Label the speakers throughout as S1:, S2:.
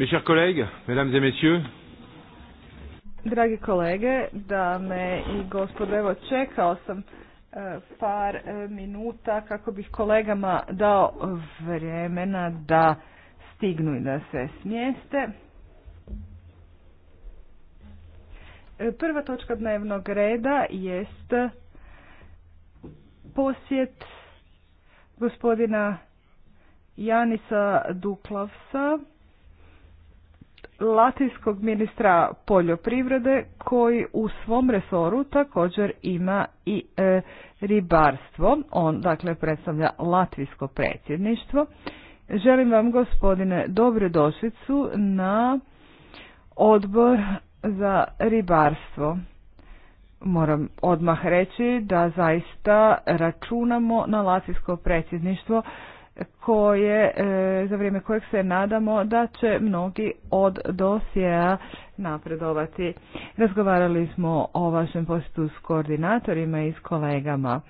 S1: Mes chers collègues, mesdames
S2: Dragi kolege, dame i gospodo, evo čekao sam e, par e, minuta kako bih kolegama dao vremena da stignu i da se smjeste. E, prva točka dnevnog reda jest posjet gospodina Janisa Duklavsa latinskog ministra poljoprivrede koji u svom resoru također ima i e, ribarstvo. On dakle predstavlja latvijsko predsjedništvo. Želim vam gospodine dobrodošlicu na odbor za ribarstvo. Moram odmah reći da zaista računamo na latvijsko predsjedništvo koje, e, za vrijeme kojeg se nadamo da će mnogi od dosjeja napredovati. Razgovarali smo o vašem posjetu s koordinatorima i s kolegama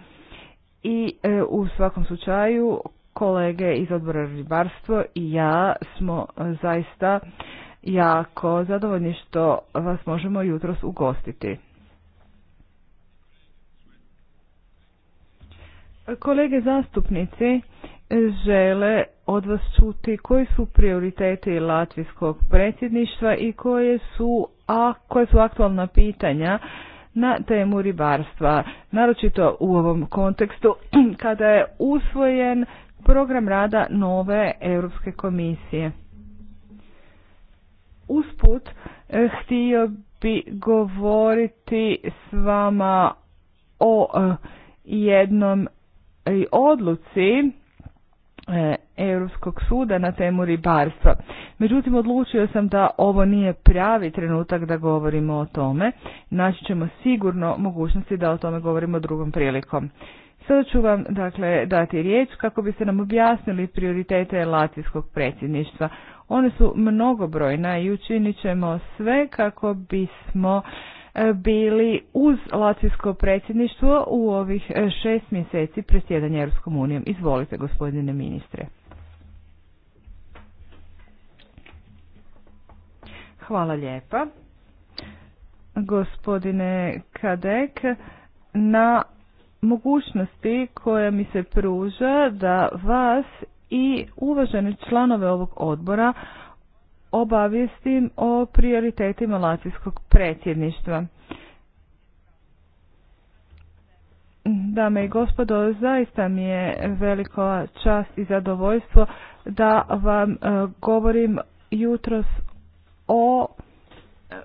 S2: i e, u svakom slučaju kolege iz odbora ribarstvo i ja smo zaista jako zadovoljni što vas možemo jutros ugostiti. Kolege zastupnici, žele od vas čuti koji su prioriteti latvijskog predsjedništva i koje su, a, koje su aktualna pitanja na temu ribarstva, naročito u ovom kontekstu kada je usvojen program rada nove Europske komisije. Usput eh, htio bi govoriti s vama o eh, jednom eh, odluci E, Europskog suda na temu ribarstva. Međutim, odlučio sam da ovo nije pravi trenutak da govorimo o tome. Naći ćemo sigurno mogućnosti da o tome govorimo drugom prilikom. Sada ću vam dakle, dati riječ kako biste nam objasnili prioritete Latvijskog predsjedništva. One su mnogobrojna i učinit ćemo sve kako bismo E, bili uz Latvijsko predsjedništvo u ovih e, šest mjeseci predsjedanja Europskom unijom. Izvolite, gospodine ministre. Hvala lijepa. Gospodine Kadek, na mogućnosti koja mi se pruža da vas i uvažene članove ovog odbora obavijestim o prioritetima Latvijskog predsjedništva. Dame i gospodo, zaista mi je veliko čast i zadovoljstvo da vam e, govorim jutros o e,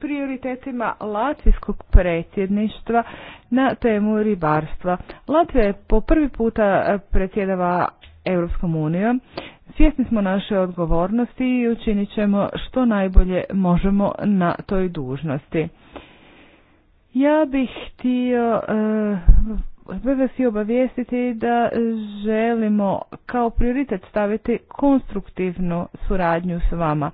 S2: prioritetima latvijskog predsjedništva na temu ribarstva. Latvija je po prvi puta e, predsjedava Europskom unijom Svjesni smo naše odgovornosti i učinit ćemo što najbolje možemo na toj dužnosti. Ja bih htio eh, vas i obavijestiti da želimo kao prioritet staviti konstruktivnu suradnju s vama.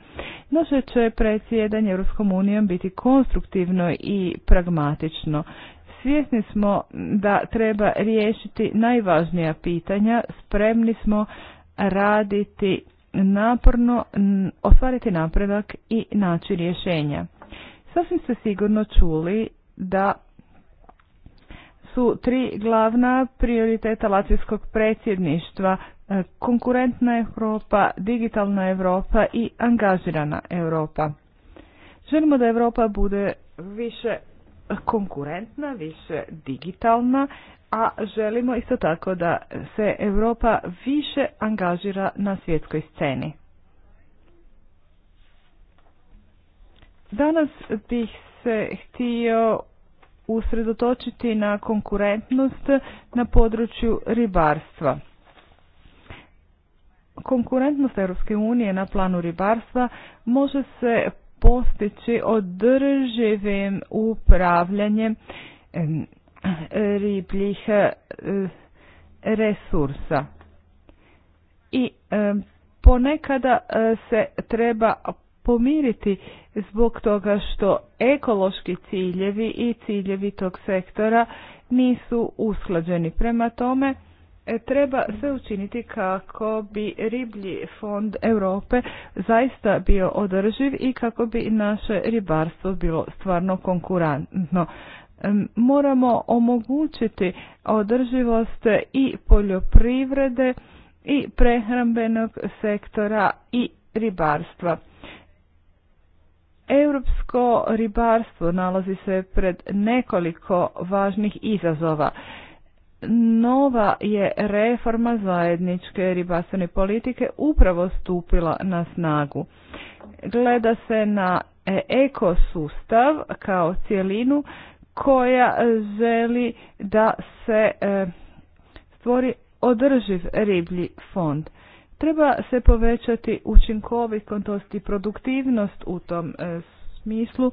S2: Naše će predsjedanje Europskom unijom biti konstruktivno i pragmatično. Svjesni smo da treba riješiti najvažnija pitanja, spremni smo raditi naporno, ostvariti napredak i naći rješenja. Sasvim ste sigurno čuli da su tri glavna prioriteta latvijskog predsjedništva e, konkurentna Europa, digitalna Europa i angažirana Europa. Želimo da Europa bude više konkurentna, više digitalna, a želimo isto tako da se Europa više angažira na svjetskoj sceni. Danas bih se htio usredotočiti na konkurentnost na području ribarstva. Konkurentnost Europske unije na planu ribarstva može se postići održivim upravljanjem ribljih e, resursa. I e, ponekada e, se treba pomiriti zbog toga što ekološki ciljevi i ciljevi tog sektora nisu usklađeni. Prema tome, treba sve učiniti kako bi riblji fond Europe zaista bio održiv i kako bi naše ribarstvo bilo stvarno konkurentno. Moramo omogućiti održivost i poljoprivrede i prehrambenog sektora i ribarstva. Europsko ribarstvo nalazi se pred nekoliko važnih izazova. Nova je reforma zajedničke ribarstvene politike upravo stupila na snagu. Gleda se na ekosustav kao cijelinu koja želi da se e, stvori održiv riblji fond. Treba se povećati učinkovitost i produktivnost u tom e, smislu,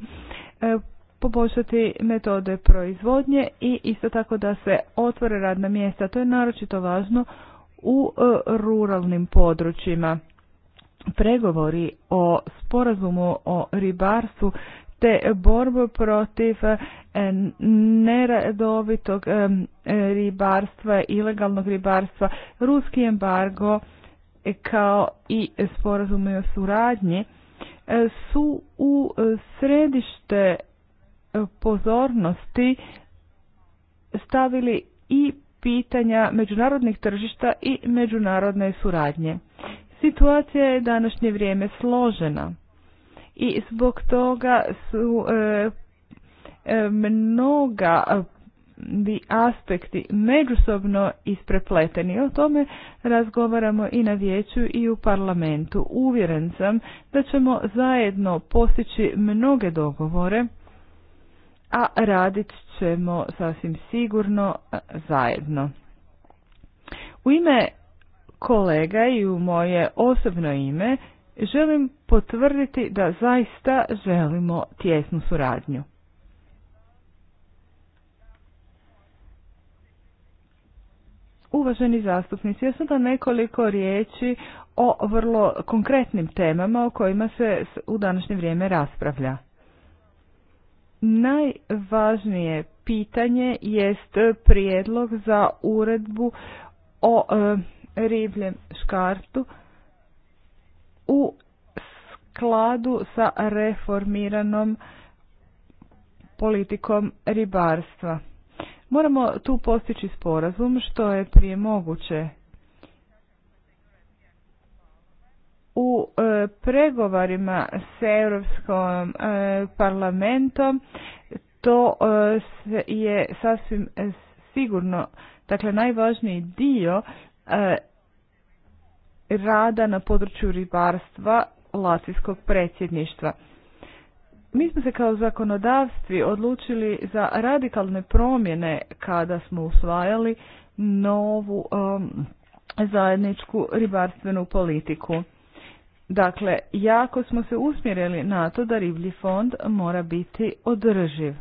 S2: e, poboljšati metode proizvodnje i isto tako da se otvore radna mjesta. To je naročito važno u ruralnim područjima. Pregovori o sporazumu o ribarstvu te borbu protiv e, neredovitog e, ribarstva, ilegalnog ribarstva, ruski embargo e, kao i sporazume o suradnji su u središte pozornosti stavili i pitanja međunarodnih tržišta i međunarodne suradnje. Situacija je današnje vrijeme složena i zbog toga su e, e, mnoga bi aspekti međusobno isprepleteni. O tome razgovaramo i na vijeću i u parlamentu. Uvjeren sam da ćemo zajedno postići mnoge dogovore, a radit ćemo sasvim sigurno zajedno. U ime kolega i u moje osobno ime želim potvrditi da zaista želimo tjesnu suradnju. Uvaženi zastupnici, ja da nekoliko riječi o vrlo konkretnim temama o kojima se u današnje vrijeme raspravlja. Najvažnije pitanje jest prijedlog za uredbu o e, ribljem škartu u skladu sa reformiranom politikom ribarstva. Moramo tu postići sporazum što je prije moguće. U e, pregovarima s Europskom e, parlamentom to e, je sasvim sigurno, dakle najvažniji dio rada na području ribarstva Latvijskog predsjedništva. Mi smo se kao zakonodavstvi odlučili za radikalne promjene kada smo usvajali novu um, zajedničku ribarstvenu politiku. Dakle, jako smo se usmjerili na to da riblji fond mora biti održiv.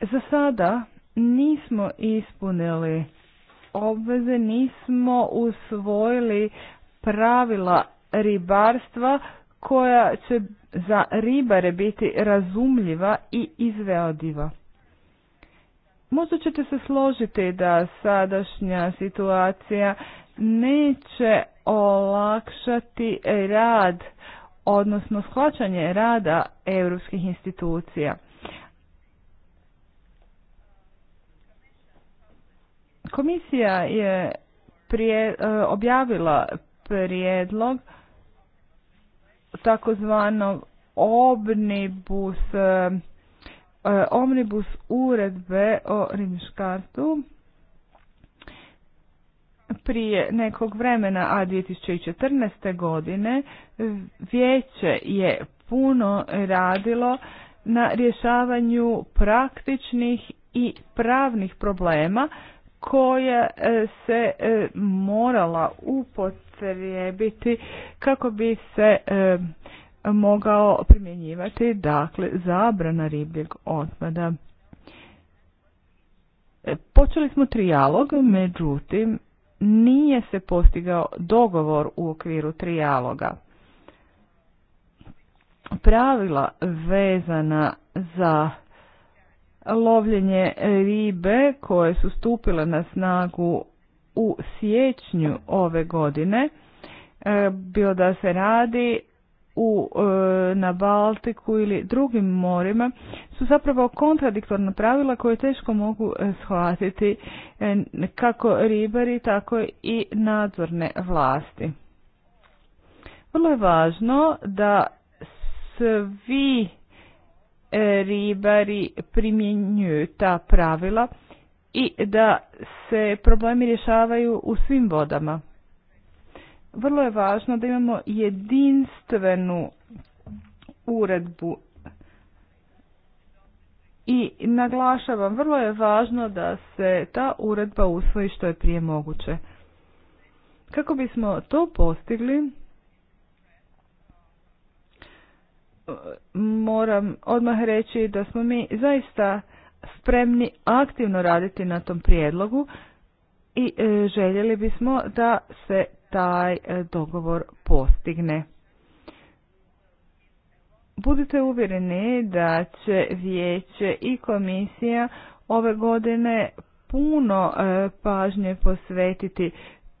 S2: Za sada nismo ispunili obveze nismo usvojili pravila ribarstva koja će za ribare biti razumljiva i izvediva. Možda ćete se složiti da sadašnja situacija neće olakšati rad, odnosno shvaćanje rada europskih institucija. Komisija je prije, e, objavila prijedlog takozvanog omnibus e, e, omnibus uredbe o Rimiškartu. prije nekog vremena, a 2014. godine, vijeće je puno radilo na rješavanju praktičnih i pravnih problema koja e, se e, morala upotrijebiti kako bi se e, mogao primjenjivati dakle zabrana ribljeg otpada. Počeli smo trijalog, međutim nije se postigao dogovor u okviru trijaloga. Pravila vezana za lovljenje ribe koje su stupile na snagu u siječnju ove godine, e, bilo da se radi u, e, na Baltiku ili drugim morima, su zapravo kontradiktorna pravila koje teško mogu e, shvatiti kako ribari, tako i nadzorne vlasti. Vrlo je važno da svi ribari primjenjuju ta pravila i da se problemi rješavaju u svim vodama. Vrlo je važno da imamo jedinstvenu uredbu i naglašavam, vrlo je važno da se ta uredba usvoji što je prije moguće. Kako bismo to postigli, moram odmah reći da smo mi zaista spremni aktivno raditi na tom prijedlogu i e, željeli bismo da se taj e, dogovor postigne. Budite uvjereni da će vijeće i komisija ove godine puno e, pažnje posvetiti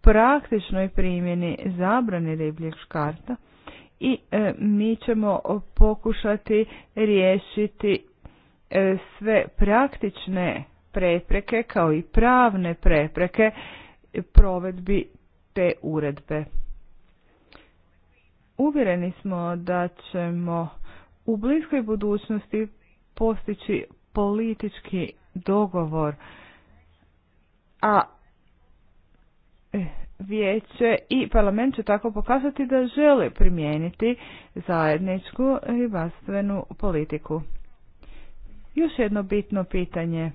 S2: praktičnoj primjeni zabrane ribljeg škarta i e, mi ćemo pokušati riješiti e, sve praktične prepreke kao i pravne prepreke provedbi te uredbe. Uvjereni smo da ćemo u bliskoj budućnosti postići politički dogovor, a e, vijeće i parlament će tako pokazati da žele primijeniti zajedničku ribarstvenu politiku. Još jedno bitno pitanje.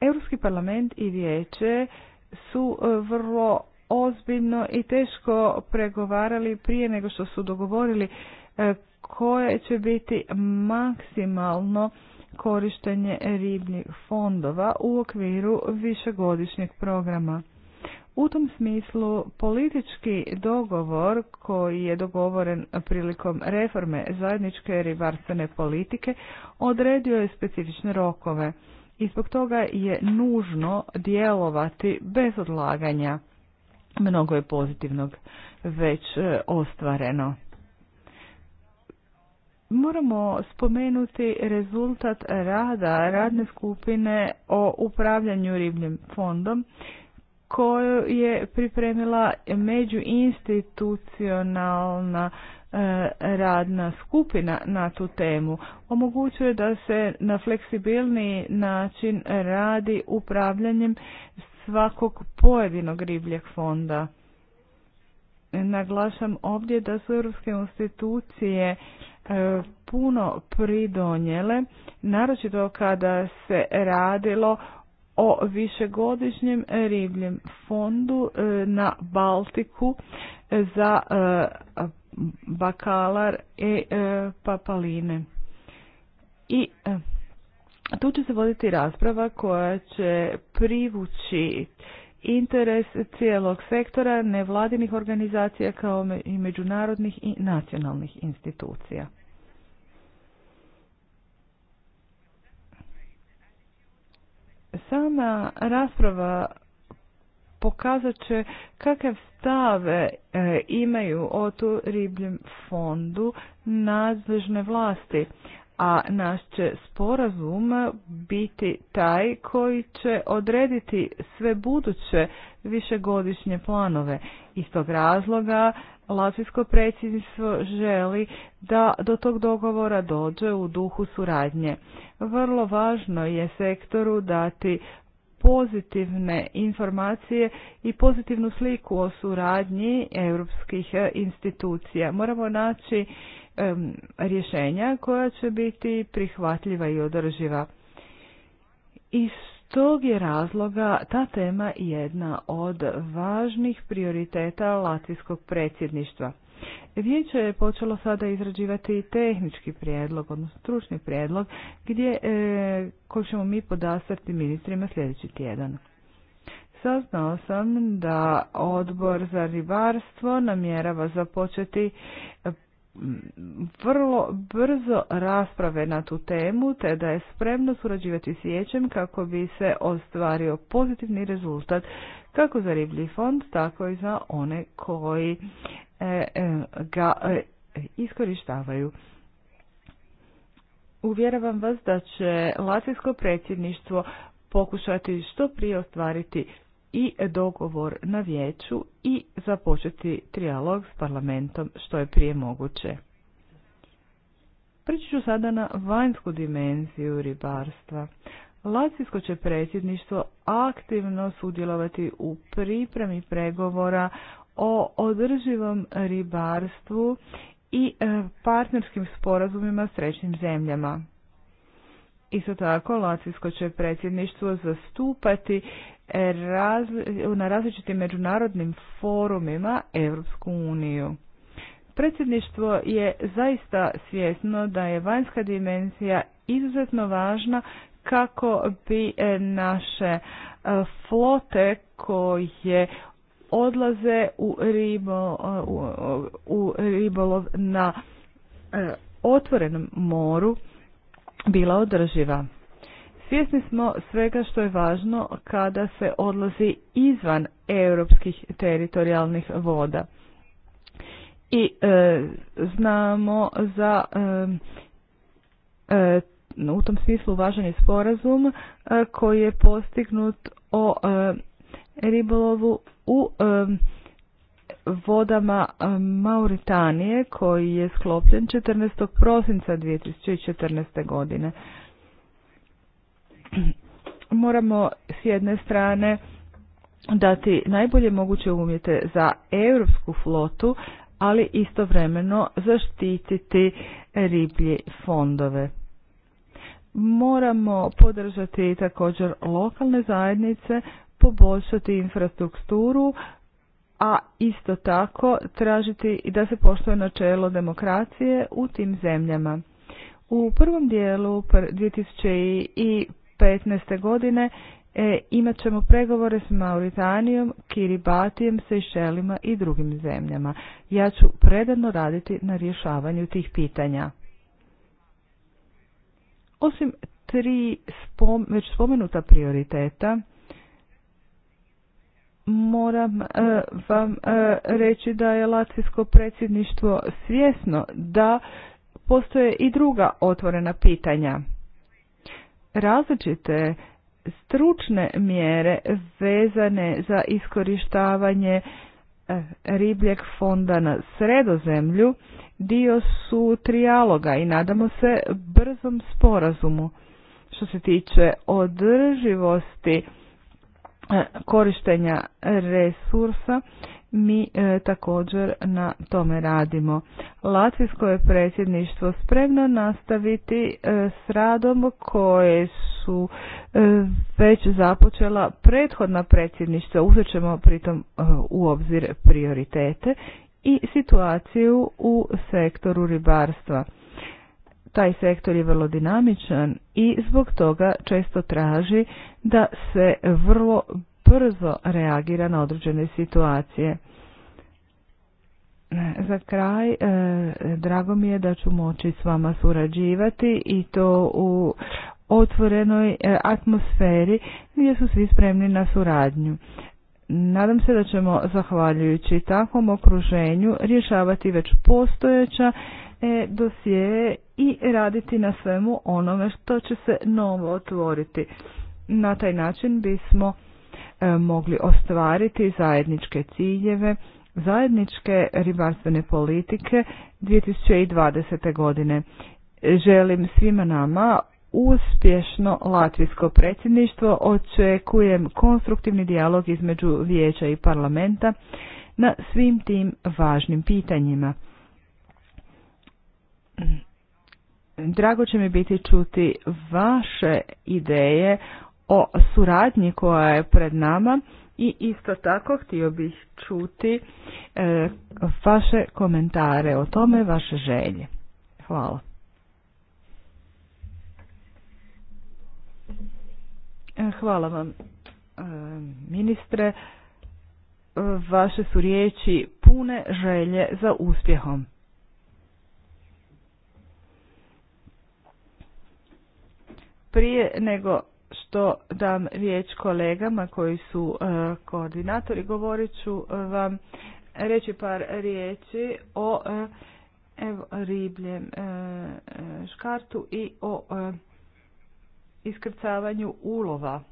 S2: Europski parlament i vijeće su e, vrlo ozbiljno i teško pregovarali prije nego što su dogovorili e, koje će biti maksimalno korištenje ribnih fondova u okviru višegodišnjeg programa. U tom smislu politički dogovor koji je dogovoren prilikom reforme zajedničke ribarstvene politike odredio je specifične rokove i zbog toga je nužno djelovati bez odlaganja. Mnogo je pozitivnog već e, ostvareno. Moramo spomenuti rezultat rada radne skupine o upravljanju ribljim fondom koju je pripremila međuinstitucionalna e, radna skupina na tu temu. Omogućuje da se na fleksibilniji način radi upravljanjem svakog pojedinog ribljeg fonda. Naglašam ovdje da su europske institucije E, puno pridonjele, naročito kada se radilo o višegodišnjem ribljem fondu e, na Baltiku e, za bakalar i papaline. I tu će se voditi rasprava koja će privući interes cijelog sektora, nevladinih organizacija kao i međunarodnih i nacionalnih institucija. Sama rasprava pokazat će kakav stave e, imaju o tu ribljem fondu nadležne vlasti, a naš će sporazum biti taj koji će odrediti sve buduće višegodišnje planove. Iz tog razloga Latvijsko predsjedništvo želi da do tog dogovora dođe u duhu suradnje. Vrlo važno je sektoru dati pozitivne informacije i pozitivnu sliku o suradnji europskih institucija. Moramo naći rješenja koja će biti prihvatljiva i održiva. Iz tog je razloga ta tema jedna od važnih prioriteta latvijskog predsjedništva. Vijeće je počelo sada izrađivati tehnički prijedlog, odnosno stručni prijedlog, gdje, e, koji ćemo mi podastrati ministrima sljedeći tjedan. Saznao sam da odbor za ribarstvo namjerava započeti vrlo brzo rasprave na tu temu, te da je spremno surađivati s vijećem kako bi se ostvario pozitivni rezultat kako za riblji fond, tako i za one koji e, e, ga e, iskorištavaju. Uvjeravam vas da će Latvijsko predsjedništvo pokušati što prije ostvariti i dogovor na vijeću i započeti trijalog s parlamentom što je prije moguće. Prići ću sada na vanjsku dimenziju ribarstva. Latsisko će predsjedništvo aktivno sudjelovati u pripremi pregovora o održivom ribarstvu i e, partnerskim sporazumima s trećim zemljama. Isto tako, Lacinsko će predsjedništvo zastupati na različitim međunarodnim forumima Europsku uniju. Predsjedništvo je zaista svjesno da je vanjska dimenzija izuzetno važna kako bi e, naše e, flote koje odlaze u, ribo, e, u ribolov na otvorenom moru bila održiva. Svjesni smo svega što je važno kada se odlazi izvan europskih teritorijalnih voda. I e, znamo za e, e, u tom smislu važan je sporazum e, koji je postignut o ribolovu u vodama Mauritanije koji je sklopljen 14. prosinca 2014. godine. moramo s jedne strane dati najbolje moguće umjete za europsku flotu, ali istovremeno zaštititi riblji fondove. Moramo podržati također lokalne zajednice, poboljšati infrastrukturu, a isto tako tražiti da se poštuje načelo demokracije u tim zemljama. U prvom dijelu 2015. 2015. godine e, imat ćemo pregovore s Mauritanijom, Kiribatijem, Sejšelima i drugim zemljama. Ja ću predano raditi na rješavanju tih pitanja. Osim tri spom, već spomenuta prioriteta, moram e, vam e, reći da je Latvijsko predsjedništvo svjesno da postoje i druga otvorena pitanja različite stručne mjere vezane za iskorištavanje eh, ribljeg fonda na sredozemlju dio su trijaloga i nadamo se brzom sporazumu. Što se tiče održivosti eh, korištenja resursa, mi e, također na tome radimo. Latvijsko je predsjedništvo spremno nastaviti e, s radom koje su e, već započela prethodna predsjedništva. Uzet ćemo pritom u obzir prioritete i situaciju u sektoru ribarstva. Taj sektor je vrlo dinamičan i zbog toga često traži da se vrlo brzo reagira na određene situacije. Za kraj, e, drago mi je da ću moći s vama surađivati i to u otvorenoj e, atmosferi gdje su svi spremni na suradnju. Nadam se da ćemo, zahvaljujući takvom okruženju, rješavati već postojeća e, dosije i raditi na svemu onome što će se novo otvoriti. Na taj način bismo E, mogli ostvariti zajedničke ciljeve zajedničke ribarstvene politike 2020. godine. Želim svima nama uspješno latvijsko predsjedništvo. Očekujem konstruktivni dijalog između vijeća i parlamenta na svim tim važnim pitanjima. Drago će mi biti čuti vaše ideje o suradnji koja je pred nama i isto tako htio bih čuti e, vaše komentare o tome, vaše želje. Hvala. E, hvala vam e, ministre. Vaše su riječi pune želje za uspjehom. Prije nego što dam riječ kolegama koji su e, koordinatori, govorit ću e, vam reći par riječi o e, evo, ribljem škartu i o iskrcavanju ulova.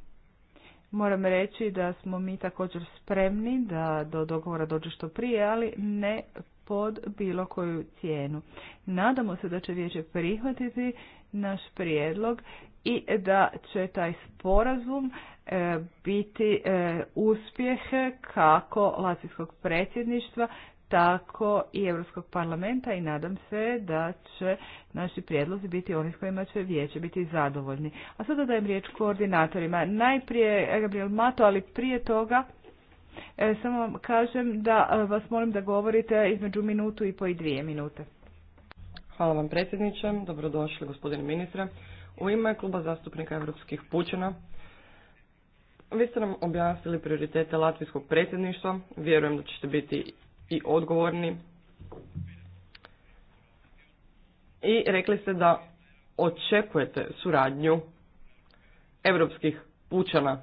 S2: Moram reći da smo mi također spremni da do dogovora dođe što prije, ali ne pod bilo koju cijenu. Nadamo se da će vijeće prihvatiti naš prijedlog i da će taj sporazum e, biti e, uspjeh kako latvijskog predsjedništva, tako i Europskog parlamenta i nadam se da će naši prijedlozi biti oni s kojima će vijeće biti zadovoljni. A sada dajem riječ koordinatorima. Najprije Gabriel Mato, ali prije toga e, samo vam kažem da vas molim da govorite između minutu i po i dvije minute. Hvala vam predsjedniče, dobrodošli gospodine ministre. U ime Kluba zastupnika Europskih
S3: pućina, vi ste nam objasnili prioritete latvijskog predsjedništva. Vjerujem da ćete biti i odgovorni. I rekli ste da očekujete suradnju europskih pučana.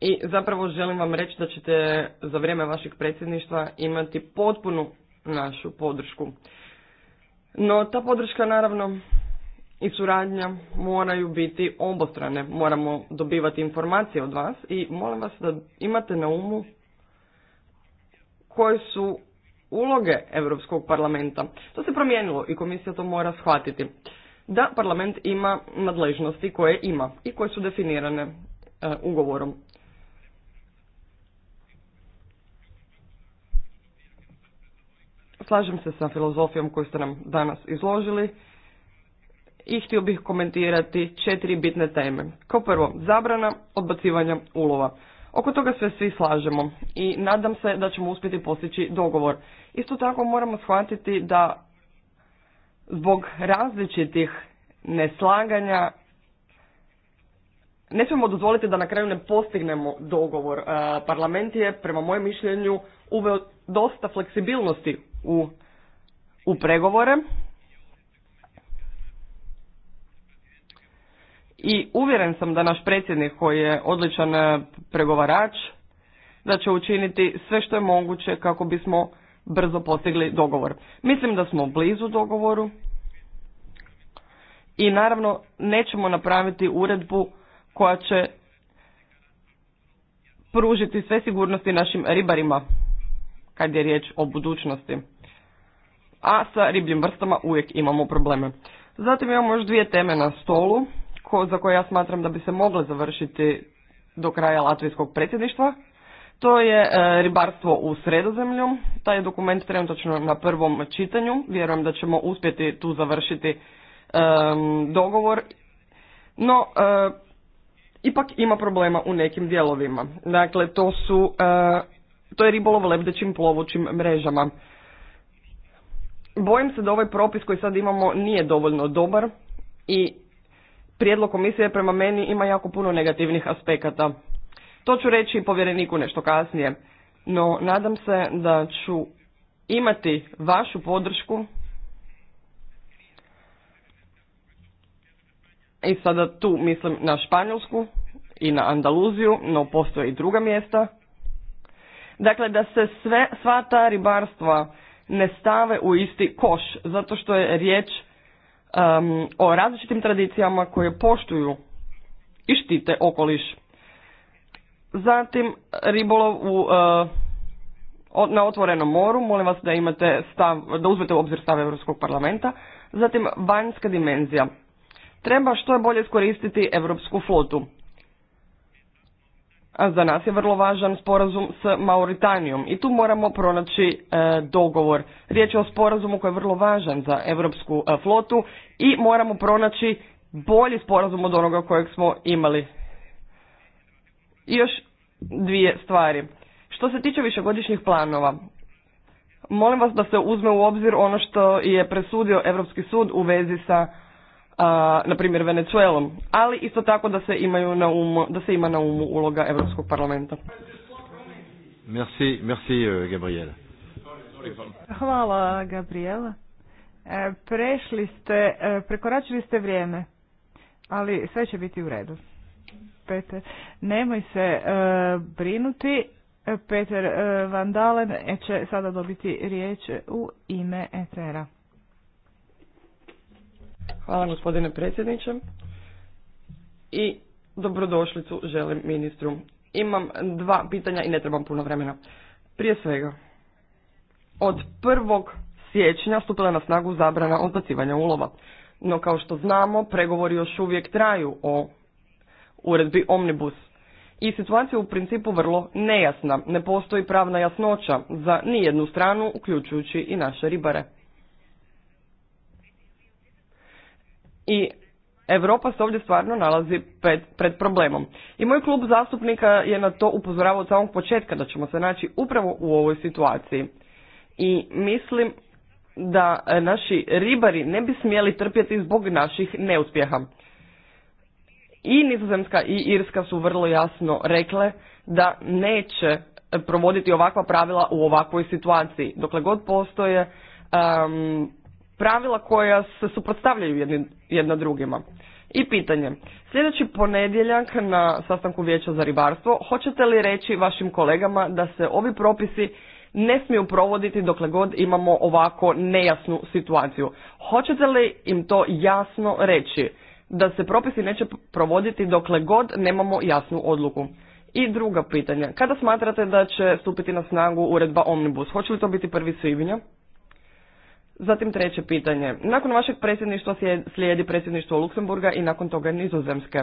S3: I zapravo želim vam reći da ćete za vrijeme vašeg predsjedništva imati potpunu našu podršku. No ta podrška naravno i suradnja moraju biti obostrane. Moramo dobivati informacije od vas i molim vas da imate na umu koje su uloge Europskog parlamenta. To se promijenilo i komisija to mora shvatiti. Da parlament ima nadležnosti koje ima i koje su definirane e, ugovorom. Slažem se sa filozofijom koju ste nam danas izložili i htio bih komentirati četiri bitne teme. Kao prvo, zabrana odbacivanja ulova. Oko toga sve svi slažemo i nadam se da ćemo uspjeti postići dogovor. Isto tako moramo shvatiti da zbog različitih neslaganja ne smijemo dozvoliti da na kraju ne postignemo dogovor. E, Parlament je, prema mojem mišljenju, uveo dosta fleksibilnosti u pregovore i uvjeren sam da naš predsjednik koji je odličan e, pregovarač da će učiniti sve što je moguće kako bismo brzo postigli dogovor. Mislim da smo blizu dogovoru i naravno nećemo napraviti uredbu koja će pružiti sve sigurnosti našim ribarima kad je riječ o budućnosti. A sa ribljim vrstama uvijek imamo probleme. Zatim imamo još dvije teme na stolu ko, za koje ja smatram da bi se mogle završiti do kraja latvijskog predsjedništva. To je e, ribarstvo u sredozemlju. Taj je dokument trenutačno na prvom čitanju. Vjerujem da ćemo uspjeti tu završiti dogovor. No, e, ipak ima problema u nekim dijelovima. Dakle, to su e, to je ribolov lebdećim plovućim mrežama. Bojim se da ovaj propis koji sad imamo nije dovoljno dobar i prijedlog komisije prema meni ima jako puno negativnih aspekata. To ću reći i povjereniku nešto kasnije, no nadam se da ću imati vašu podršku i sada tu mislim na Španjolsku i na Andaluziju, no postoje i druga mjesta. Dakle, da se sve, sva ta ribarstva ne stave u isti koš, zato što je riječ um, o različitim tradicijama koje poštuju i štite okoliš. Zatim ribolov u, eh, na otvorenom moru, molim vas da imate stav, da uzmete u obzir stav Europskog parlamenta. Zatim vanjska dimenzija. Treba što je bolje iskoristiti europsku flotu a za nas je vrlo važan sporazum s Mauritanijom i tu moramo pronaći e, dogovor. Riječ je o sporazumu koji je vrlo važan za europsku e, flotu i moramo pronaći bolji sporazum od onoga kojeg smo imali. I još dvije stvari. Što se tiče višegodišnjih planova, molim vas da se uzme u obzir ono što je presudio Europski sud u vezi sa a, na primjer Venezuelom, ali isto tako da se, imaju na umu, da se ima na umu uloga Europskog parlamenta.
S1: Merci, merci euh, Gabriel.
S2: Hvala Gabriela. E, prešli ste, e, prekoračili ste vrijeme, ali sve će biti u redu. Peter, nemoj se e, brinuti, Peter Van Dalen će sada dobiti riječ u ime Etera. Hvala gospodine predsjedniče.
S3: I dobrodošlicu želim ministru. Imam dva pitanja i ne trebam puno vremena. Prije svega, od prvog siječnja stupila na snagu zabrana odbacivanja ulova. No kao što znamo, pregovori još uvijek traju o uredbi Omnibus. I situacija u principu vrlo nejasna. Ne postoji pravna jasnoća za nijednu stranu, uključujući i naše ribare. I Europa se ovdje stvarno nalazi pred, problemom. I moj klub zastupnika je na to upozoravao od samog početka da ćemo se naći upravo u ovoj situaciji. I mislim da naši ribari ne bi smjeli trpjeti zbog naših neuspjeha. I Nizozemska i Irska su vrlo jasno rekle da neće provoditi ovakva pravila u ovakvoj situaciji. Dokle god postoje pravila koja se suprotstavljaju jedna drugima. I pitanje, sljedeći ponedjeljak na sastanku vijeća za ribarstvo, hoćete li reći vašim kolegama da se ovi propisi ne smiju provoditi dokle god imamo ovako nejasnu situaciju? Hoćete li im to jasno reći? da se propisi neće provoditi dokle god nemamo jasnu odluku. I druga pitanja, kada smatrate da će stupiti na snagu uredba Omnibus? Hoće li to biti prvi svibnja? Zatim treće pitanje. Nakon vašeg predsjedništva slijedi predsjedništvo Luksemburga i nakon toga Nizozemske.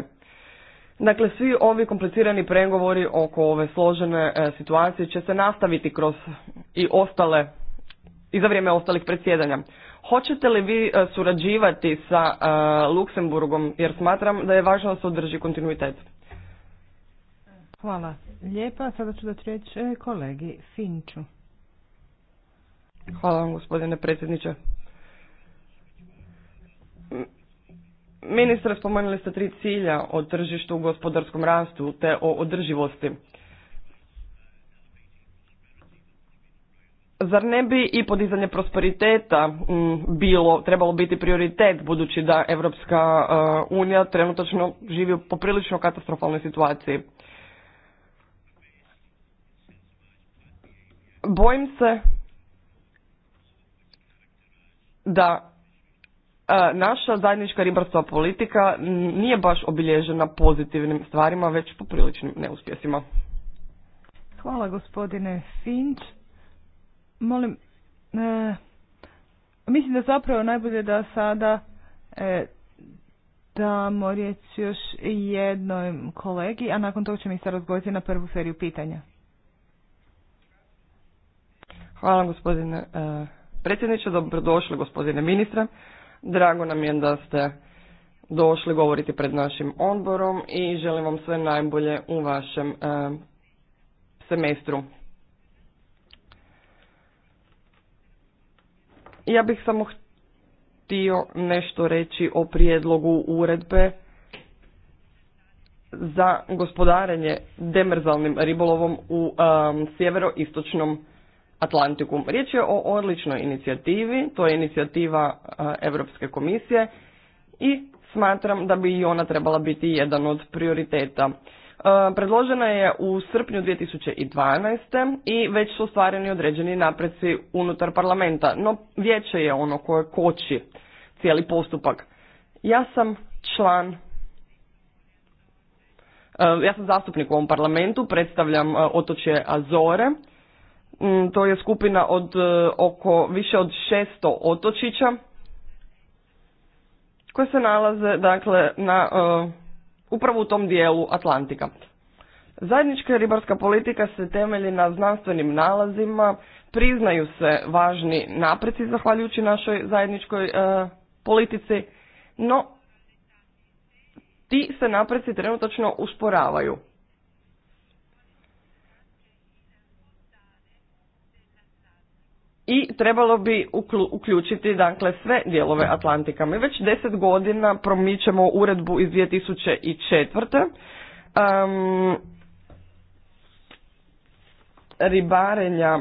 S3: Dakle, svi ovi komplicirani pregovori oko ove složene e, situacije će se nastaviti kroz i ostale i za vrijeme ostalih predsjedanja. Hoćete li vi e, surađivati sa e, Luksemburgom jer smatram da je važno da se održi kontinuitet?
S2: Hvala. Lijepa. Sada ću treći riječ kolegi Finču. Hvala vam gospodine predsjedniče.
S3: Ministre, spomenuli ste tri cilja o tržištu u gospodarskom rastu te o održivosti. Zar ne bi i podizanje prosperiteta bilo, trebalo biti prioritet budući da Evropska e, unija trenutačno živi u poprilično katastrofalnoj situaciji? Bojim se da e, naša zajednička ribarstva politika nije baš obilježena pozitivnim stvarima, već popriličnim neuspjesima.
S2: Hvala gospodine Finč. Molim, e, mislim da zapravo najbolje da sada e, damo riječ još jednoj kolegi, a nakon toga će mi se razgovoriti na prvu seriju pitanja.
S3: Hvala gospodine e, predsjedniče, dobrodošli gospodine ministre. Drago nam je da ste došli govoriti pred našim odborom i želim vam sve najbolje u vašem eh, semestru. Ja bih samo htio nešto reći o prijedlogu uredbe za gospodarenje demerzalnim ribolovom u um, sjeveroistočnom Atlantikum. Riječ je o odličnoj inicijativi, to je inicijativa Europske komisije i smatram da bi i ona trebala biti jedan od prioriteta. E, predložena je u srpnju 2012. i već su ostvareni određeni napreci unutar parlamenta, no vijeće je ono koje koči cijeli postupak. Ja sam član e, ja sam zastupnik u ovom parlamentu, predstavljam e, otočje Azore Mm, to je skupina od e, oko više od 600 otočića koje se nalaze dakle na e, upravo u tom dijelu Atlantika. Zajednička ribarska politika se temelji na znanstvenim nalazima, priznaju se važni napreci zahvaljujući našoj zajedničkoj e, politici, no ti se napreci trenutačno usporavaju. i trebalo bi uključiti dakle sve dijelove Atlantika. Mi već deset godina promičemo uredbu iz 2004. Um, ribarenja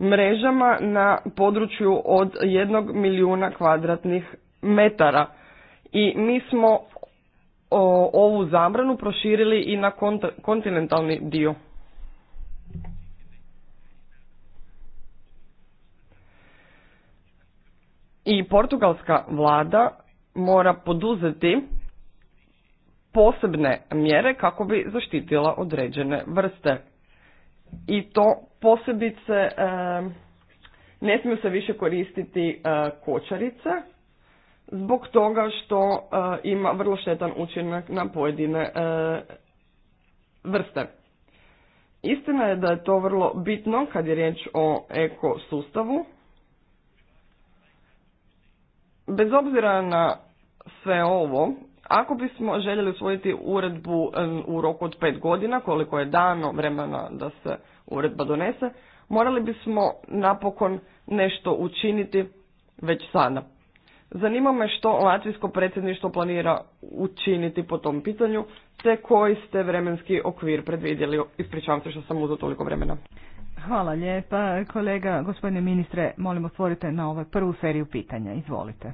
S3: mrežama na području od jednog milijuna kvadratnih metara. I mi smo ovu zabranu proširili i na kontinentalni dio I portugalska vlada mora poduzeti posebne mjere kako bi zaštitila određene vrste. I to posebice ne smiju se više koristiti e, kočarice zbog toga što e, ima vrlo štetan učinak na pojedine e, vrste. Istina je da je to vrlo bitno kad je riječ o ekosustavu Bez obzira na sve ovo, ako bismo željeli usvojiti uredbu u roku od pet godina, koliko je dano vremena da se uredba donese, morali bismo napokon nešto učiniti već sada. Zanima me što Latvijsko predsjedništvo planira učiniti po tom pitanju, te koji ste vremenski okvir predvidjeli. Ispričavam se što sam uzeo toliko vremena.
S2: Hvala lijepa. Kolega, gospodine ministre, molim otvorite na ovaj prvu seriju pitanja. Izvolite.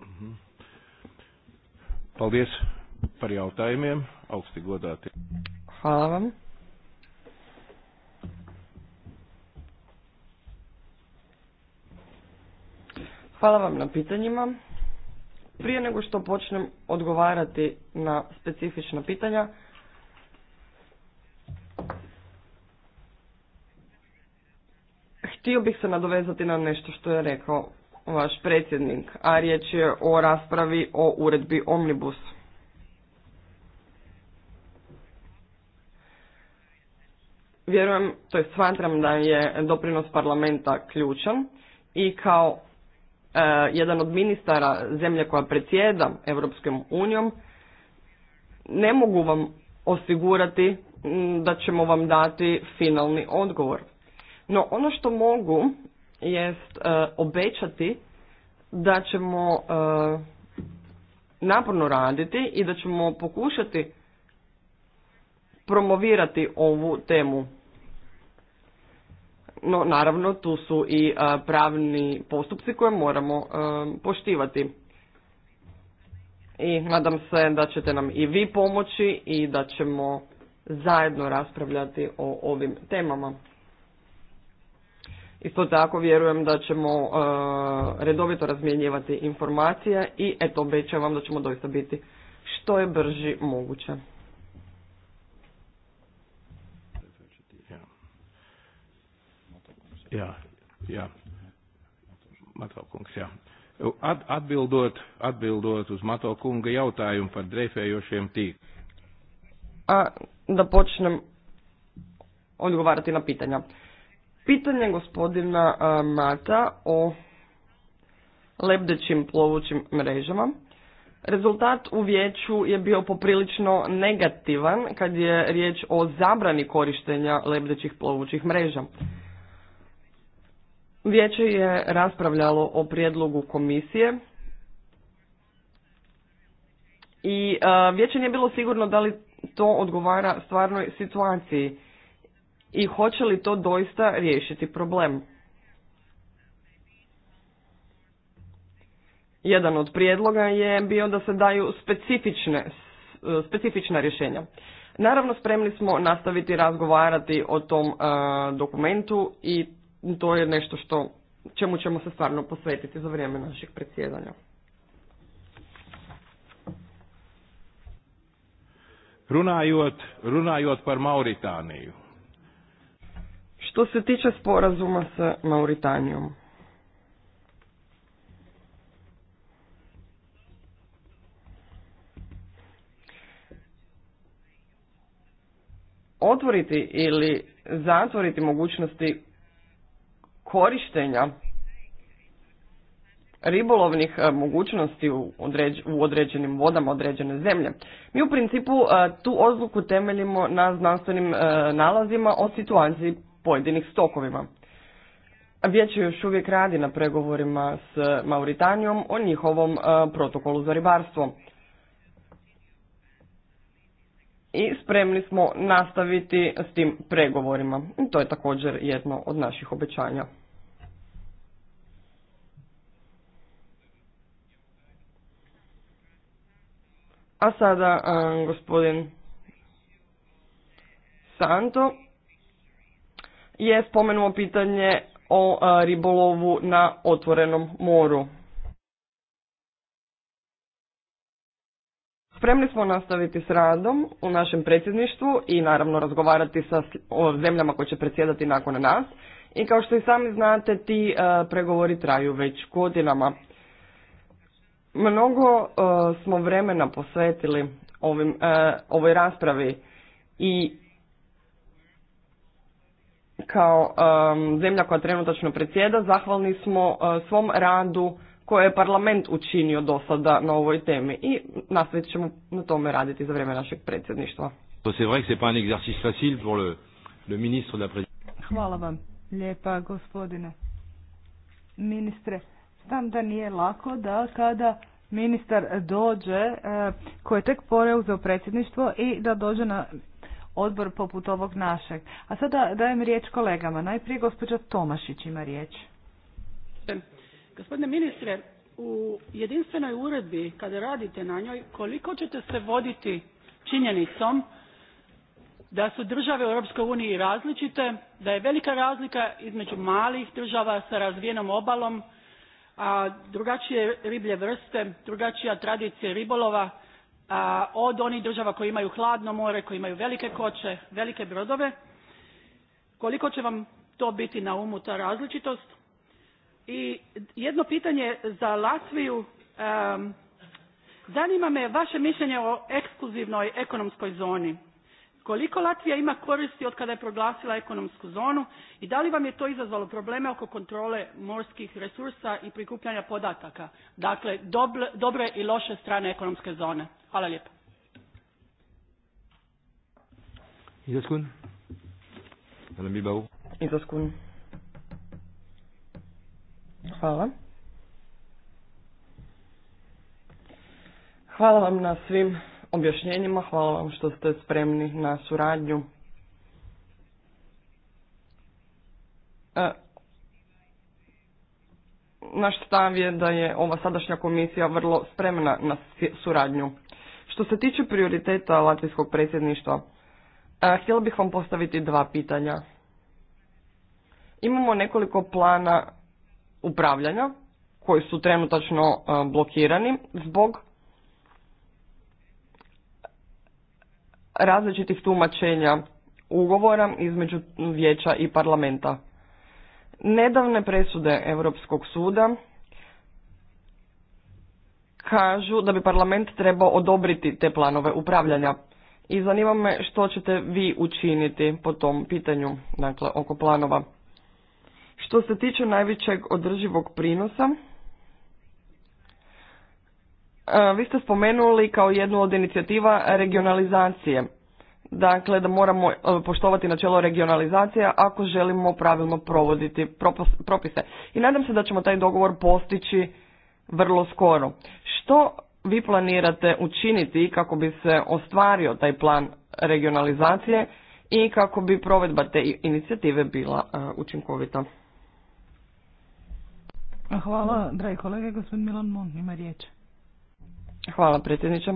S1: Mhm. Paldies par jautājumiem, augsti godāti.
S3: Hvala vam. Hvala vam na pitanjima. Prije nego što počnem odgovarati na specifična pitanja, htio bih se nadovezati na nešto što je rekao vaš predsjednik, a riječ je o raspravi o uredbi Omnibus. Vjerujem, to je smatram da je doprinos parlamenta ključan i kao E, jedan od ministara zemlje koja predsjeda Europskom unijom, ne mogu vam osigurati da ćemo vam dati finalni odgovor. No ono što mogu jest e, obećati da ćemo e, naporno raditi i da ćemo pokušati promovirati ovu temu no naravno tu su i e, pravni postupci koje moramo e, poštivati. I nadam se da ćete nam i vi pomoći i da ćemo zajedno raspravljati o ovim temama. Isto tako vjerujem da ćemo e, redovito razmjenjivati informacije i eto obećavam da ćemo doista biti što je brži moguće.
S1: Jā, jā. jā. At, atbildot, atbildot uz kunga jautājumu par dreifējošiem tīkliem. A,
S3: da počnem odgovarati na pitanja. Pitanje gospodina Mata o lebdećim plovućim mrežama. Rezultat u vijeću je bio poprilično negativan kad je riječ o zabrani korištenja lebdećih plovućih mreža. Vijeće je raspravljalo o prijedlogu komisije i e, vijeće nije bilo sigurno da li to odgovara stvarnoj situaciji i hoće li to doista riješiti problem. Jedan od prijedloga je bio da se daju specifične, e, specifična rješenja. Naravno, spremni smo nastaviti razgovarati o tom e, dokumentu i to je nešto što čemu ćemo se stvarno posvetiti za vrijeme našeg predsjedanja.
S1: Runajot, runajot par mauritaniju
S3: Što se tiče sporazuma sa Mauritanijom. Otvoriti ili zatvoriti mogućnosti korištenja ribolovnih e, mogućnosti u određenim vodama određene zemlje. Mi u principu e, tu odluku temeljimo na znanstvenim e, nalazima o situaciji pojedinih stokovima. Vijeće još uvijek radi na pregovorima s Mauritanijom o njihovom protokolu za ribarstvo. I spremni smo nastaviti s tim pregovorima. To je također jedno od naših obećanja. A sada gospodin Santo je spomenuo pitanje o ribolovu na otvorenom moru. Spremni smo nastaviti s radom u našem predsjedništvu i naravno razgovarati sa o zemljama koje će predsjedati nakon nas. I kao što i sami znate, ti pregovori traju već godinama. Mnogo e, smo vremena posvetili ovim, e, ovoj raspravi i kao e, zemlja koja trenutačno predsjeda zahvalni smo svom radu koje je parlament učinio do sada na ovoj temi i nastavit ćemo na tome raditi za vrijeme našeg predsjedništva.
S2: Hvala vam lijepa gospodine ministre. Znam da nije lako da kada ministar dođe, e, koji je tek za predsjedništvo i da dođe na odbor poput ovog našeg. A sada dajem riječ kolegama. Najprije gospođa Tomašić ima riječ.
S4: Gospodine ministre, u jedinstvenoj uredbi, kada radite na njoj, koliko ćete se voditi činjenicom da su države u Europskoj uniji različite, da je velika razlika između malih država sa razvijenom obalom a, drugačije riblje vrste, drugačija tradicija ribolova od onih država koje imaju hladno more, koji imaju velike koče, velike brodove. Koliko će vam to biti na umu ta različitost? I jedno pitanje za Latviju. zanima me vaše mišljenje o ekskluzivnoj ekonomskoj zoni koliko Latvija ima koristi od kada je proglasila ekonomsku zonu i da li vam je to izazvalo probleme oko kontrole morskih resursa i prikupljanja podataka? Dakle, dobre i loše strane ekonomske zone. Hvala lijepo.
S3: Hvala. Hvala vam na svim objašnjenjima. Hvala vam što ste spremni na suradnju. E, naš stav je da je ova sadašnja komisija vrlo spremna na suradnju. Što se tiče prioriteta Latvijskog predsjedništva, e, htjela bih vam postaviti dva pitanja. Imamo nekoliko plana upravljanja koji su trenutačno e, blokirani zbog različitih tumačenja ugovora između vijeća i parlamenta. Nedavne presude Europskog suda kažu da bi parlament trebao odobriti te planove upravljanja. I zanima me što ćete vi učiniti po tom pitanju, dakle oko planova. Što se tiče najvećeg održivog prinosa, E, vi ste spomenuli kao jednu od inicijativa regionalizacije. Dakle, da moramo e, poštovati načelo regionalizacije ako želimo pravilno provoditi propise. I nadam se da ćemo taj dogovor postići vrlo skoro. Što vi planirate učiniti kako bi se ostvario taj plan regionalizacije i kako bi provedba te inicijative bila e, učinkovita?
S2: Hvala, dragi kolege, gospodin Milan Mon, ima riječ.
S3: Hvala predsjedniče.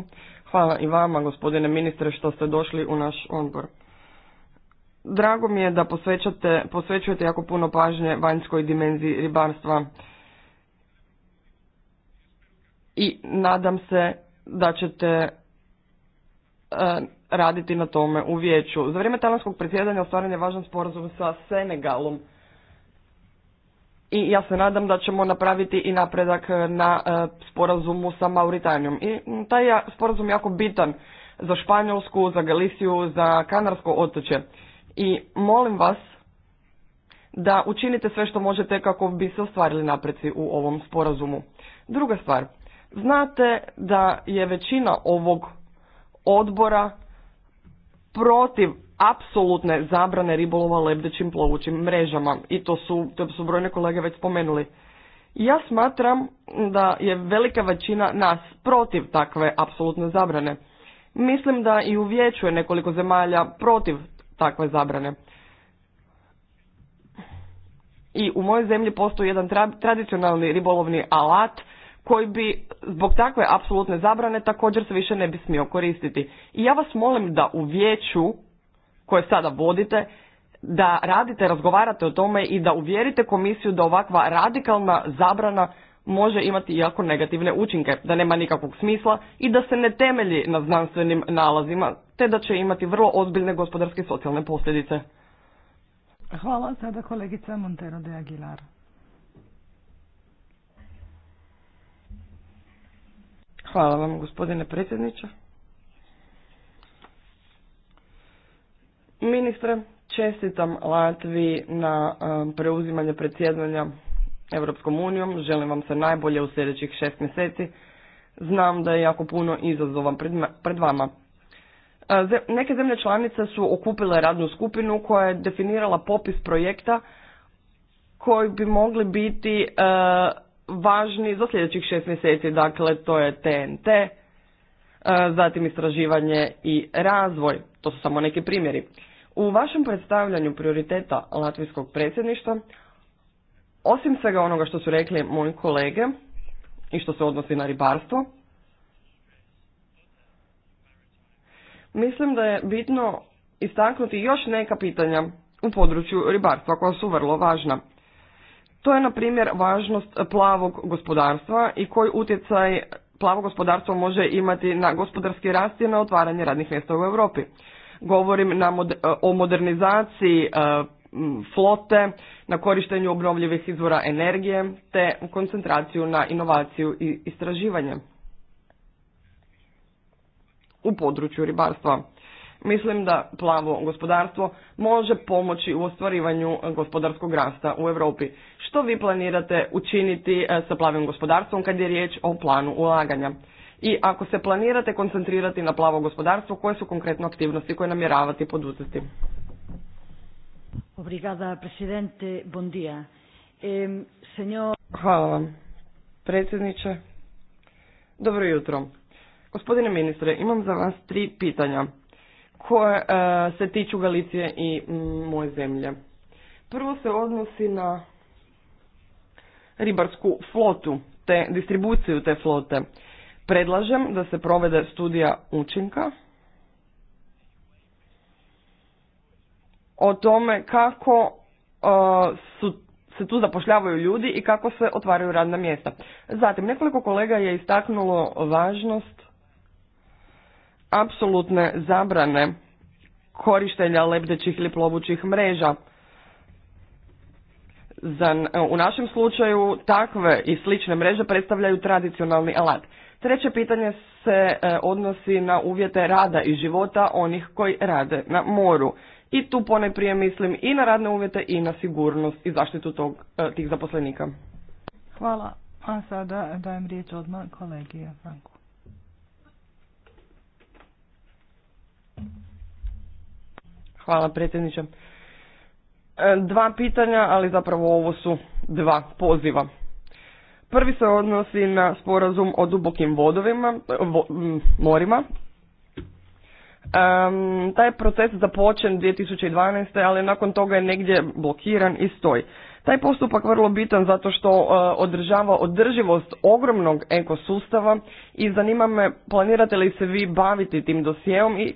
S3: Hvala i vama gospodine ministre što ste došli u naš odbor. Drago mi je da posvećujete jako puno pažnje vanjskoj dimenziji ribarstva i nadam se da ćete e, raditi na tome u vijeću. Za vrijeme talanskog predsjedanja ostvaren je važan sporazum sa Senegalom i ja se nadam da ćemo napraviti i napredak e, na e, sporazumu sa Mauritanijom. I taj je sporazum jako bitan za Španjolsku, za Galiciju, za Kanarsko otoče. I molim vas da učinite sve što možete kako bi se ostvarili napreci u ovom sporazumu. Druga stvar, znate da je većina ovog odbora protiv apsolutne zabrane ribolova lebdećim plovućim mrežama i to su, to su brojne kolege već spomenuli. Ja smatram da je velika većina nas protiv takve apsolutne zabrane. Mislim da i u vijeću je nekoliko zemalja protiv takve zabrane. I u mojoj zemlji postoji jedan tradicionalni ribolovni alat koji bi zbog takve apsolutne zabrane također se više ne bi smio koristiti. I ja vas molim da u vijeću koje sada vodite, da radite, razgovarate o tome i da uvjerite komisiju da ovakva radikalna zabrana može imati jako negativne učinke, da nema nikakvog smisla i da se ne temelji na znanstvenim nalazima, te da će imati vrlo ozbiljne gospodarske i socijalne posljedice.
S2: Hvala. Sada kolegica Montero de Aguilar.
S3: Hvala vam, gospodine predsjedniče. Ministre, čestitam Latviji na um, preuzimanje predsjedanja Europskom unijom. Želim vam se najbolje u sljedećih šest mjeseci. Znam da je jako puno izazova pred vama. Neke zemlje članice su okupile radnu skupinu koja je definirala popis projekta koji bi mogli biti e, važni za sljedećih šest mjeseci. Dakle, to je TNT, e, zatim istraživanje i razvoj. To su samo neki primjeri. U vašem predstavljanju prioriteta latvijskog predsjedništva, osim svega onoga što su rekli moji kolege i što se odnosi na ribarstvo, mislim da je bitno istaknuti još neka pitanja u području ribarstva koja su vrlo važna. To je, na primjer, važnost plavog gospodarstva i koji utjecaj plavo gospodarstvo može imati na gospodarski rast i na otvaranje radnih mjesta u Europi govorim na e, o modernizaciji e, flote, na korištenju obnovljivih izvora energije te koncentraciju na inovaciju i istraživanje u području ribarstva. Mislim da plavo gospodarstvo može pomoći u ostvarivanju gospodarskog rasta u Europi. Što vi planirate učiniti e, sa plavim gospodarstvom kad je riječ o planu ulaganja? i ako se planirate koncentrirati na plavo gospodarstvo, koje su konkretno aktivnosti koje namjeravate poduzeti?
S1: Obrigada, presidente. Bon dia. E,
S3: Hvala vam, predsjedniče. Dobro jutro. Gospodine ministre, imam za vas tri pitanja koje e, se tiču Galicije i moje zemlje. Prvo se odnosi na ribarsku flotu te distribuciju te flote. Predlažem da se provede studija učinka o tome kako e, su, se tu zapošljavaju ljudi i kako se otvaraju radna mjesta. Zatim, nekoliko kolega je istaknulo važnost apsolutne zabrane korištenja lebdećih ili plovućih mreža. E, u našem slučaju takve i slične mreže predstavljaju tradicionalni alat. Treće pitanje se e, odnosi na uvjete rada i života onih koji rade na moru. I tu pone prije mislim i na radne uvjete i na sigurnost i zaštitu tog, e, tih zaposlenika.
S2: Hvala. A sada dajem riječ odmah kolegi Franku.
S3: Hvala predsjedniče. E, dva pitanja, ali zapravo ovo su dva poziva. Prvi se odnosi na sporazum o dubokim vodovima, morima. Um, taj proces započen 2012. ali nakon toga je negdje blokiran i stoji. Taj postupak vrlo bitan zato što e, održava održivost ogromnog ekosustava i zanima me planirate li se vi baviti tim dosijeom i,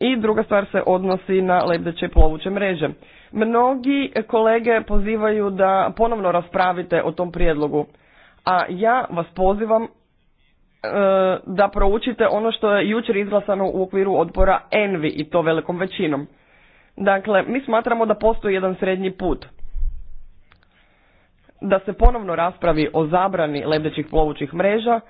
S3: i druga stvar se odnosi na lebdeće plovuće mreže. Mnogi kolege pozivaju da ponovno raspravite o tom prijedlogu, a ja vas pozivam e, da proučite ono što je jučer izglasano u okviru odbora Envi i to velikom većinom. Dakle, mi smatramo da postoji jedan srednji put. Da se ponovno raspravi o zabrani lebdećih plovućih mreža,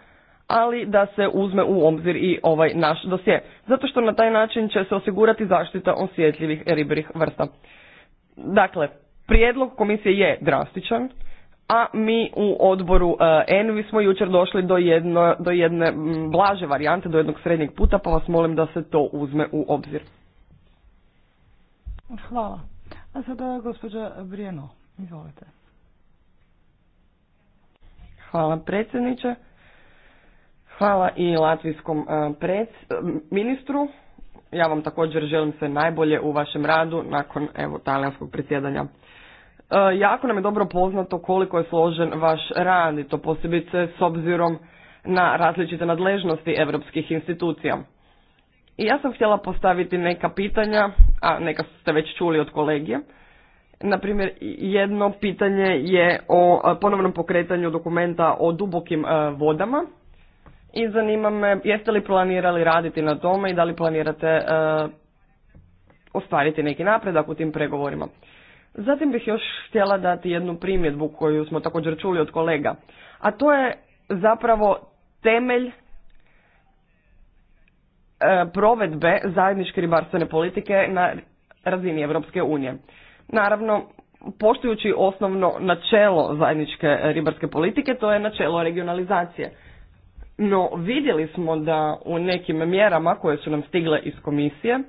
S3: ali da se uzme u obzir i ovaj naš dosje. Zato što na taj način će se osigurati zaštita osjetljivih ribrih vrsta. Dakle, prijedlog komisije je drastičan, a mi u odboru e, Envi smo jučer došli do, jedno, do jedne blaže varijante, do jednog srednjeg puta, pa vas molim da se to uzme u obzir.
S2: Hvala. A sada gospođa Brijeno, izvolite.
S3: Hvala predsjedniče. Hvala i latvijskom e, ministru ja vam također želim sve najbolje u vašem radu nakon evo talijanskog predsjedanja. E, jako nam je dobro poznato koliko je složen vaš rad i to posebice s obzirom na različite nadležnosti europskih institucija. I ja sam htjela postaviti neka pitanja, a neka ste već čuli od kolegije. Naprimjer, jedno pitanje je o ponovnom pokretanju dokumenta o dubokim e, vodama i zanima me jeste li planirali raditi na tome i da li planirate e, ostvariti neki napredak u tim pregovorima. Zatim bih još htjela dati jednu primjedbu koju smo također čuli od kolega, a to je zapravo temelj e, provedbe zajedničke ribarstvene politike na razini Europske unije. Naravno, poštujući osnovno načelo zajedničke ribarske politike, to je načelo regionalizacije. No vidjeli smo da u nekim mjerama koje su nam stigle iz komisije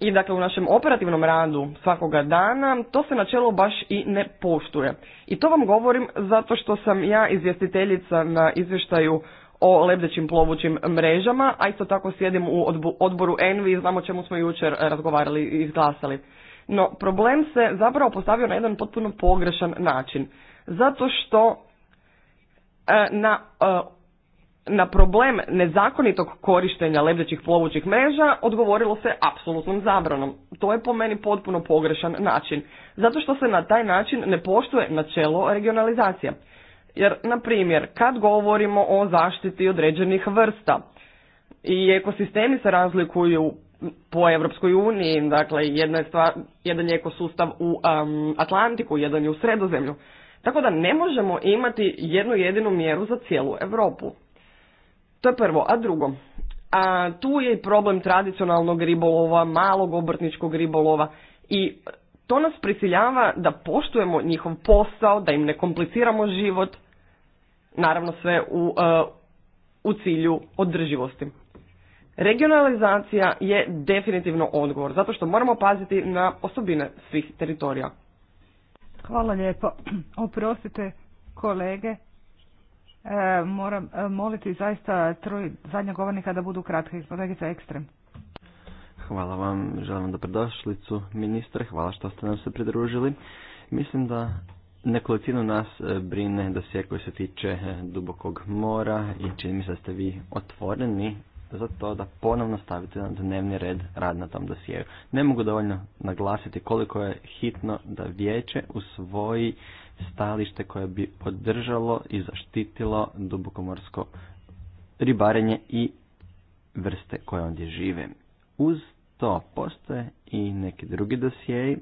S3: i dakle u našem operativnom radu svakoga dana to se načelo baš i ne poštuje. I to vam govorim zato što sam ja izvjestiteljica na izvještaju o lebdećim plovućim mrežama, a isto tako sjedim u odboru Envi i znamo čemu smo jučer razgovarali i izglasali. No problem se zapravo postavio na jedan potpuno pogrešan način zato što e, na, e, na problem nezakonitog korištenja lebdećih plovućih mreža odgovorilo se apsolutnom zabranom. To je po meni potpuno pogrešan način, zato što se na taj način ne poštuje načelo regionalizacije. Jer, na primjer, kad govorimo o zaštiti određenih vrsta i ekosistemi se razlikuju po Europskoj uniji, dakle jedna je stvar, jedan je ekosustav u Atlantiku, jedan je u Sredozemlju. Tako da ne možemo imati jednu jedinu mjeru za cijelu Europu. To je prvo. A drugo, a tu je i problem tradicionalnog ribolova, malog obrtničkog ribolova i to nas prisiljava da poštujemo njihov posao, da im ne kompliciramo život, naravno sve u, e, u cilju održivosti. Regionalizacija je definitivno odgovor, zato što moramo paziti na osobine svih teritorija.
S2: Hvala lijepo. Oprostite kolege, e, moram e, moliti zaista troj zadnja govornika da budu kratki. Kolegica Ekstrem.
S5: Hvala vam, želim vam dobrodošlicu ministre, hvala što ste nam se pridružili. Mislim da nekolicinu nas e, brine dosje koji se tiče dubokog mora i čini mi se da ste vi otvoreni za to da ponovno stavite na dnevni red rad na tom dosijeju. Ne mogu dovoljno naglasiti koliko je hitno da vijeće usvoji stalište koje bi podržalo i zaštitilo dubokomorsko ribarenje i vrste koje ondje žive. Uz to postoje i neki drugi dosjei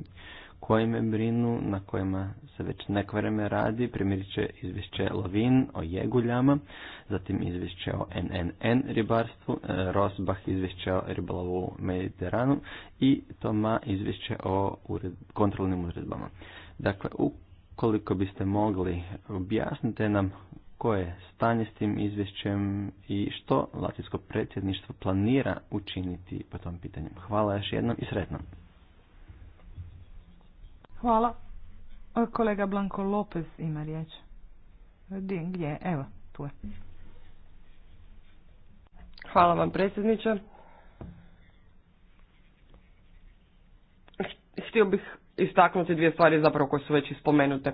S5: koji me brinu, na kojima se već neko vreme radi, će izvješće Lovin o jeguljama, zatim izvješće o NNN ribarstvu, e, Rosbach izvješće o ribolovu Mediteranu i Toma izvješće o kontrolnim uredbama. Dakle, ukoliko biste mogli, objasnite nam koje stanje s tim izvješćem i što Latinsko predsjedništvo planira učiniti po tom pitanju. Hvala još jednom i sretno.
S2: Hvala. E, kolega Blanko Lopez ima riječ. Gdje? Evo, tu je. Hvala vam
S3: predsjedniče. Htio bih istaknuti dvije stvari zapravo koje su već ispomenute.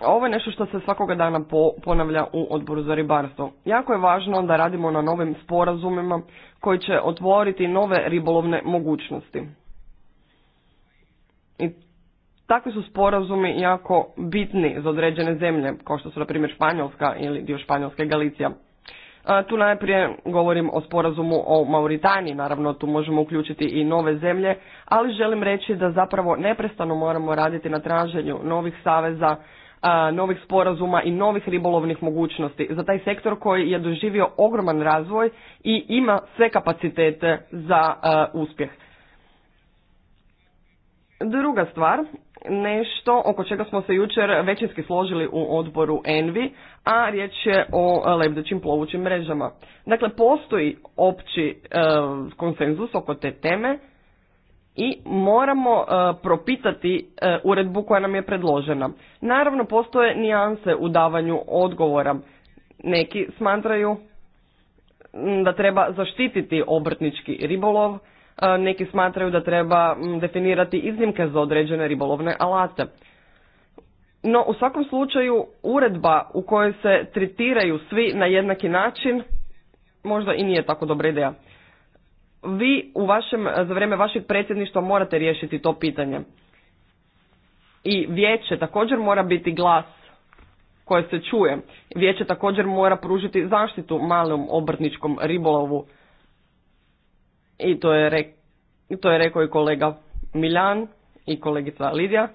S3: Ovo je nešto što se svakoga dana ponavlja u odboru za ribarstvo. Jako je važno da radimo na novim sporazumima koji će otvoriti nove ribolovne mogućnosti. I takvi su sporazumi jako bitni za određene zemlje, kao što su na primjer Španjolska ili dio Španjolske Galicija. Tu najprije govorim o sporazumu o Mauritaniji, naravno tu možemo uključiti i nove zemlje, ali želim reći da zapravo neprestano moramo raditi na traženju novih saveza, novih sporazuma i novih ribolovnih mogućnosti za taj sektor koji je doživio ogroman razvoj i ima sve kapacitete za uspjeh. Druga stvar, nešto oko čega smo se jučer većinski složili u odboru Envi, a riječ je o lebdećim plovućim mrežama. Dakle, postoji opći e, konsenzus oko te teme, i moramo e, propitati e, uredbu koja nam je predložena. Naravno, postoje nijanse u davanju odgovora. Neki smatraju da treba zaštititi obrtnički ribolov, e, neki smatraju da treba definirati iznimke za određene ribolovne alate. No, u svakom slučaju, uredba u kojoj se tretiraju svi na jednaki način možda i nije tako dobra ideja vi u vašem, za vrijeme vašeg predsjedništva morate riješiti to pitanje. I vijeće također mora biti glas koje se čuje. Vijeće također mora pružiti zaštitu malom obrtničkom ribolovu. I to je, re, to je rekao i kolega Miljan i kolegica Lidija.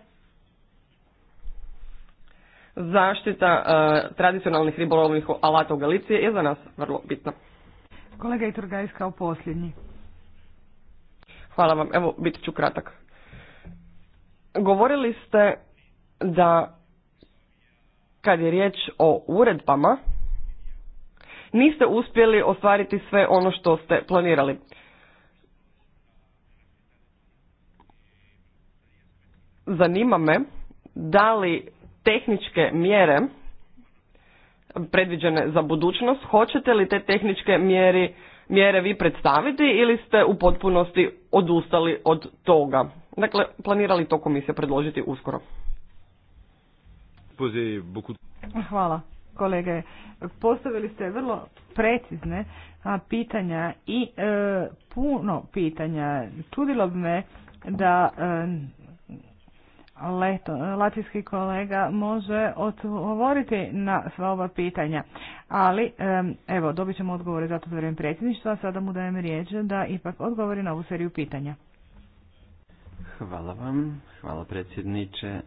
S3: Zaštita e, tradicionalnih ribolovnih alata u Galiciji je za nas vrlo bitna.
S2: Kolega Iturgajs kao posljednji.
S3: Hvala vam. Evo, bit ću kratak. Govorili ste da kad je riječ o uredbama, niste uspjeli ostvariti sve ono što ste planirali. Zanima me da li tehničke mjere predviđene za budućnost, hoćete li te tehničke mjeri mjere vi predstaviti ili ste u potpunosti odustali od toga? Dakle, planirali to komisija predložiti uskoro?
S2: Hvala kolege. Postavili ste vrlo precizne pitanja i e, puno pitanja. Čudilo bi me da e, Leto, latvijski kolega može odgovoriti na sva ova pitanja, ali evo, dobit ćemo odgovore za to vrijeme predsjedništva, sada mu dajem riječ da ipak odgovori na ovu seriju pitanja.
S5: Hvala vam, hvala predsjedniče,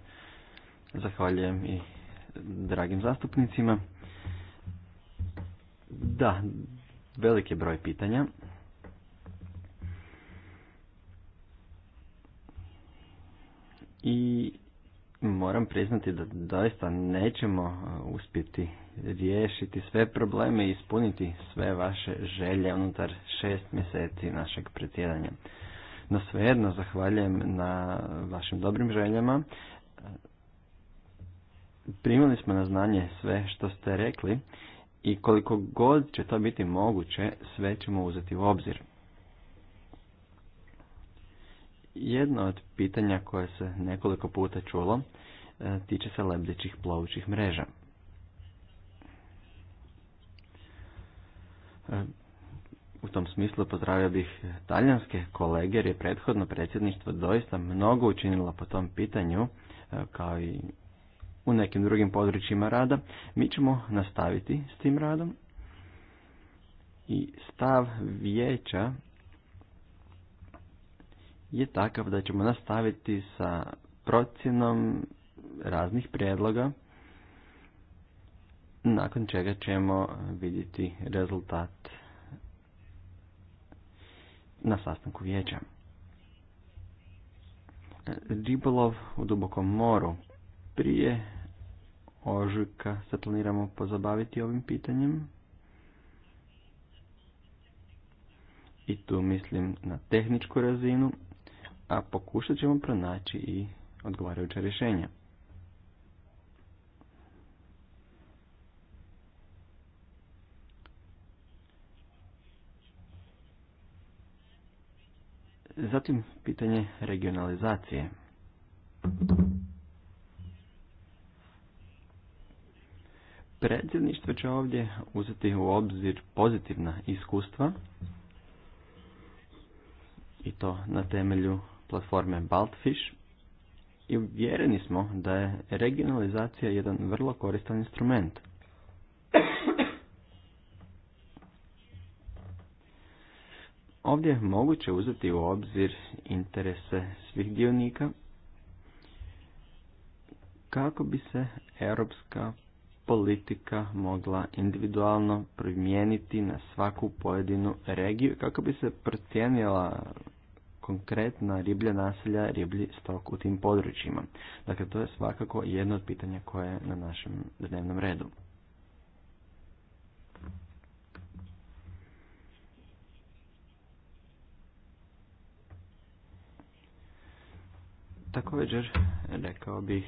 S5: zahvaljujem i dragim zastupnicima. Da, veliki broj pitanja. i moram priznati da doista nećemo e, uspjeti riješiti sve probleme i ispuniti sve vaše želje unutar šest mjeseci našeg predsjedanja. No svejedno zahvaljujem na vašim dobrim željama. Primili smo na znanje sve što ste rekli i koliko god će to biti moguće, sve ćemo uzeti u obzir. Jedno od pitanja koje se nekoliko puta čulo e, tiče se lebdećih plovućih mreža. E, u tom smislu pozdravio bih talijanske kolege jer je prethodno predsjedništvo doista mnogo učinilo po tom pitanju e, kao i u nekim drugim područjima rada. Mi ćemo nastaviti s tim radom i stav vijeća je takav da ćemo nastaviti sa procjenom raznih prijedloga nakon čega ćemo vidjeti rezultat na sastanku vijeća. Ribolov u dubokom moru. Prije ožujka se planiramo pozabaviti ovim pitanjem. I tu mislim na tehničku razinu, a pokušat ćemo pronaći i odgovarajuća rješenja. Zatim pitanje regionalizacije. Predsjedništvo će ovdje uzeti u obzir pozitivna iskustva i to na temelju platforme Baltfish i uvjereni smo da je regionalizacija jedan vrlo koristan instrument. Ovdje je moguće uzeti u obzir interese svih dionika kako bi se europska politika mogla individualno primijeniti na svaku pojedinu regiju kako bi se procijenila konkretna riblja naselja, riblji stok u tim područjima. Dakle, to je svakako jedno od pitanja koje je na našem dnevnom redu. Također, rekao bih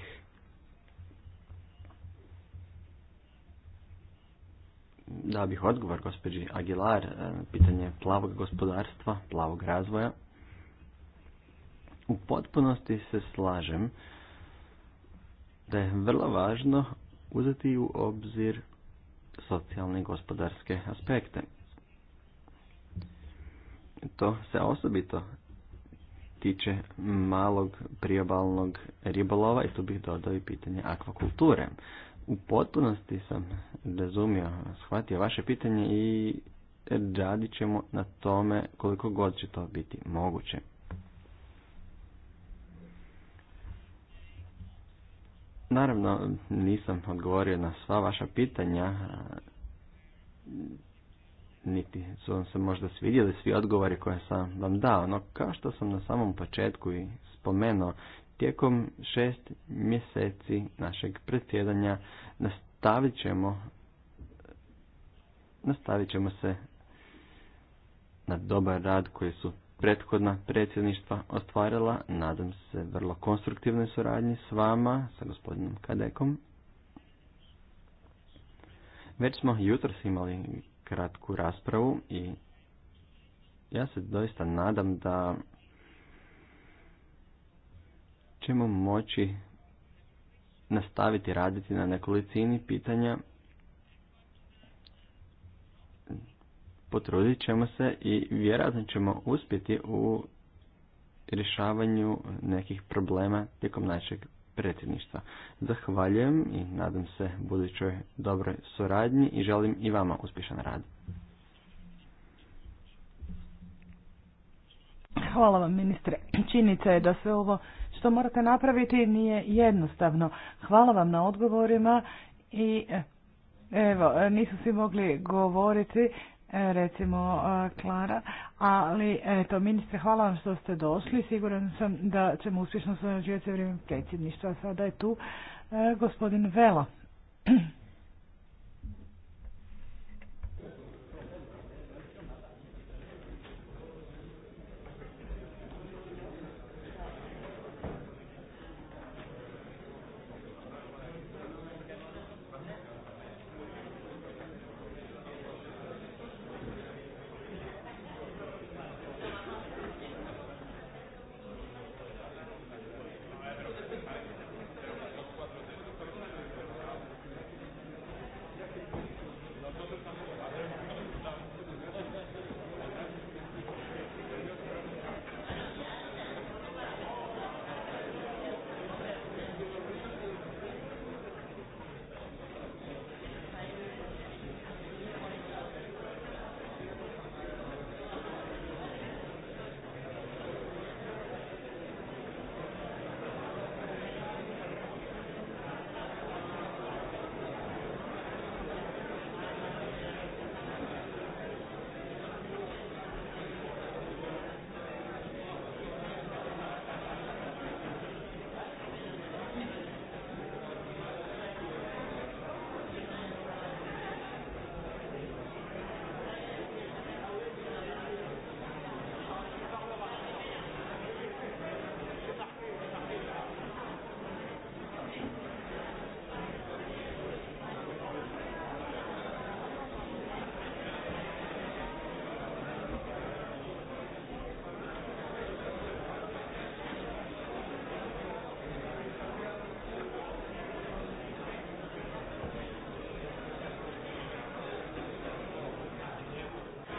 S5: da bih odgovor gospođi Aguilar e, pitanje plavog gospodarstva, plavog razvoja. U potpunosti se slažem da je vrlo važno uzeti u obzir socijalne i gospodarske aspekte. To se osobito tiče malog priobalnog ribolova i tu bih dodao i pitanje akvakulture. U potpunosti sam razumio, shvatio vaše pitanje i radit ćemo na tome koliko god će to biti moguće. Naravno, nisam odgovorio na sva vaša pitanja, niti su vam se možda svidjeli svi odgovori koje sam vam dao, no kao što sam na samom početku i spomenuo, tijekom šest mjeseci našeg predsjedanja nastavit ćemo, nastavit ćemo se na dobar rad koji su prethodna predsjedništva ostvarila, nadam se vrlo konstruktivnoj suradnji s vama, sa gospodinom Kadekom. Već smo jutros imali kratku raspravu i ja se doista nadam da ćemo moći nastaviti raditi na nekolicini pitanja potrudit ćemo se i vjerojatno ćemo uspjeti u rješavanju nekih problema tijekom našeg predsjedništva. Zahvaljujem i nadam se budućoj dobroj suradnji i želim i vama uspješan rad.
S2: Hvala vam ministre. Činjenica je da sve ovo što morate napraviti nije jednostavno. Hvala vam na odgovorima i evo, nisu svi mogli govoriti E, recimo e, Klara, ali eto ministre hvala vam što ste došli, siguran sam da ćemo uspješno surađivati za vrijeme predsjedništva, sada je tu e, gospodin Vela.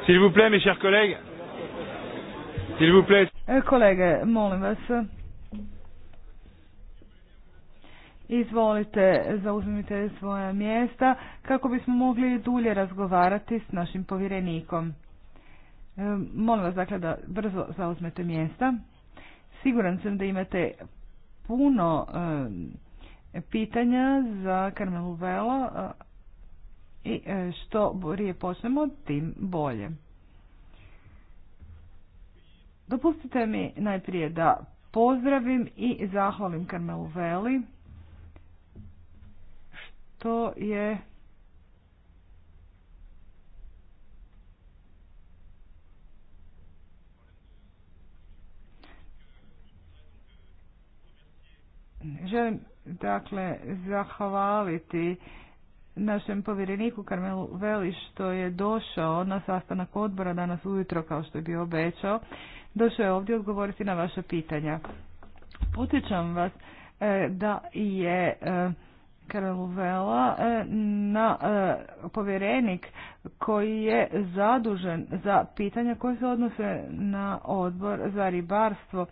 S2: S'il vous plaît, mes e, Kolege, molim vas. Izvolite, zauzmite svoja mjesta kako bismo mogli dulje razgovarati s našim povjerenikom. E, molim vas dakle da brzo zauzmete mjesta. Siguran sam da imate puno e, pitanja za Karmelu Vela, i e, što prije počnemo, tim bolje. Dopustite mi najprije da pozdravim i zahvalim Karmelu Veli, što je Želim dakle zahvaliti našem povjereniku Karmelu Veli što je došao na sastanak odbora danas ujutro kao što je bio obećao. Došao je ovdje odgovoriti na vaše pitanja. Potičam vas e, da je e, Karmelu Vela e, na povjerenik koji je zadužen za pitanja koje se odnose na odbor za ribarstvo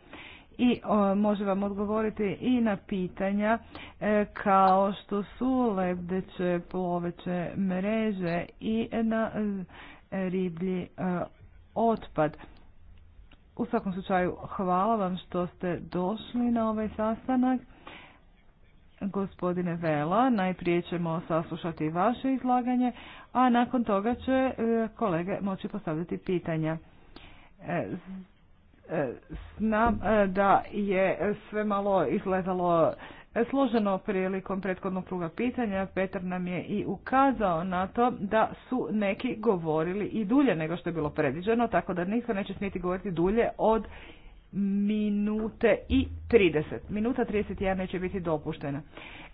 S2: i može vam odgovoriti i na pitanja e, kao što su lebdeće, ploveće mreže i na e, riblji e, otpad. U svakom slučaju hvala vam što ste došli na ovaj sastanak. Gospodine Vela, najprije ćemo saslušati vaše izlaganje, a nakon toga će kolege moći postavljati pitanja. E, znam e, da je sve malo izgledalo složeno prilikom prethodnog kruga pitanja. Petar nam je i ukazao na to da su neki govorili i dulje nego što je bilo predviđeno, tako da nitko neće smjeti govoriti dulje od minute i 30. Minuta 31 neće biti dopuštena.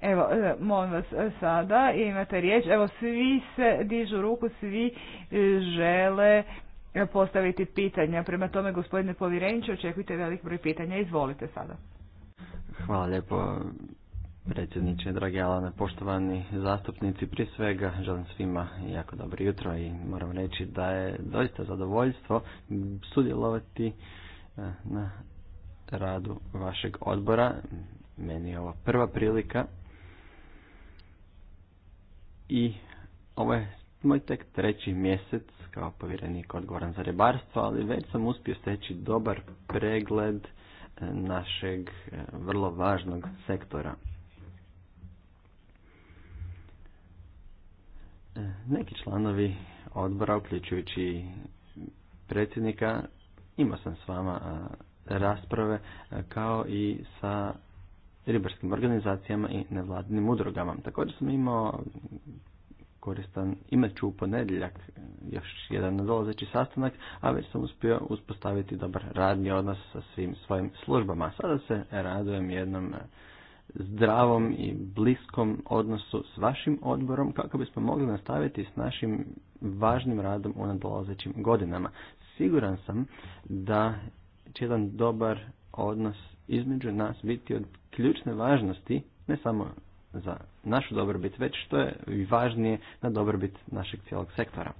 S2: Evo, e, molim vas sada, imate riječ. Evo, svi se dižu ruku, svi žele E, postaviti pitanja. Prema tome, gospodine povjereniče, očekujte velik broj pitanja. Izvolite sada.
S5: Hvala lijepo predsjedniče, dragi Alane, poštovani zastupnici. Prije svega želim svima jako dobro jutro i moram reći da je doista zadovoljstvo sudjelovati e, na radu vašeg odbora. Meni je ovo prva prilika i ovo je moj tek treći mjesec kao povjerenik odgovoran za ribarstvo, ali već sam uspio steći dobar pregled e, našeg e, vrlo važnog sektora. E, neki članovi odbora, uključujući predsjednika, imao sam s vama rasprave kao i sa ribarskim organizacijama i nevladinim udrugama. Također sam imao koristan. Imat ću u ponedjeljak e, još jedan nadolazeći sastanak, a već sam uspio uspostaviti dobar radni odnos sa svim svojim službama. Sada se radujem jednom e, zdravom i bliskom odnosu s vašim odborom kako bismo mogli nastaviti s našim važnim radom u nadolazećim godinama. Siguran sam da će jedan dobar odnos između nas biti od ključne važnosti ne samo za našu dobrobit, već što je i važnije na dobrobit našeg cijelog sektora.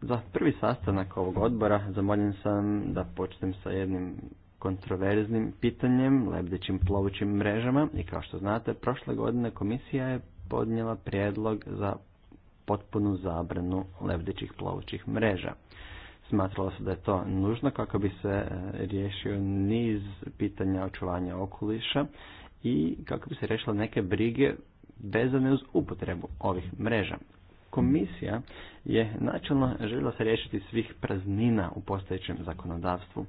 S5: Za prvi sastanak ovog odbora zamoljen sam da počnem sa jednim kontroverznim pitanjem, lebdećim plovućim mrežama i kao što znate, prošle godine komisija je podnijela prijedlog za potpunu zabranu lebdećih plovućih mreža. Smatralo se da je to nužno kako bi se e, riješio niz pitanja očuvanja okoliša i kako bi se rešila neke brige vezane uz upotrebu ovih mreža. Komisija je načelno željela se riješiti svih praznina u postojećem zakonodavstvu.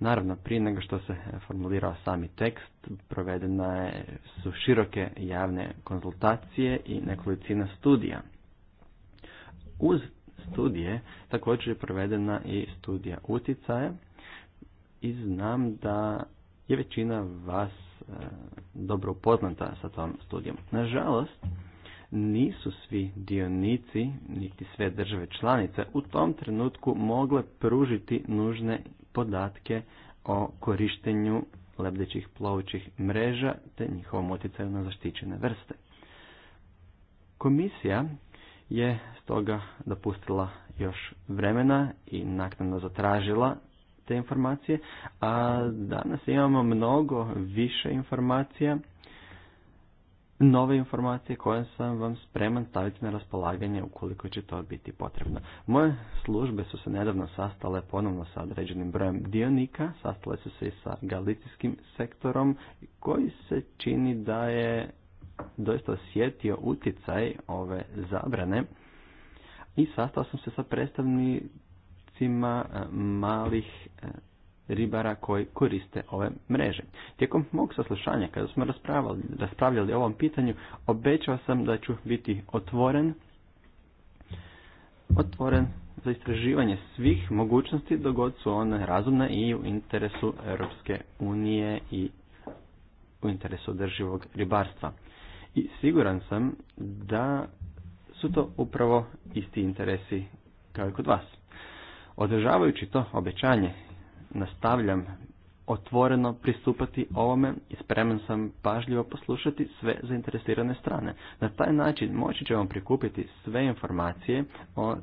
S5: Naravno, prije nego što se formulirao sami tekst, provedena su široke javne konzultacije i nekolicina studija. Uz studije također je provedena i studija utjecaja i znam da je većina vas E, dobro upoznata sa tom studijom. Nažalost, nisu svi dionici, niti sve države članice u tom trenutku mogle pružiti nužne podatke o korištenju lebdećih plovućih mreža te njihovom utjecaju na zaštićene vrste. Komisija je stoga dopustila još vremena i naknadno zatražila te informacije, a danas imamo mnogo više informacija, nove informacije koje sam vam spreman staviti na raspolaganje ukoliko će to biti potrebno. Moje službe su se nedavno sastale ponovno sa određenim brojem dionika, sastale su se i sa galicijskim sektorom koji se čini da je doista osjetio utjecaj ove zabrane i sastao sam se sa predstavnik postupcima e, malih e, ribara koji koriste ove mreže. Tijekom mog saslušanja, kada smo raspravljali, raspravljali o ovom pitanju, obećao sam da ću biti otvoren, otvoren za istraživanje svih mogućnosti dogod su one razumne i u interesu Europske unije i u interesu drživog ribarstva. I siguran sam da su to upravo isti interesi kao i kod vas. Održavajući to obećanje, nastavljam otvoreno pristupati ovome i spreman sam pažljivo poslušati sve zainteresirane strane. Na taj način moći ćemo prikupiti sve informacije o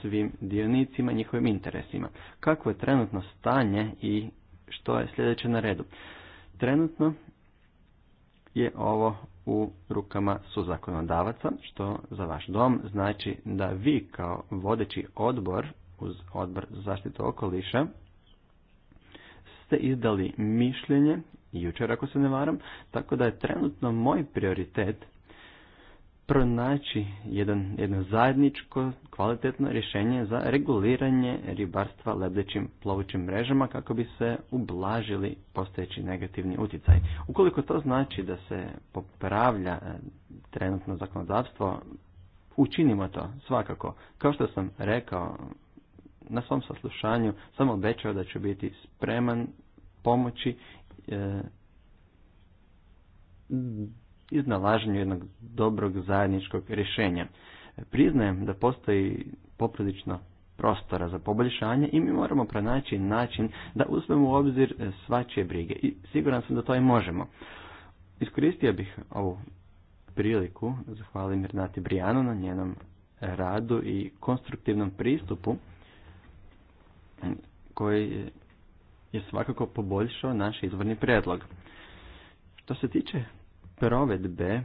S5: svim dionicima, njihovim interesima. Kako je trenutno stanje i što je sljedeće na redu? Trenutno je ovo u rukama su zakonodavaca, što za vaš dom znači da vi kao vodeći odbor uz odbor za zaštitu okoliša ste izdali mišljenje jučer ako se ne varam, tako da je trenutno moj prioritet pronaći jedan, jedno zajedničko kvalitetno rješenje za reguliranje ribarstva lebdećim plovućim mrežama kako bi se ublažili postojeći negativni utjecaj. Ukoliko to znači da se popravlja e, trenutno zakonodavstvo, učinimo to svakako. Kao što sam rekao na svom saslušanju samo obećao da će biti spreman pomoći e, iznalaženju jednog dobrog zajedničkog rješenja. Priznajem da postoji poprilično prostora za poboljšanje i mi moramo pronaći način da uzmemo u obzir e, svačije brige i siguran sam da to i možemo. Iskoristio bih ovu priliku, zahvalim Renati Brijanu na njenom radu i konstruktivnom pristupu koji je svakako poboljšao naš izvorni prijedlog. Što se tiče provedbe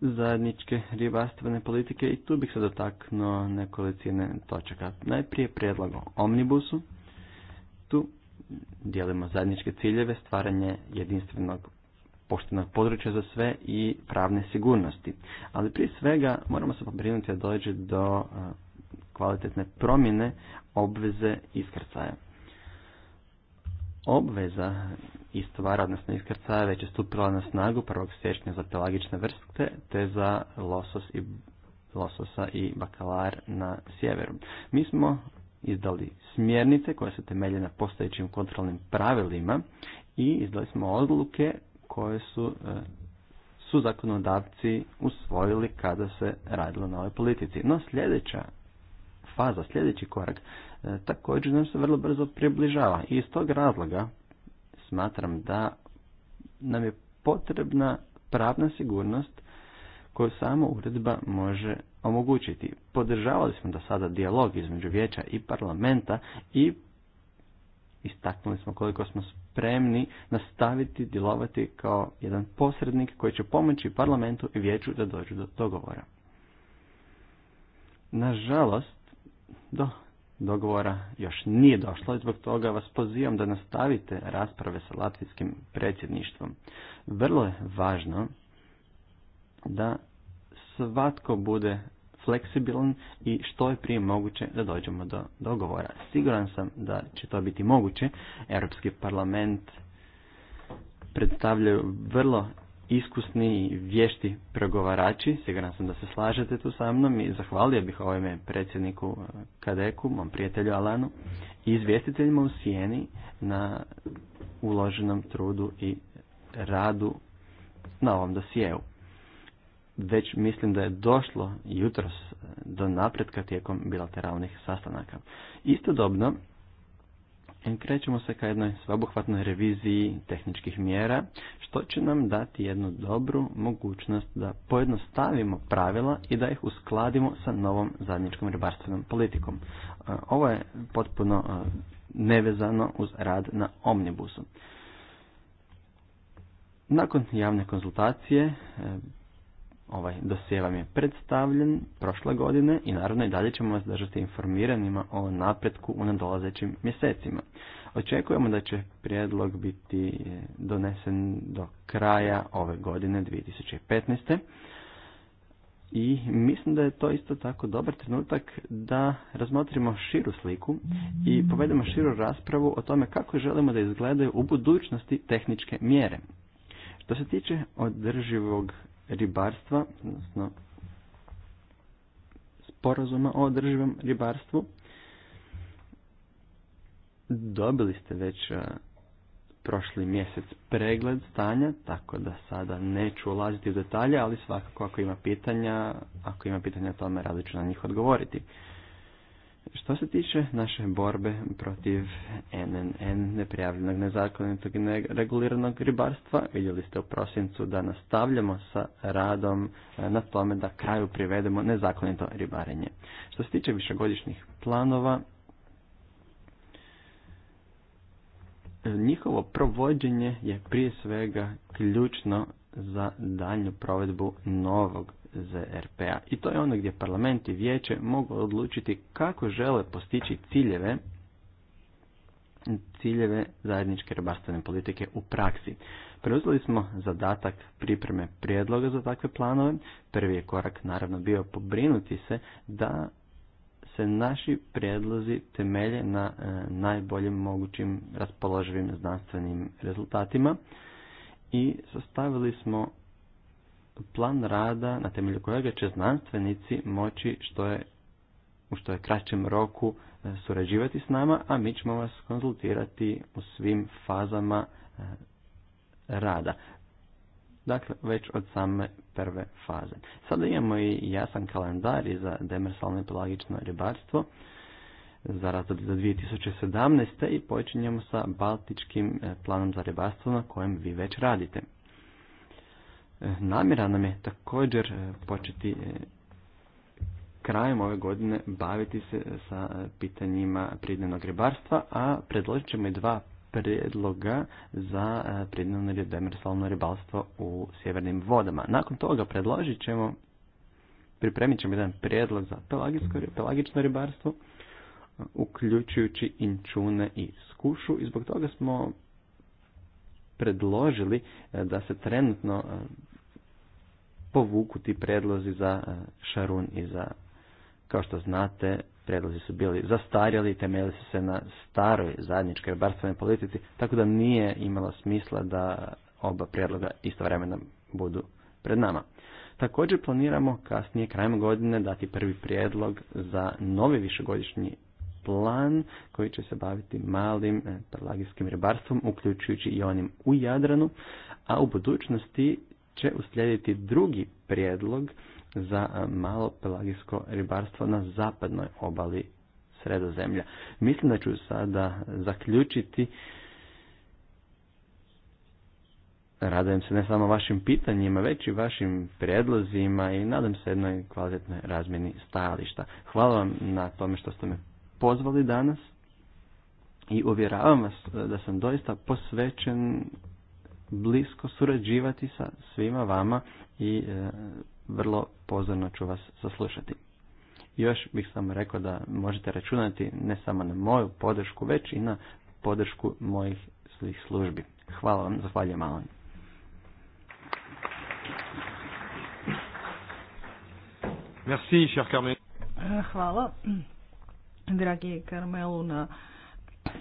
S5: zajedničke ribarstvene politike i tu bih se dotaknuo nekolicine točaka. Najprije prijedlog o omnibusu. Tu dijelimo zajedničke ciljeve, stvaranje jedinstvenog poštenog područja za sve i pravne sigurnosti. Ali prije svega moramo se pobrinuti da dođe do kvalitetne promjene obveze iskrcaja. Obveza istovara, odnosno iskrcaja, već je stupila na snagu 1. siječnja za pelagične vrste, te za losos i, lososa i bakalar na sjeveru. Mi smo izdali smjernice koje se temelje na postojećim kontrolnim pravilima i izdali smo odluke koje su e, su zakonodavci usvojili kada se radilo na ovoj politici. No sljedeća faza, sljedeći korak, e, također nam se vrlo brzo približava. I iz tog razloga smatram da nam je potrebna pravna sigurnost koju samo uredba može omogućiti. Podržavali smo do sada dijalog između vijeća i parlamenta i istaknuli smo koliko smo spremni nastaviti djelovati kao jedan posrednik koji će pomoći parlamentu i vijeću da dođu do dogovora. Nažalost, do dogovora još nije došlo i zbog toga vas pozivam da nastavite rasprave sa latvijskim predsjedništvom. Vrlo je važno da svatko bude fleksibilan i što je prije moguće da dođemo do dogovora. Siguran sam da će to biti moguće. Europski parlament predstavljaju vrlo iskusni i vješti pregovarači, siguran sam da se slažete tu sa mnom i zahvalio bih ovome predsjedniku eh, Kadeku, mom prijatelju Alanu i izvjestiteljima u Sijeni na uloženom trudu i radu na ovom dosijeu. Već mislim da je došlo jutros eh, do napretka tijekom bilateralnih sastanaka. Istodobno krećemo se ka jednoj sveobuhvatnoj reviziji tehničkih mjera, što će nam dati jednu dobru mogućnost da pojednostavimo pravila i da ih uskladimo sa novom zajedničkom ribarstvenom politikom. E, ovo je potpuno e, nevezano uz rad na omnibusu. Nakon javne konzultacije e, Ovaj dosje vam je predstavljen prošle godine i naravno i dalje ćemo vas držati informiranima o napretku u nadolazećim mjesecima. Očekujemo da će prijedlog biti eh, donesen do kraja ove godine 2015. I mislim da je to isto tako dobar trenutak da razmotrimo širu sliku i povedemo širu raspravu o tome kako želimo da izgledaju u budućnosti tehničke mjere. Što se tiče održivog ribarstva, odnosno sporazuma o održivom ribarstvu. Dobili ste već e, prošli mjesec pregled stanja, tako da sada neću ulaziti u detalje, ali svakako ako ima pitanja, ako ima pitanja o tome, rado ću na njih odgovoriti. Što se tiče naše borbe protiv NNN, neprijavljenog, nezakonitog i nereguliranog ribarstva, vidjeli ste u prosincu da nastavljamo sa radom e, na tome da kraju privedemo nezakonito ribarenje. Što se tiče višegodišnjih planova, e, njihovo provođenje je prije svega ključno za daljnju provedbu novog zrp p-a. I to je ono gdje parlament i vijeće mogu odlučiti kako žele postići ciljeve ciljeve zajedničke ribarstvene politike u praksi. Preuzeli smo zadatak pripreme prijedloga za takve planove. Prvi je korak naravno bio pobrinuti se da se naši prijedlozi temelje na e, najboljim mogućim raspoloživim znanstvenim rezultatima i sastavili smo plan rada na temelju kojega će znanstvenici moći što je u što je kraćem roku e, surađivati s nama, a mi ćemo vas konzultirati u svim fazama e, rada. Dakle, već od same prve faze. Sada imamo i jasan kalendar i za demersalno i ribarstvo za razdoblje za 2017. i počinjemo sa baltičkim e, planom za ribarstvo na kojem vi već radite. E, namjera nam je također e, početi e, krajem ove godine baviti se sa pitanjima pridnevnog ribarstva, a predložit ćemo i dva prijedloga za pridnevno demersalno ribarstvo u sjevernim vodama. Nakon toga predložit ćemo, pripremit ćemo jedan prijedlog za pelagično ribarstvo, uključujući inčune i skušu i zbog toga smo predložili e, da se trenutno e, povuku ti predlozi za e, Šarun i za, kao što znate, predlozi su bili zastarjeli i temeljili se na staroj zajedničkoj barstvenoj politici, tako da nije imalo smisla da oba prijedloga istovremeno budu pred nama. Također planiramo kasnije krajem godine dati prvi prijedlog za novi višegodišnji plan koji će se baviti malim e, pelagijskim ribarstvom, uključujući i onim u Jadranu, a u budućnosti će uslijediti drugi prijedlog za e, malo pelagijsko ribarstvo na zapadnoj obali sredozemlja. Mislim da ću sada zaključiti Radujem se ne samo vašim pitanjima, već i vašim prijedlozima i nadam se jednoj kvalitetnoj razmjeni stajališta. Hvala vam na tome što ste me pozvali danas i uvjeravam vas e, da sam doista posvećen blisko surađivati sa svima vama i e, vrlo pozorno ću vas saslušati. Još bih samo rekao da možete računati ne samo na moju podršku, već i na podršku mojih svih službi. Hvala vam, zahvaljujem malo.
S1: Merci, cher Carmen.
S2: Hvala dragi Karmelu, na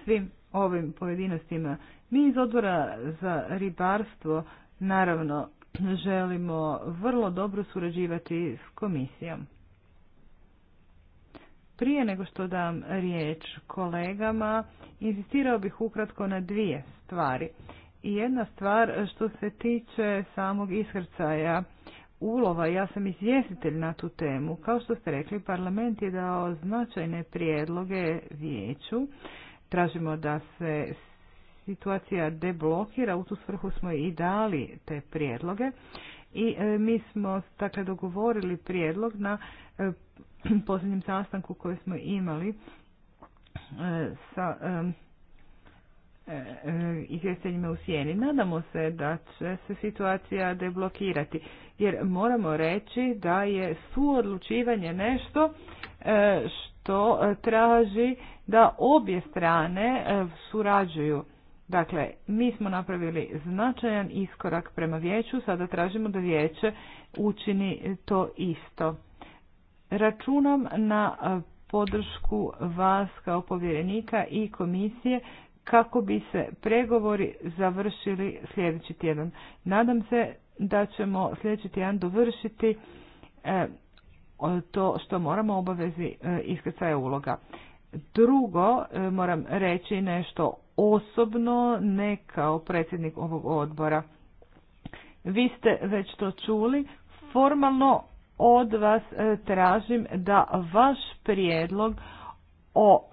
S2: svim ovim pojedinostima. Mi iz odbora za ribarstvo naravno želimo vrlo dobro surađivati s komisijom. Prije nego što dam riječ kolegama, insistirao bih ukratko na dvije stvari. Jedna stvar što se tiče samog iskrcaja ulova. Ja sam izvjestitelj na tu temu. Kao što ste rekli, parlament je dao značajne prijedloge vijeću. Tražimo da se situacija deblokira. U tu svrhu smo i dali te prijedloge. I e, mi smo dakle, dogovorili prijedlog na e, posljednjem sastanku koji smo imali e, sa E, e, izvjestiteljima u sjeni. Nadamo se da će se situacija deblokirati, jer moramo reći da je suodlučivanje nešto e, što traži da obje strane surađuju. Dakle, mi smo napravili značajan iskorak prema vijeću, sada tražimo da vijeće učini to isto. Računam na podršku vas kao povjerenika i komisije kako bi se pregovori završili sljedeći tjedan. Nadam se da ćemo sljedeći tjedan dovršiti e, to što moramo obavezi e, iskrcaja uloga. Drugo, e, moram reći nešto osobno, ne kao predsjednik ovog odbora. Vi ste već to čuli, formalno od vas tražim da vaš prijedlog o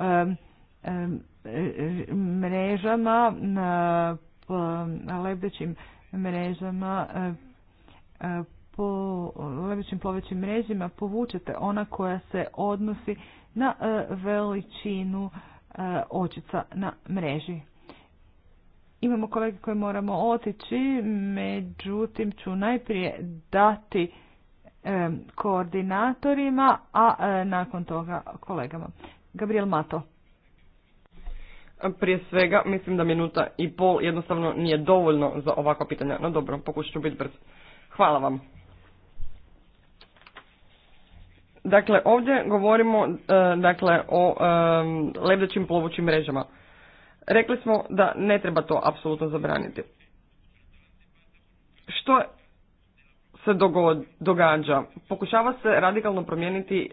S2: mrežama, na lebdećim mrežama, e, e, po lebdećim plovećim mrežima povučete ona koja se odnosi na e, veličinu očica na mreži. Imamo kolege koje moramo otići, međutim ću najprije dati koordinatorima, a nakon toga kolegama. Gabriel Mato.
S3: Prije svega, mislim da minuta i pol jednostavno nije dovoljno za ovakva pitanja. No dobro, pokušat ću biti brz. Hvala vam. Dakle, ovdje govorimo e, dakle, o e, lebdećim plovućim mrežama. Rekli smo da ne treba to apsolutno zabraniti. Što se događa? Pokušava se radikalno promijeniti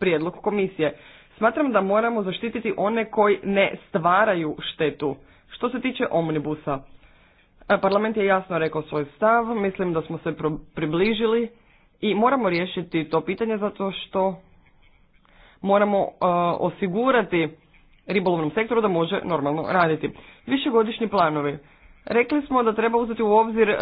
S3: prijedlog komisije. Smatram da moramo zaštititi one koji ne stvaraju štetu. Što se tiče omnibusa, e, parlament je jasno rekao svoj stav, mislim da smo se približili i moramo riješiti to pitanje zato što moramo e, osigurati ribolovnom sektoru da može normalno raditi. Višegodišnji planovi. Rekli smo da treba uzeti u obzir e,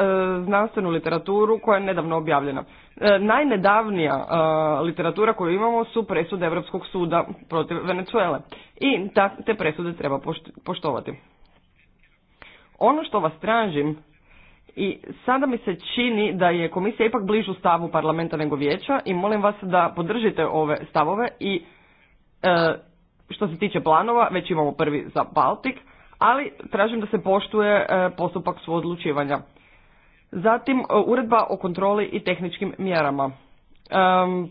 S3: znanstvenu literaturu koja je nedavno objavljena. E, najnedavnija e, literatura koju imamo su presude Europskog suda protiv Venezuele i te presude treba poštovati. Ono što vas tražim i sada mi se čini da je komisija ipak bližu stavu parlamenta nego vijeća i molim vas da podržite ove stavove i što se tiče planova, već imamo prvi za Baltik, ali tražim da se poštuje e, postupak odlučivanja. Zatim e, uredba o kontroli i tehničkim mjerama.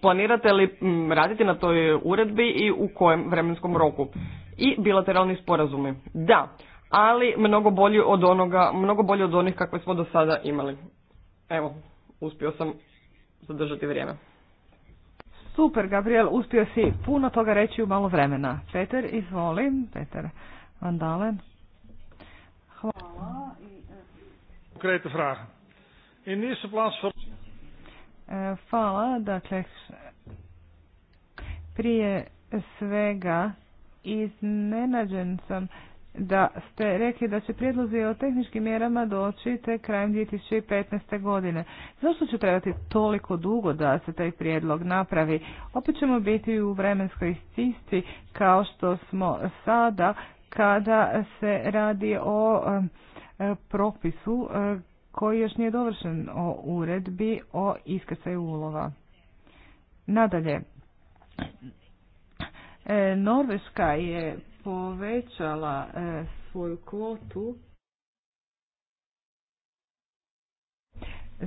S3: Planirate li raditi na toj uredbi i u kojem vremenskom roku? I bilateralni sporazumi. Da, ali mnogo bolji od onoga, mnogo bolji od onih kakve smo do sada imali. Evo, uspio sam zadržati vrijeme.
S2: Super, Gabriel, uspio si puno toga reći u malo vremena. Peter, izvolim. Peter Vandalen. Hvala.
S1: Konkrete vragen. In e,
S2: Hvala. Dakle, prije svega iznenađen sam da ste rekli da će prijedlozi o tehničkim mjerama doći te krajem 2015. godine. Zašto će trebati toliko dugo da se taj prijedlog napravi? Opet ćemo biti u vremenskoj cisti kao što smo sada kada se radi o e, propisu e, koji još nije dovršen o uredbi o iskrcaju ulova. Nadalje, e, Norveška je povećala svoju kvotu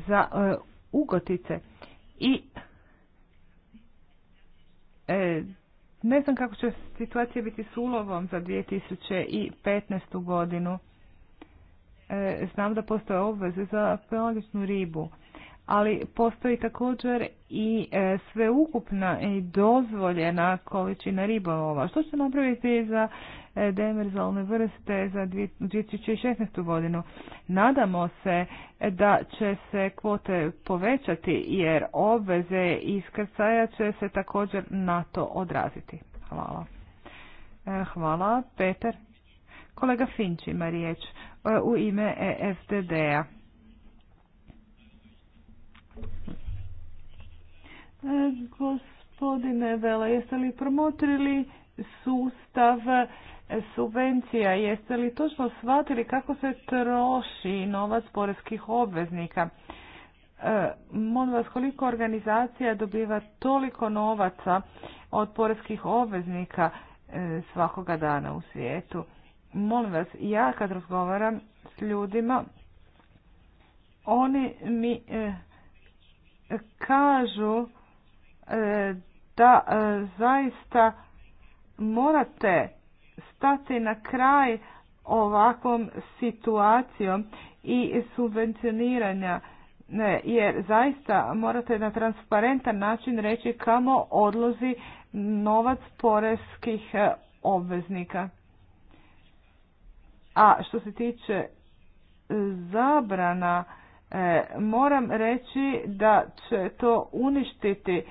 S2: za ugotice i ne znam kako će situacija biti s ulovom za 2015. godinu. E, znam da postoje obveze za pelagičnu ribu, ali postoji također i e, sveukupna i dozvoljena količina ribolova. Što će napraviti za demerzalne vrste za 2016. godinu. Nadamo se da će se kvote povećati jer obveze iskrcaja će se također na to odraziti. Hvala. E, hvala, Peter. Kolega Finč ima riječ e, u ime ESDD-a. E, gospodine Vela, jeste li promotrili sustav subvencija. Jeste li točno shvatili kako se troši novac porezkih obveznika? E, molim vas koliko organizacija dobiva toliko novaca od porezkih obveznika e, svakoga dana u svijetu. Molim vas, ja kad razgovaram s ljudima, oni mi e, kažu da zaista morate stati na kraj ovakvom situacijom i subvencioniranja jer zaista morate na transparentan način reći kamo odlozi novac poreskih e, obveznika. A što se tiče zabrana, e, moram reći da će to uništiti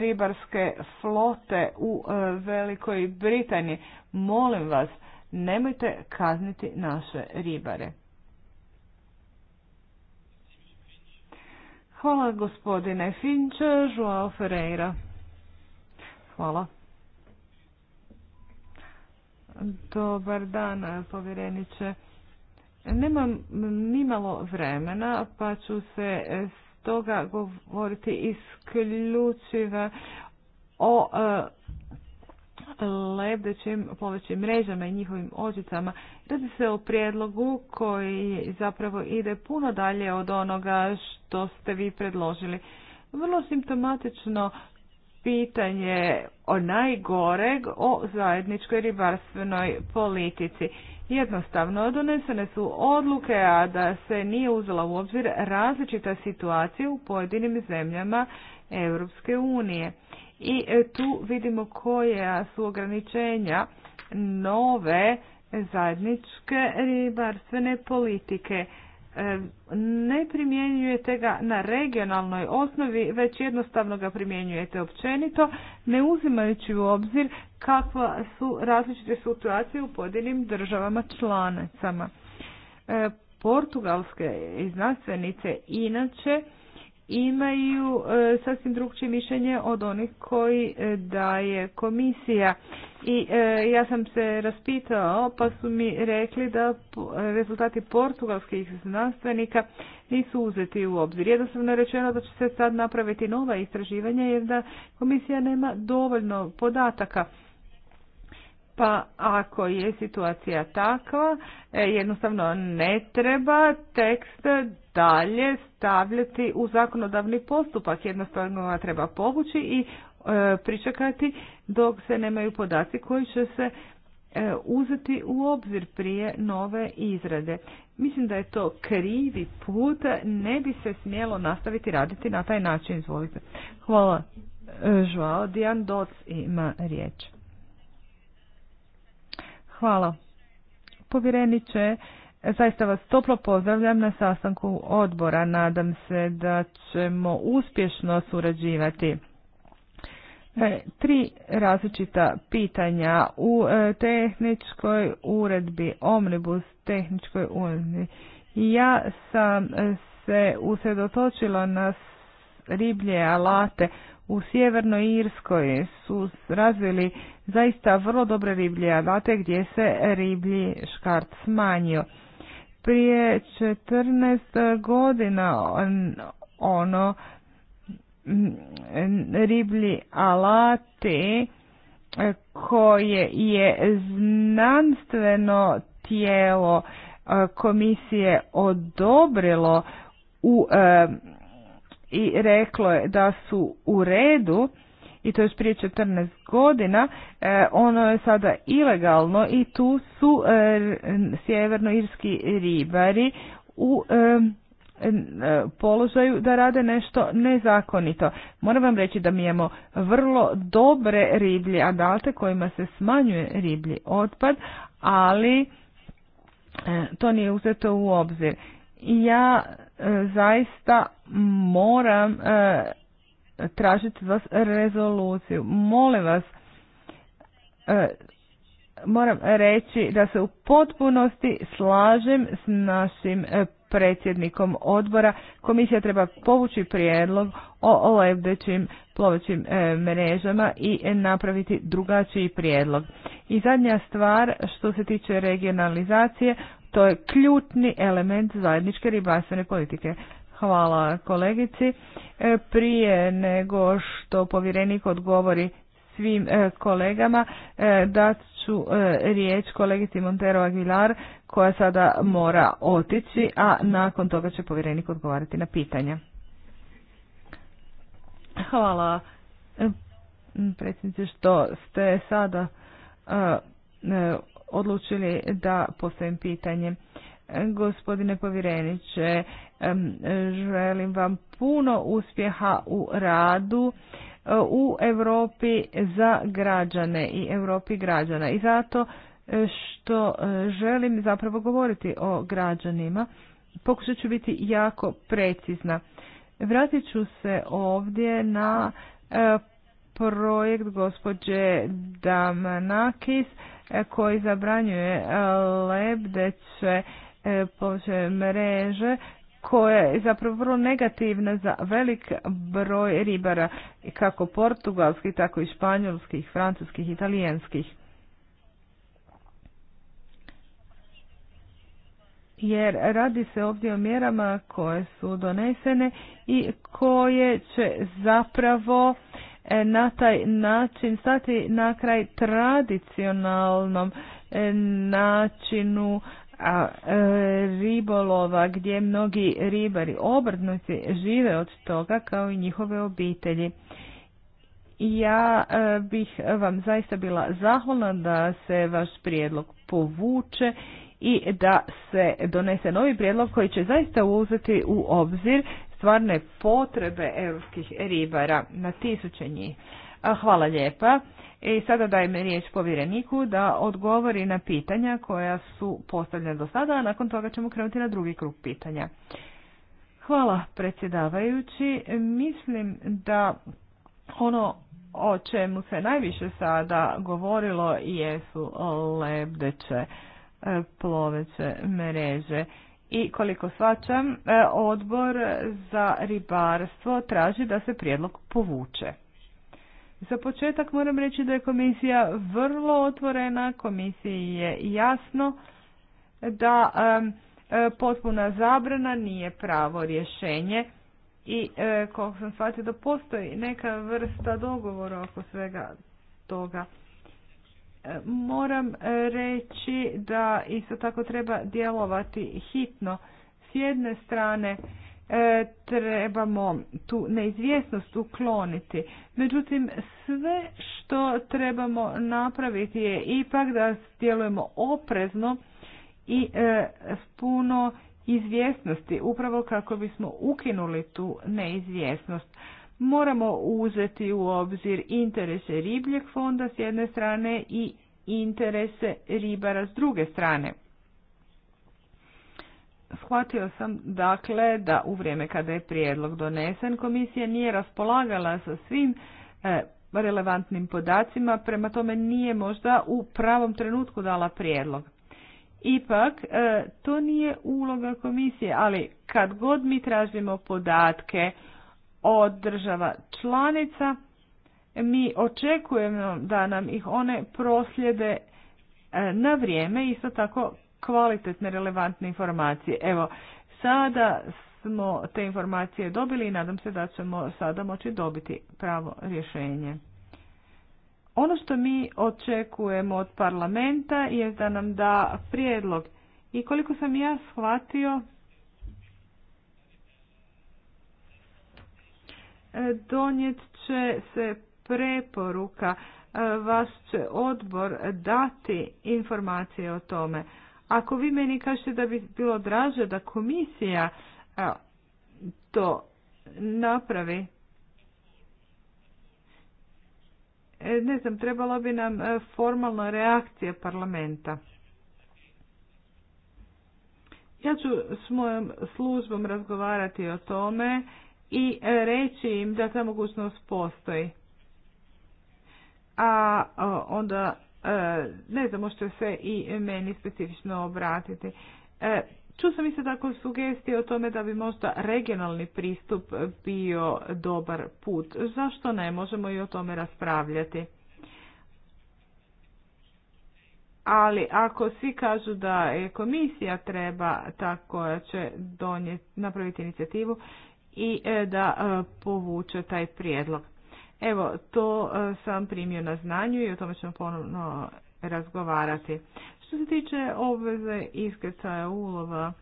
S2: ribarske flote u e, Velikoj Britaniji. Molim vas, nemojte kazniti naše ribare. Hvala gospodine Finč, Joao Ferreira. Hvala. Dobar dan, povjereniče. Nemam nimalo vremena, pa ću se toga govoriti isključivo o e, lebdećim povećim mrežama i njihovim ođicama. Radi se o prijedlogu koji zapravo ide puno dalje od onoga što ste vi predložili. Vrlo simptomatično pitanje o najgoreg o zajedničkoj ribarstvenoj politici jednostavno. Donesene su odluke, a da se nije uzela u obzir različita situacija u pojedinim zemljama Europske unije. I e, tu vidimo koje su ograničenja nove zajedničke ribarstvene politike ne primjenjujete ga na regionalnoj osnovi, već jednostavno ga primjenjujete općenito, ne uzimajući u obzir kakva su različite situacije u pojedinim državama članicama. E, portugalske znanstvenice inače imaju e, sasvim drugčije mišljenje od onih koji e, daje komisija. I e, ja sam se raspitao pa su mi rekli da rezultati portugalskih znanstvenika nisu uzeti u obzir. Jednostavno je rečeno da će se sad napraviti nova istraživanja jer da komisija nema dovoljno podataka pa ako je situacija takva, e, jednostavno ne treba tekst dalje stavljati u zakonodavni postupak. Jednostavno ga treba povući i e, pričekati dok se nemaju podaci koji će se e, uzeti u obzir prije nove izrade. Mislim da je to krivi put, ne bi se smjelo nastaviti raditi na taj način. Izvolite. Hvala. Žao, Dijan Doc ima riječ. Hvala. Povjereniče, zaista vas toplo pozdravljam na sastanku odbora. Nadam se da ćemo uspješno surađivati. E, tri različita pitanja u e, tehničkoj uredbi, omnibus tehničkoj uredbi. Ja sam se usredotočila na riblje alate u Sjevernoj Irskoj su razvili zaista vrlo dobre riblje alate gdje se riblji škart smanjio. Prije 14 godina ono riblji alati e, koje je znanstveno tijelo e, komisije odobrilo u, e, i reklo je da su u redu, i to još prije 14 godina, e, ono je sada ilegalno i tu su e, sjeverno-irski ribari u e, položaju da rade nešto nezakonito. Moram vam reći da mi imamo vrlo dobre riblje adalte kojima se smanjuje riblji otpad, ali to nije uzeto u obzir. Ja zaista moram tražiti vas rezoluciju. Molim vas, e, moram reći da se u potpunosti slažem s našim e, predsjednikom odbora. Komisija treba povući prijedlog o lebdećim plovećim e, mrežama i napraviti drugačiji prijedlog. I zadnja stvar što se tiče regionalizacije, to je ključni element zajedničke ribarstvene politike. Hvala kolegici. E, prije nego što povjerenik odgovori svim e, kolegama, e, dat ću riječ kolegici Montero Aguilar koja sada mora otići, a nakon toga će povjerenik odgovarati na pitanja. Hvala predsjednice što ste sada odlučili da postavim pitanje. Gospodine povjereniče, Želim vam puno uspjeha u radu e, u Europi za građane i Europi građana. I zato e, što e, želim zapravo govoriti o građanima, pokušat ću biti jako precizna. Vratit ću se ovdje na projekt gospođe Damanakis koji zabranjuje lebdeće mreže koje je zapravo vrlo negativna za velik broj ribara, kako portugalskih, tako i španjolskih, francuskih, italijanskih. jer radi se ovdje o mjerama koje su donesene i koje će zapravo e, na taj način stati na kraj tradicionalnom e, načinu a, e, ribolova gdje mnogi ribari obrtnici žive od toga kao i njihove obitelji. Ja e, bih vam zaista bila zahvalna da se vaš prijedlog povuče i da se donese novi prijedlog koji će zaista uzeti u obzir stvarne potrebe europskih ribara na tisuće njih. Hvala lijepa. I e, sada dajem riječ povjereniku da odgovori na pitanja koja su postavljena do sada, a nakon toga ćemo krenuti na drugi krug pitanja. Hvala predsjedavajući. Mislim da ono o čemu se najviše sada govorilo jesu lebdeće e, ploveće mreže. I koliko svačam, e, odbor za ribarstvo traži da se prijedlog povuče. Za početak moram reći da je komisija vrlo otvorena, komisiji je jasno da e, potpuna zabrana nije pravo rješenje i e, koliko sam shvatio da postoji neka vrsta dogovora oko svega toga. E, moram reći da isto tako treba djelovati hitno. S jedne strane E, trebamo tu neizvjesnost ukloniti. Međutim, sve što trebamo napraviti je ipak da djelujemo oprezno i e, s puno izvjesnosti, upravo kako bismo ukinuli tu neizvjesnost. Moramo uzeti u obzir interese ribljeg fonda s jedne strane i interese ribara s druge strane shvatio sam dakle da u vrijeme kada je prijedlog donesen komisija nije raspolagala sa svim e, relevantnim podacima, prema tome nije možda u pravom trenutku dala prijedlog. Ipak, e, to nije uloga komisije, ali kad god mi tražimo podatke od država članica, mi očekujemo da nam ih one proslijede e, na vrijeme, isto tako kvalitetne, relevantne informacije. Evo, sada smo te informacije dobili i nadam se da ćemo sada moći dobiti pravo rješenje. Ono što mi očekujemo od parlamenta je da nam da prijedlog. I koliko sam ja shvatio, donijet će se preporuka, vas će odbor dati informacije o tome. Ako vi meni kažete da bi bilo draže da komisija to napravi, e, ne znam, trebala bi nam e, formalna reakcija parlamenta. Ja ću s mojom službom razgovarati o tome i e, reći im da ta mogućnost postoji. A onda E, ne znam, možete se i meni specifično obratiti. E, čuo sam isto tako sugestije o tome da bi možda regionalni pristup bio dobar put. Zašto ne? Možemo i o tome raspravljati. Ali ako svi kažu da komisija treba tako će donijeti, napraviti inicijativu i e, da povuče taj prijedlog. Evo, to e, sam primio na znanju i o tome ćemo ponovno razgovarati. Što se tiče obveze iskrcaja ulova,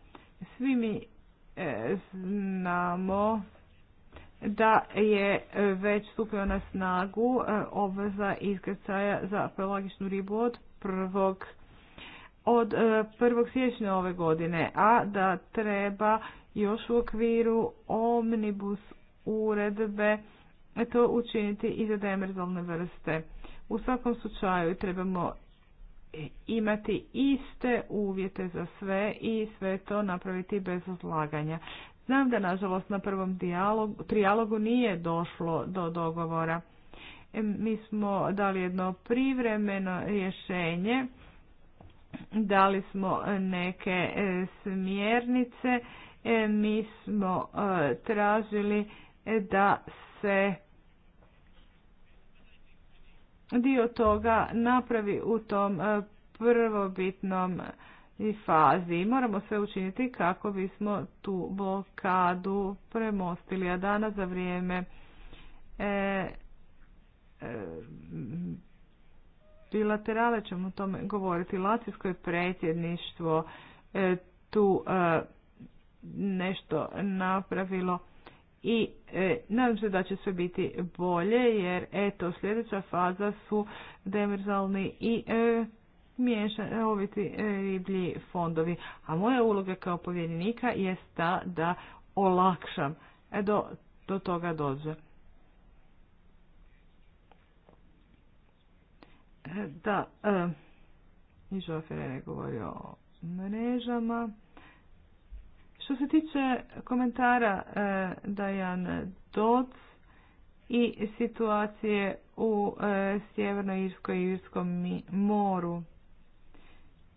S2: svi mi e, znamo da je već stupio na snagu e, obveza iskrcaja za pelagičnu ribu od prvog od 1. siječnja ove godine, a da treba još u okviru omnibus uredbe E to učiniti i za demerzalne vrste. U svakom slučaju trebamo imati iste uvjete za sve i sve to napraviti bez odlaganja. Znam da nažalost na prvom dialogu, trijalogu nije došlo do dogovora. E, mi smo dali jedno privremeno rješenje, dali smo e, neke smjernice, mi smo tražili da se dio toga napravi u tom e, prvobitnom e, fazi. Moramo sve učiniti kako bismo tu blokadu premostili. A danas za vrijeme e, bilaterale ćemo o tome govoriti. Lacijsko je predsjedništvo tu nešto napravilo i e, nadam se da će sve biti bolje jer eto sljedeća faza su demerzalni i e, e riblji fondovi. A moja uloga kao povjerenika je ta da olakšam e, do, do toga dođe. E, da, e, i Žofer govorio o mrežama. Što se tiče komentara e, Dajan Doc i situacije u e, Sjevernoj Irskoj i Irskom moru,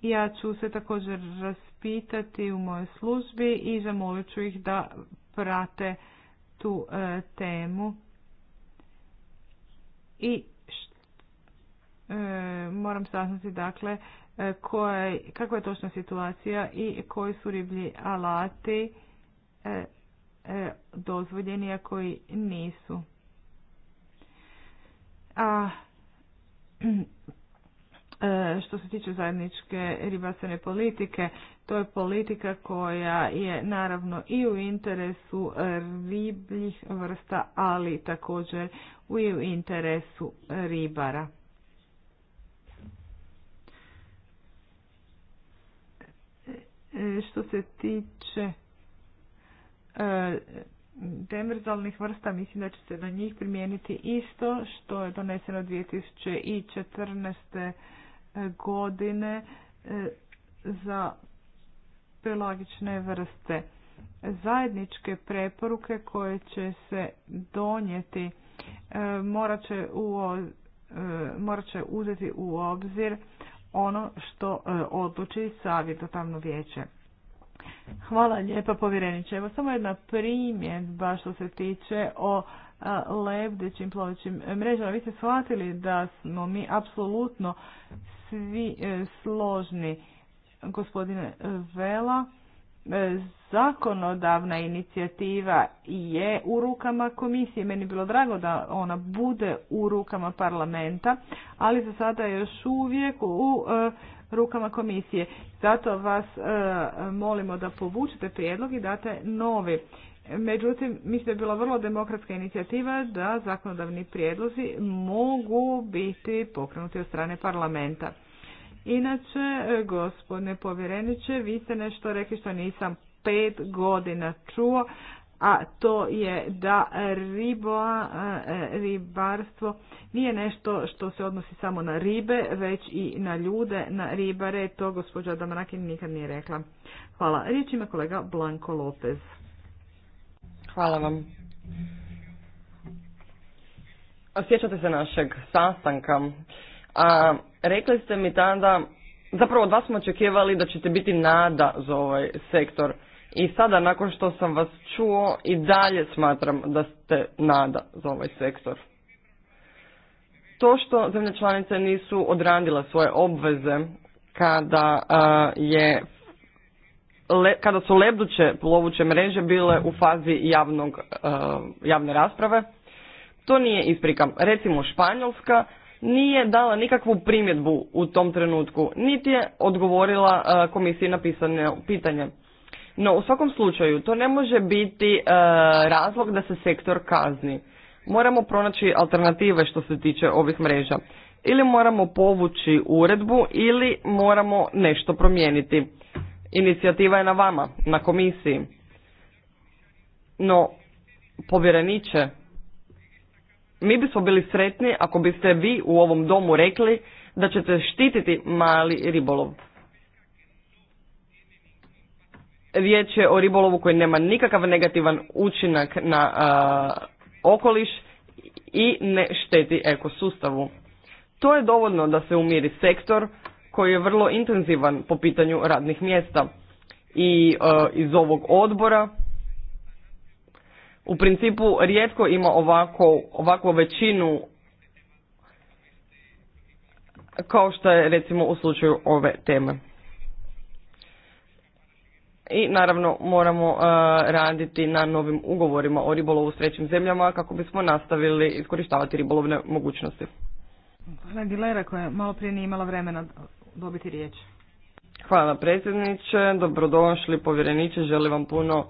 S2: ja ću se također raspitati u mojoj službi i zamolit ću ih da prate tu e, temu i E, moram saznati dakle e, kakva je točna situacija i koji su riblji alati e, dozvoljeni, a koji nisu. A što se tiče zajedničke ribarstvene politike, to je politika koja je naravno i u interesu ribljih vrsta, ali također i u interesu ribara. Što se tiče e, demerzalnih vrsta, mislim da će se na njih primijeniti isto što je doneseno 2014. godine e, za pelagične vrste. Zajedničke preporuke koje će se donijeti e, morat u, morat će uzeti u obzir ono što e, odluči savjetotavno vijeće. Hvala lijepa povjereniče. Evo samo jedna primjedba što se tiče o e, lebdećim plovićim mrežama. Vi ste shvatili da smo mi apsolutno svi e, složni gospodine Vela E, zakonodavna inicijativa je u rukama komisije. Meni bilo drago da ona bude u rukama parlamenta, ali za sada je još uvijek u e, rukama komisije. Zato vas e, molimo da povučete prijedlog i date novi. Međutim, mislim da je bila vrlo demokratska inicijativa da zakonodavni prijedlozi mogu biti pokrenuti od strane parlamenta. Inače, e, gospodine povjereniče, vi ste nešto rekli što nisam pet godina čuo, a to je da ribo e, ribarstvo nije nešto što se odnosi samo na ribe, već i na ljude, na ribare. To gospođa Damrakin nikad nije rekla. Hvala. Riječ ima kolega Blanko Lopez. Hvala vam. Osjećate se
S3: našeg sastanka. A, Rekli ste mi tada, zapravo od vas smo očekivali da ćete biti nada za ovaj sektor. I sada, nakon što sam vas čuo, i dalje smatram da ste nada za ovaj sektor. To što zemlje članice nisu odradile svoje obveze kada je kada su lebduće plovuće mreže bile u fazi javnog, javne rasprave, to nije isprika. Recimo Španjolska nije dala nikakvu primjedbu u tom trenutku, niti je odgovorila e, komisiji na pisano pitanje. No, u svakom slučaju, to ne može biti e, razlog da se sektor kazni. Moramo pronaći alternative što se tiče ovih mreža. Ili moramo povući uredbu ili moramo nešto promijeniti. Inicijativa je na vama, na komisiji. No, povjereniče, mi bismo bili sretni ako biste vi u ovom domu rekli da ćete štititi mali ribolov. Riječ je o ribolovu koji nema nikakav negativan učinak na okoliš i ne šteti ekosustavu. To je dovoljno da se umiri sektor koji je vrlo intenzivan po pitanju radnih mjesta. I iz ovog odbora u principu rijetko ima ovako, ovakvu većinu kao što je recimo u slučaju ove teme. I naravno moramo e, raditi na novim ugovorima o ribolovu s trećim zemljama kako bismo nastavili iskorištavati ribolovne mogućnosti.
S2: Hvala Dilera koja malo prije nije imala vremena dobiti riječ.
S3: Hvala predsjedniče, dobrodošli povjereniče, želim vam puno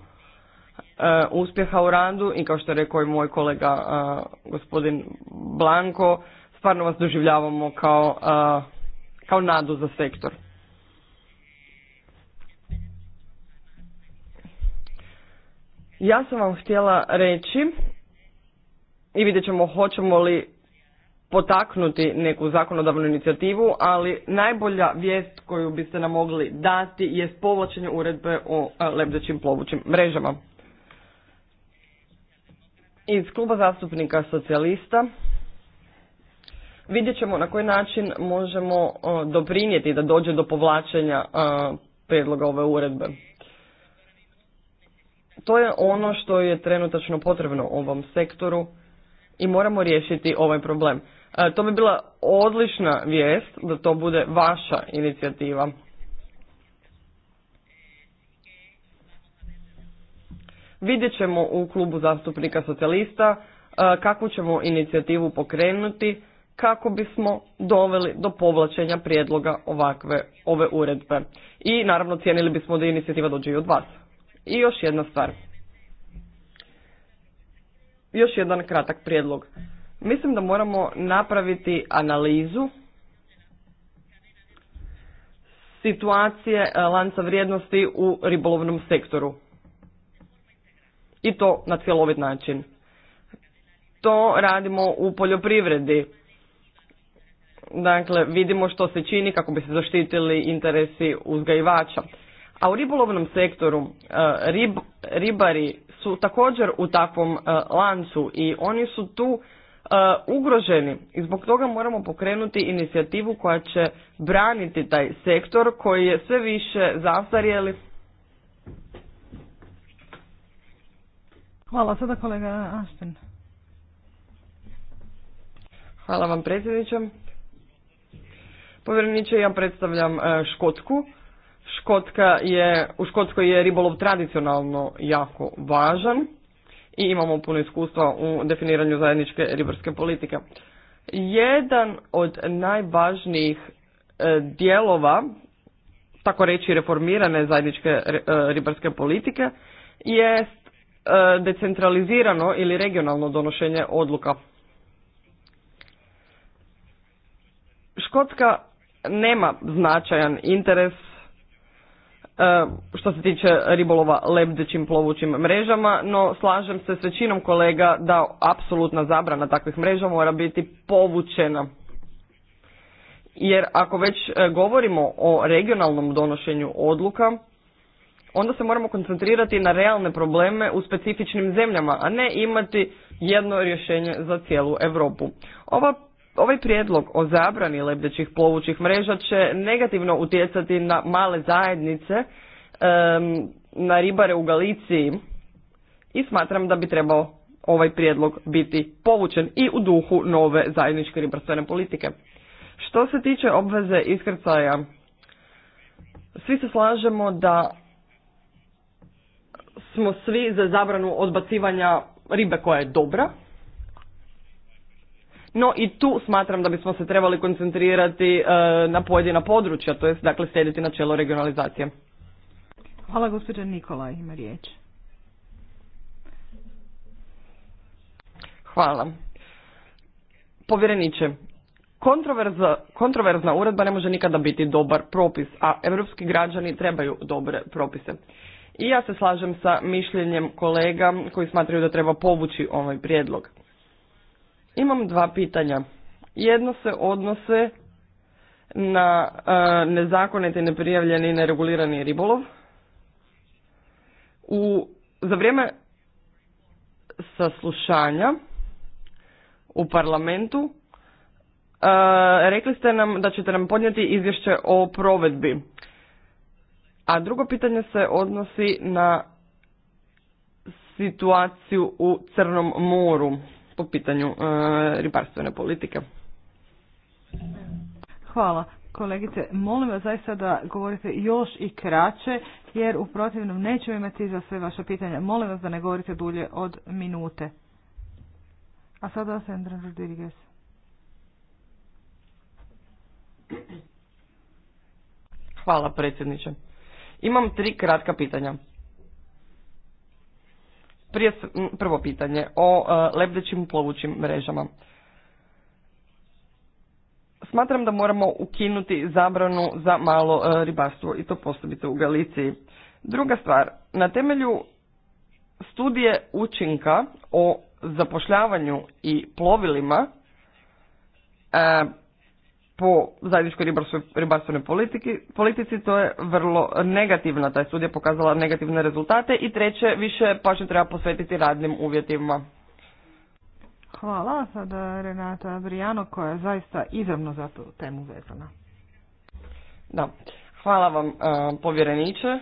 S3: Eh, uspjeha u radu i kao što je rekao i moj kolega eh, gospodin Blanko, stvarno vas doživljavamo kao, eh, kao nadu za sektor. Ja sam vam htjela reći i vidjet ćemo hoćemo li potaknuti neku zakonodavnu inicijativu, ali najbolja vijest koju biste nam mogli dati je povlačenje uredbe o lebdećim plovućim mrežama iz kluba zastupnika socijalista vidjet ćemo na koji način možemo doprinijeti da dođe do povlačenja prijedloga ove uredbe. To je ono što je trenutačno potrebno ovom sektoru i moramo riješiti ovaj problem. To bi bila odlična vijest da to bude vaša inicijativa. Vidjet ćemo u klubu zastupnika socijalista e, kakvu ćemo inicijativu pokrenuti kako bismo doveli do povlačenja prijedloga ovakve ove uredbe. I naravno cijenili bismo da inicijativa dođe i od vas. I još jedna stvar. Još jedan kratak prijedlog. Mislim da moramo napraviti analizu situacije e, lanca vrijednosti u ribolovnom sektoru i to na cjelovit način. To radimo u poljoprivredi. Dakle, vidimo što se čini kako bi se zaštitili interesi uzgajivača. A u ribolovnom sektoru e, rib, ribari su također u takvom e, lancu i oni su tu e, ugroženi i zbog toga moramo pokrenuti inicijativu koja će braniti taj sektor koji je sve više zastarjeli Hvala sada
S2: kolega Ašten.
S3: Hvala vam predsjedniče. Povjereniče, ja predstavljam e, Škotku. škotka je, u Škotskoj je ribolov tradicionalno jako važan i imamo puno iskustva u definiranju zajedničke ribarske politike. Jedan od najvažnijih e, dijelova, tako reći reformirane zajedničke e, ribarske politike, je E, decentralizirano ili regionalno donošenje odluka. Škotska nema značajan interes e, što se tiče ribolova lebdećim plovućim mrežama, no slažem se s većinom kolega da apsolutna zabrana takvih mreža mora biti povučena. Jer ako već e, govorimo o regionalnom donošenju odluka, onda se moramo koncentrirati na realne probleme u specifičnim zemljama, a ne imati jedno rješenje za cijelu Europu. Ovaj prijedlog o zabrani lebdećih plovućih mreža će negativno utjecati na male zajednice, na ribare u Galiciji i smatram da bi trebao ovaj prijedlog biti povučen i u duhu nove zajedničke ribarstvene politike. Što se tiče obveze iskrcaja, svi se slažemo da smo svi za zabranu odbacivanja ribe koja je dobra. No i tu smatram da bismo se trebali koncentrirati e, na pojedina područja, to jest dakle slijediti načelo regionalizacije.
S2: Hvala gospođa Nikola, ima riječ.
S3: Hvala. Povjereniče, kontroverza, kontroverzna uredba ne može nikada biti dobar propis, a europski građani trebaju dobre propise. I ja se slažem sa mišljenjem kolega koji smatraju da treba povući ovaj prijedlog. Imam dva pitanja. Jedno se odnose na e, nezakoniti, neprijavljeni i neregulirani ribolov. U, za vrijeme saslušanja u parlamentu e, rekli ste nam da ćete nam podnijeti izvješće o provedbi a drugo pitanje se odnosi na situaciju u Crnom moru po pitanju e, ribarstvene politike.
S2: Hvala. Kolegice, molim vas zaista da govorite još i kraće, jer u protivnom nećemo imati za sve vaše pitanja. Molim vas da ne govorite dulje od minute. A sada Sandra Rodriguez.
S4: Hvala
S3: predsjedniče. Imam tri kratka pitanja. Prije, prvo pitanje o e, lebdećim plovućim mrežama. Smatram da moramo ukinuti zabranu za malo e, ribarstvo i to postavite u Galiciji. Druga stvar, na temelju studije učinka o zapošljavanju i plovilima e, po zajedničkoj ribarstvenoj politici, to je vrlo negativna, taj sud je pokazala negativne rezultate i treće, više pažnje treba posvetiti radnim uvjetima.
S2: Hvala, sada Renata Brijano koja je zaista izravno za tu temu vezana. Da, hvala vam e,
S3: povjereniče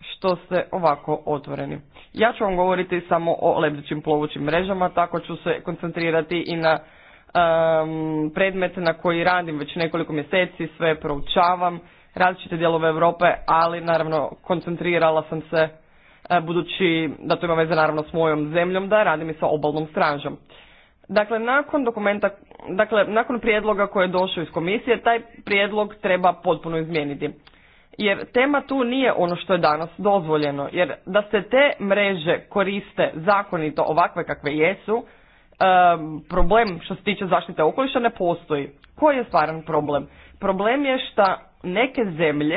S3: što ste ovako otvoreni. Ja ću vam govoriti samo o lebdećim plovućim mrežama, tako ću se koncentrirati i na um, predmet na koji radim već nekoliko mjeseci, sve proučavam, različite dijelove Europe, ali naravno koncentrirala sam se e, budući da to ima veze naravno s mojom zemljom, da radim i sa obalnom stražom. Dakle, nakon dokumenta, dakle, nakon prijedloga koji je došao iz komisije, taj prijedlog treba potpuno izmijeniti. Jer tema tu nije ono što je danas dozvoljeno, jer da se te mreže koriste zakonito ovakve kakve jesu, problem što se tiče zaštite okoliša ne postoji. Koji je stvaran problem? Problem je što neke zemlje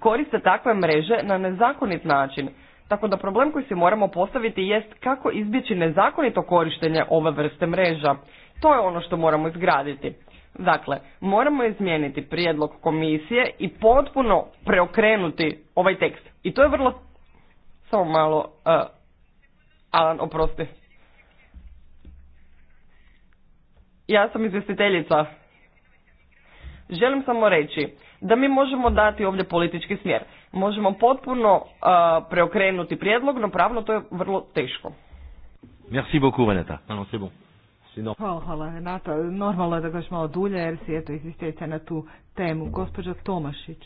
S3: koriste takve mreže na nezakonit način. Tako da problem koji si moramo postaviti jest kako izbjeći nezakonito korištenje ove vrste mreža. To je ono što moramo izgraditi. Dakle, moramo izmijeniti prijedlog komisije i potpuno preokrenuti ovaj tekst. I to je vrlo... Samo malo... Uh, Alan, oprosti. Ja sam izvjestiteljica. Želim samo reći da mi možemo dati ovdje politički smjer. Možemo potpuno uh, preokrenuti prijedlog, no pravno
S1: to je vrlo teško. Merci beaucoup, Renata. Merci ah c'est Hvala, hvala,
S2: Renata. Normalno je da gaš malo dulje, jer si eto izvjestiteljica na tu temu. Gospođa Tomašić.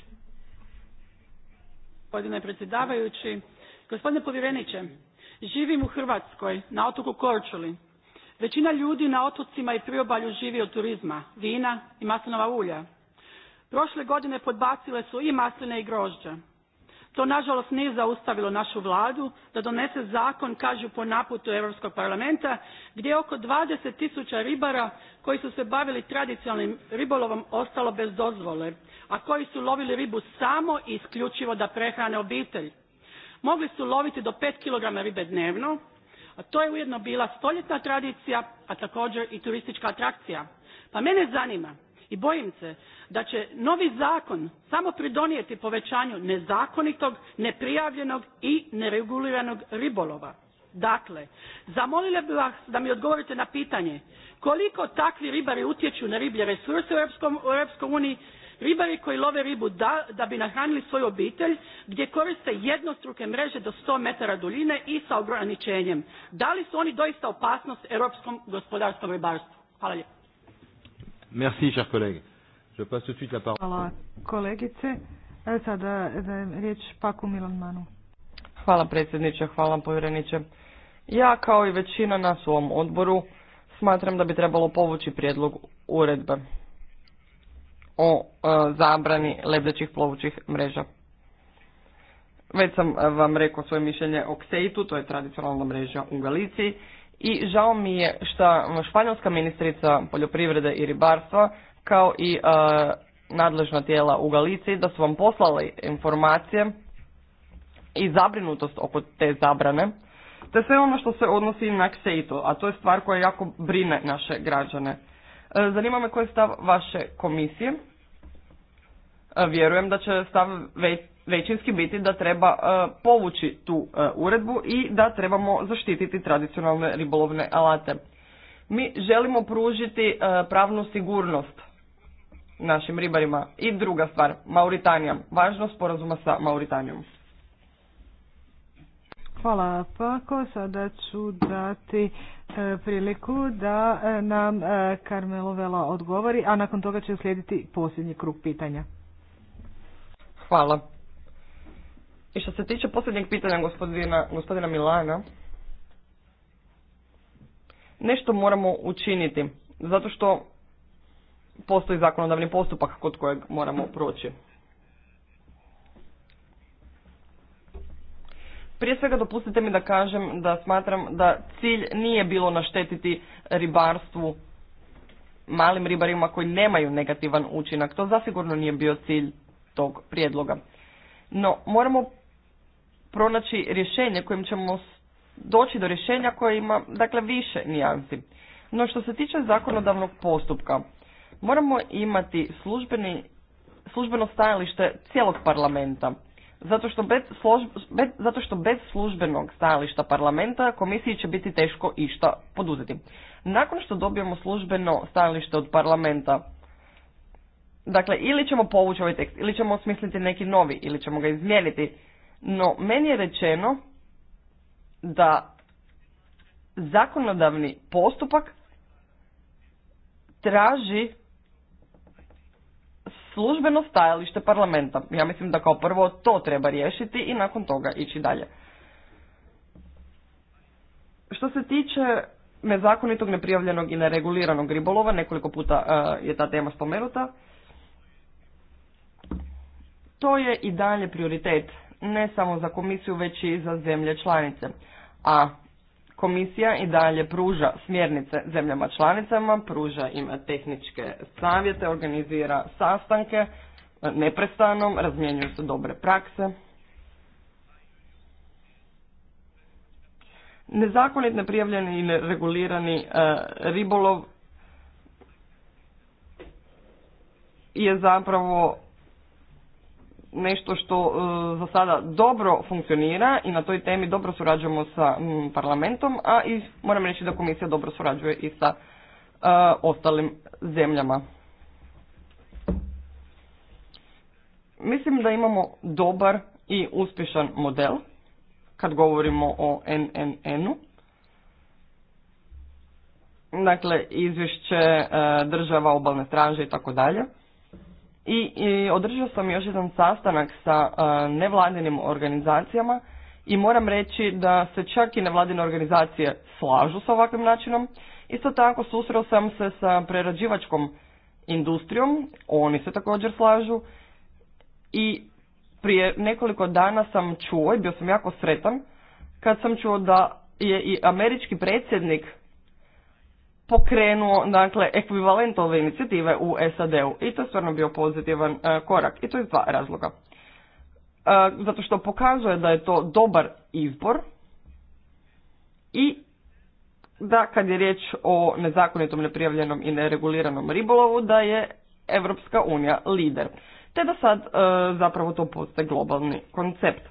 S4: Gospodine predsjedavajući, gospodine povjereniče, živim u Hrvatskoj, na otoku Korčuli Većina ljudi na otocima i priobalju živi od turizma, vina i maslinova ulja. Prošle godine podbacile su i masline i grožđa. To nažalost nije zaustavilo našu vladu da donese zakon, kažu po naputu Europskog parlamenta, gdje je oko dvadeset tisuća ribara koji su se bavili tradicionalnim ribolovom ostalo bez dozvole, a koji su lovili ribu samo i isključivo da prehrane obitelj. Mogli su loviti do pet kg ribe dnevno, a to je ujedno bila stoljetna tradicija, a također i turistička atrakcija. Pa mene zanima i bojim se da će novi zakon samo pridonijeti povećanju nezakonitog, neprijavljenog i nereguliranog ribolova. Dakle, zamolila bih vas da mi odgovorite na pitanje koliko takvi ribari utječu na riblje resurse u Europskoj uniji ribari koji love ribu da, bi nahranili svoju obitelj gdje koriste jednostruke mreže do sto metara duljine i sa ograničenjem da li su oni doista opasnost europskom gospodarskom ribarstvu hvala lijepo Hvala
S2: kolegice. E, sada riječ
S3: Hvala predsjedniče, Ja kao i većina nas u ovom odboru smatram da bi trebalo povući prijedlog uredbe o e, zabrani lebdećih plovućih mreža. Već sam e, vam rekao svoje mišljenje o Kseitu, to je tradicionalna mreža u Galiciji. I žao mi je što španjolska ministrica poljoprivrede i ribarstva kao i e, nadležna tijela u Galiciji da su vam poslali informacije i zabrinutost oko te zabrane, te sve ono što se odnosi na Kseitu, a to je stvar koja jako brine naše građane. E, zanima me koji je stav vaše komisije. E, vjerujem da će stav većinski biti da treba e, povući tu uredbu i da trebamo zaštititi tradicionalne ribolovne alate. Mi želimo pružiti pravnu sigurnost našim ribarima. I druga stvar, Mauritanija. Važnost sporazuma sa Mauritanijom.
S2: Hvala Pako. Sada ću dati e, priliku da e, nam Karmelo e, Vela odgovori, a nakon toga će slijediti posljednji krug pitanja.
S3: Hvala. I što se tiče posljednjeg pitanja gospodina, gospodina Milana, nešto moramo učiniti, zato što postoji zakonodavni postupak kod kojeg moramo proći. Prije svega dopustite mi da kažem da smatram da cilj nije bilo naštetiti ribarstvu malim ribarima koji nemaju negativan učinak. To zasigurno nije bio cilj tog prijedloga. No, moramo pronaći rješenje kojim ćemo doći do rješenja koje ima dakle više nijansi. No što se tiče zakonodavnog postupka, moramo imati službeni, službeno stajalište cijelog parlamenta zato što bez, bez, zato što bez službenog stajališta parlamenta komisiji će biti teško išta poduzeti. Nakon što dobijemo službeno stajalište od parlamenta, dakle ili ćemo povući ovaj tekst, ili ćemo osmisliti neki novi, ili ćemo ga izmijeniti, no meni je rečeno da zakonodavni postupak traži službeno stajalište parlamenta. Ja mislim da kao prvo to treba riješiti i nakon toga ići dalje. Što se tiče nezakonitog, neprijavljenog i nereguliranog ribolova, nekoliko puta e, je ta tema spomenuta, to je i dalje prioritet, ne samo za komisiju, već i za zemlje članice. A Komisija i dalje pruža smjernice zemljama članicama, pruža im tehničke savjete, organizira sastanke neprestanom, razmjenjuju se dobre prakse. Nezakonit, neprijavljeni i neregulirani e, ribolov je zapravo nešto što e, za sada dobro funkcionira i na toj temi dobro surađujemo sa parlamentom, a i moram reći da komisija dobro surađuje i sa e, ostalim zemljama. Mislim da imamo dobar i uspješan model kad govorimo o NNN-u. Dakle, izvješće e, država, obalne straže i tako dalje. I, i održao sam još jedan sastanak sa e, nevladinim organizacijama i moram reći da se čak i nevladine organizacije slažu sa ovakvim načinom. Isto tako susreo sam se sa prerađivačkom industrijom, oni se također slažu i prije nekoliko dana sam čuo i bio sam jako sretan kad sam čuo da je i američki predsjednik pokrenuo dakle ekvivalent ove inicijative u SAD-u i to je stvarno bio pozitivan e, korak i to iz dva razloga. E, zato što pokazuje da je to dobar izbor i da kad je riječ o nezakonitom, neprijavljenom i nereguliranom ribolovu da je Europska unija lider. Te da sad e, zapravo to postaje globalni koncept.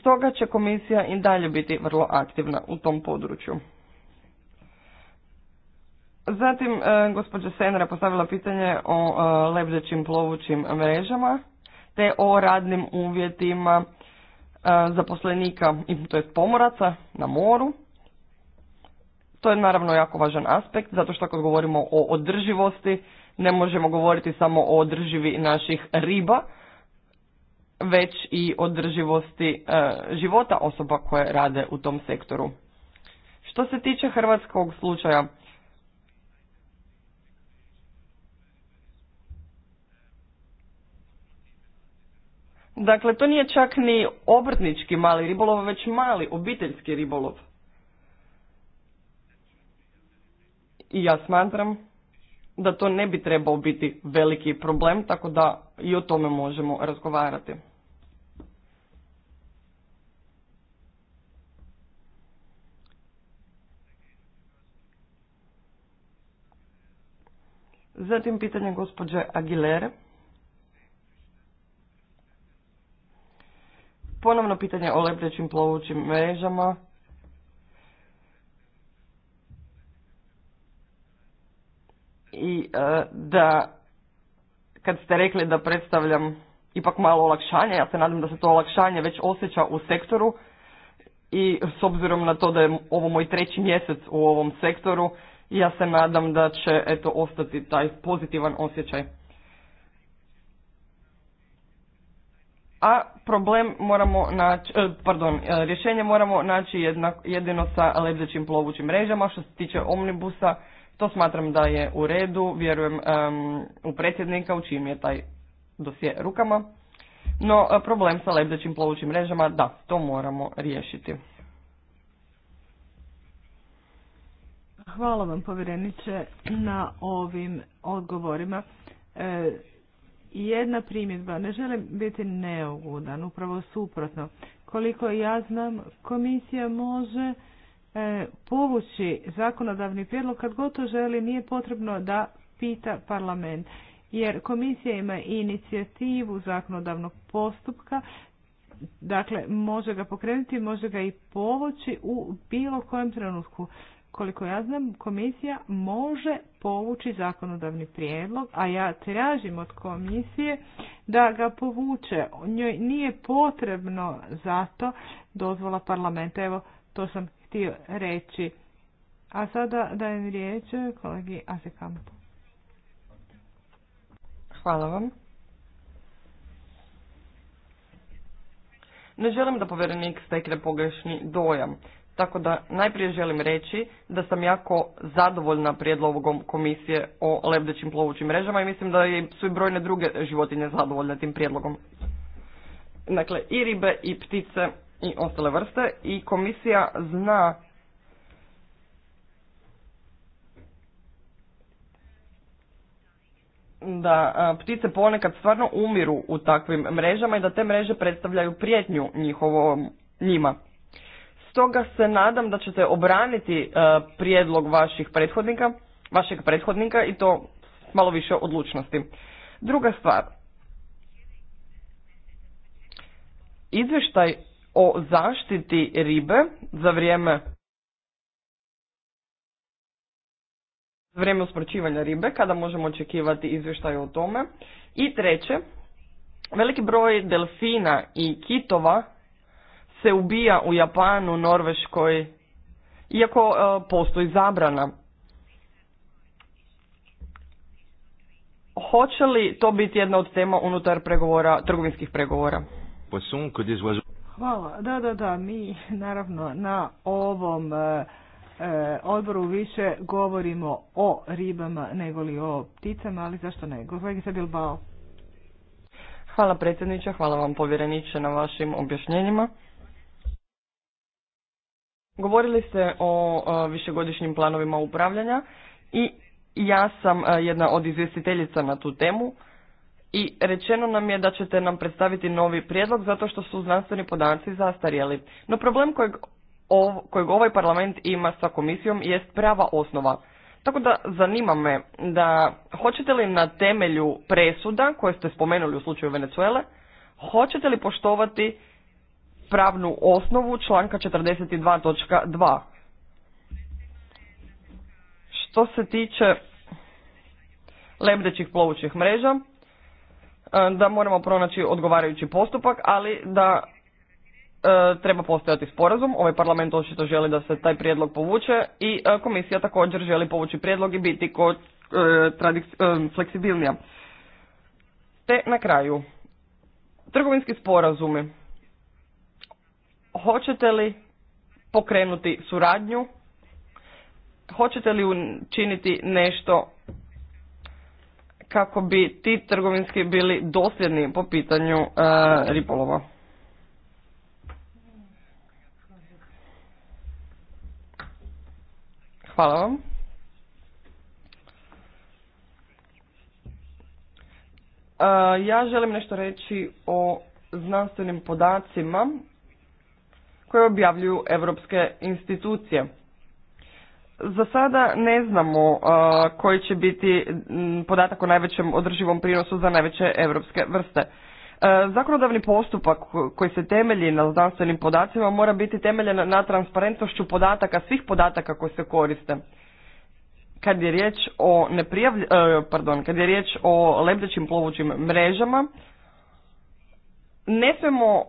S3: Stoga će komisija i dalje biti vrlo aktivna u tom području. Zatim, e, gospođa Senra postavila pitanje o e, lebdećim plovućim mrežama, te o radnim uvjetima e, zaposlenika, to je pomoraca na moru. To je naravno jako važan aspekt, zato što kad govorimo o održivosti, ne možemo govoriti samo o održivi naših riba, već i održivosti života osoba koje rade u tom sektoru. Što se tiče hrvatskog slučaja, Dakle, to nije čak ni obrtnički mali ribolov, već mali obiteljski ribolov. I ja smatram da to ne bi trebao biti veliki problem, tako da i o tome možemo razgovarati. Zatim pitanje gospođe Agilere. Ponovno pitanje o lebdećim plovućim mrežama. I e, da kad ste rekli da predstavljam ipak malo olakšanje, ja se nadam da se to olakšanje već osjeća u sektoru i s obzirom na to da je ovo moj treći mjesec u ovom sektoru, ja se nadam da će eto ostati taj pozitivan osjećaj. a problem moramo naći, e, pardon, e, rješenje moramo naći jednak, jedino sa lebdećim plovućim mrežama. Što se tiče omnibusa, to smatram da je u redu, vjerujem u predsjednika u čim je taj dosje rukama. No e, problem sa lebdećim plovućim mrežama, da, to moramo riješiti.
S1: Hvala vam
S2: povjereniče na ovim odgovorima. Jedna primjedba, ne želim biti neugodan, upravo suprotno. Koliko ja znam, komisija može e, povući zakonodavni prijedlog kad god to želi, nije potrebno da pita parlament. Jer komisija ima inicijativu zakonodavnog postupka, dakle može ga pokrenuti, može ga i povući u bilo kojem trenutku koliko ja znam, komisija može povući zakonodavni prijedlog, a ja tražim od komisije da ga povuče. Njoj nije potrebno zato dozvola parlamenta. Evo, to sam htio reći. A sada dajem riječ kolegi Asekampu. Hvala vam.
S3: Ne želim da povjerenik stekne pogrešni dojam. Tako da najprije želim reći da sam jako zadovoljna prijedlogom komisije o lebdećim plovućim mrežama i mislim da su i brojne druge životinje zadovoljne tim prijedlogom. Dakle, i ribe, i ptice, i ostale vrste. I komisija zna da ptice ponekad stvarno umiru u takvim mrežama i da te mreže predstavljaju prijetnju njihovo, njima. Stoga se nadam da ćete obraniti e, prijedlog vaših prethodnika, vašeg prethodnika i to malo više odlučnosti. Druga stvar. Izvještaj o zaštiti ribe za vrijeme za vrijeme ribe, kada možemo očekivati izvještaj o tome. I treće, veliki broj delfina i kitova se ubija u Japanu, Norveškoj, iako e, postoji zabrana. Hoće li to biti jedna od tema unutar pregovora, trgovinskih pregovora?
S2: Hvala. Da, da, da. Mi naravno na ovom e, e, odboru više govorimo o ribama nego li o pticama, ali zašto ne? Kolegica Bilbao.
S3: Hvala predsjedniče, hvala vam povjereniče na vašim objašnjenjima. Govorili ste o e, višegodišnjim planovima upravljanja i ja sam e, jedna od izvjestiteljica na tu temu i rečeno nam je da ćete nam predstaviti novi prijedlog zato što su znanstveni podaci zastarjeli. No problem kojeg, kojeg ovaj parlament ima sa komisijom jest prava osnova. Tako da zanima me da hoćete li na temelju presuda koje ste spomenuli u slučaju Venezuele, hoćete li poštovati pravnu osnovu članka 42.2. Što se tiče lebdećih plovućih mreža, e, da moramo pronaći odgovarajući postupak, ali da e, treba postojati sporazum. Ovaj parlament očito želi da se taj prijedlog povuče i e, komisija također želi povući prijedlog i biti kod fleksibilnija. Te na kraju, trgovinski sporazumi hoćete li pokrenuti suradnju, hoćete li učiniti nešto kako bi ti trgovinski bili dosljedni po pitanju uh, e, ripolova. Hvala vam. E, ja želim nešto reći o znanstvenim podacima koje objavljuju europske institucije. Za sada ne znamo uh, koji će biti mm, podatak o najvećem održivom prinosu za najveće europske vrste. Uh, zakonodavni postupak koji se temelji na znanstvenim podacima mora biti temeljen na transparentnošću podataka, svih podataka koje se koriste. Kad je riječ o neprijavlj... Uh, pardon, kad je riječ o lebdećim plovućim mrežama, ne svemo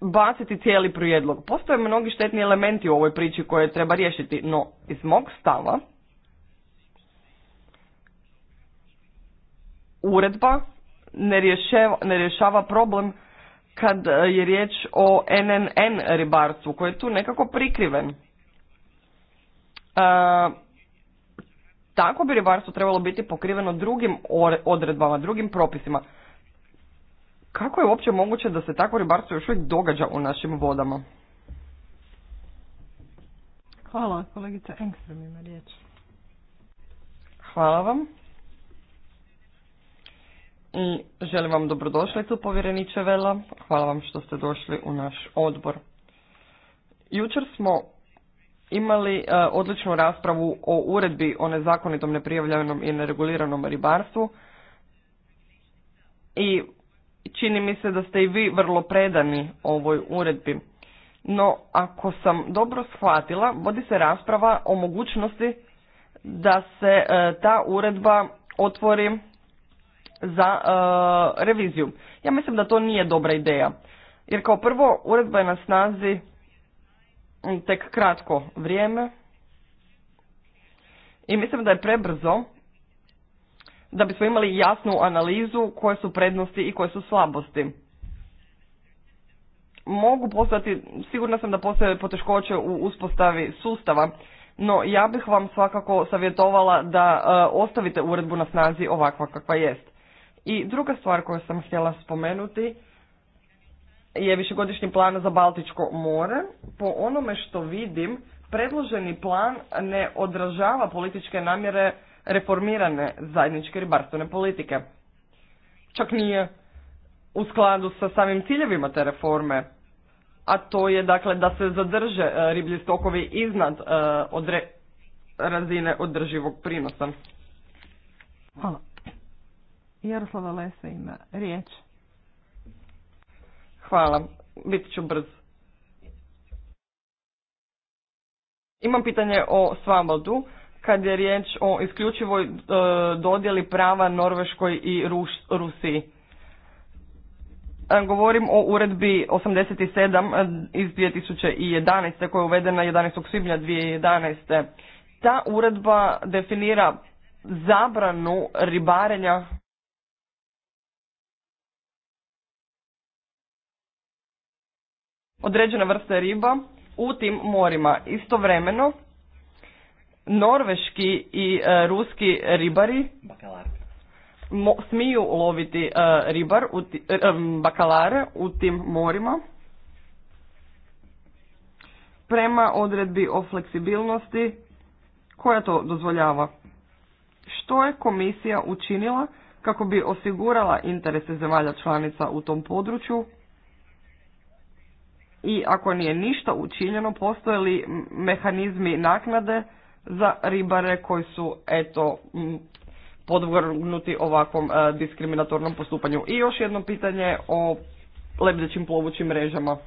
S3: baciti cijeli prijedlog. Postoje mnogi štetni elementi u ovoj priči koje treba riješiti, no iz mog stava uredba ne rješava, ne rješava problem kad je riječ o NNN ribarstvu koji je tu nekako prikriven. E, tako bi ribarstvo trebalo biti pokriveno drugim odredbama, drugim propisima kako je uopće moguće da se takvo ribarstvo još uvijek događa u našim vodama?
S2: Hvala, kolegica Engström ima riječ.
S3: Hvala vam. I želim vam dobrodošlicu, povjereniče Vela. Hvala vam što ste došli u naš odbor. Jučer smo imali e, odličnu raspravu o uredbi o nezakonitom, neprijavljenom i nereguliranom ribarstvu. I čini mi se da ste i vi vrlo predani ovoj uredbi. No, ako sam dobro shvatila, vodi se rasprava o mogućnosti da se e, ta uredba otvori za e, reviziju. Ja mislim da to nije dobra ideja. Jer kao prvo, uredba je na snazi tek kratko vrijeme i mislim da je prebrzo da bismo imali jasnu analizu koje su prednosti i koje su slabosti. Mogu postati, sigurna sam da postoje poteškoće u uspostavi sustava, no ja bih vam svakako savjetovala da e, ostavite uredbu na snazi ovakva kakva jest. I druga stvar koju sam htjela spomenuti je višegodišnji plan za Baltičko more. Po onome što vidim, predloženi plan ne odražava političke namjere reformirane zajedničke ribarstvene politike. Čak nije u skladu sa samim ciljevima te reforme, a to je dakle da se zadrže e, riblji stokovi iznad e, odre, razine održivog prinosa.
S2: Hvala. Jaroslava Lese ima
S3: riječ. Hvala, bit ću brz. Imam pitanje o Svamodu kad je riječ o isključivoj e, dodjeli prava Norveškoj i Rusiji. E, govorim o uredbi 87 e, iz 2011. koja je uvedena 11. svibnja 2011. Ta uredba definira zabranu ribarenja određene vrste riba u tim morima. Istovremeno, norveški i e, ruski ribari mo, smiju loviti e, ribar u e, bakalare u tim morima prema odredbi o fleksibilnosti koja to dozvoljava. Što je komisija učinila kako bi osigurala interese zemalja članica u tom području? I ako nije ništa učinjeno, postoje li mehanizmi naknade za ribare koji su eto podvrgnuti ovakvom e, diskriminatornom postupanju. I još jedno pitanje o lebdećim plovućim mrežama. E,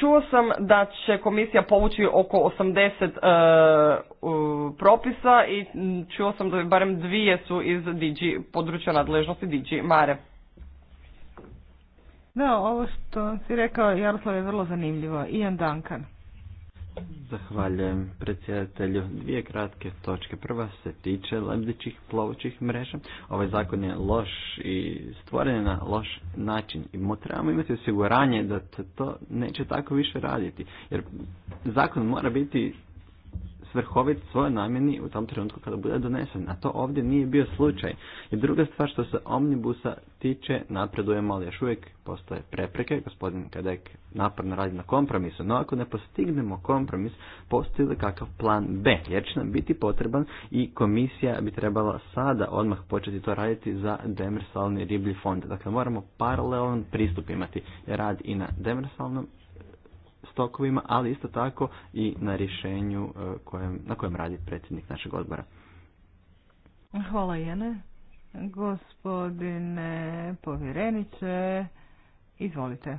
S3: čuo sam da će komisija povući oko 80 e, propisa i čuo sam da barem dvije su iz Digi, područja nadležnosti Digi Mare.
S1: Da, ovo
S2: što si rekao Jaroslav je vrlo zanimljivo. Ian Duncan.
S5: Zahvaljujem predsjedatelju. Dvije kratke točke. Prva se tiče lebdećih plovućih mreža. Ovaj zakon je loš i stvoren na loš način. I trebamo imati osiguranje da to neće tako više raditi. Jer zakon mora biti svrhovit svojoj namjeni u tom trenutku kada bude donesen. A to ovdje nije bio slučaj. I druga stvar što se omnibusa tiče, napredujemo, ali još uvijek postoje prepreke. Gospodin Kadek naporno radi na kompromisu, no ako ne postignemo kompromis, postoji li kakav plan B, jer će nam biti potreban i komisija bi trebala sada odmah početi to raditi za demersalni riblji fond. Dakle, moramo paralelan pristup imati rad i na demersalnom stokovima, ali isto tako i na rješenju e, kojem, na kojem radi predsjednik našeg odbora.
S2: Hvala Jene. Gospodine povjereniče, izvolite.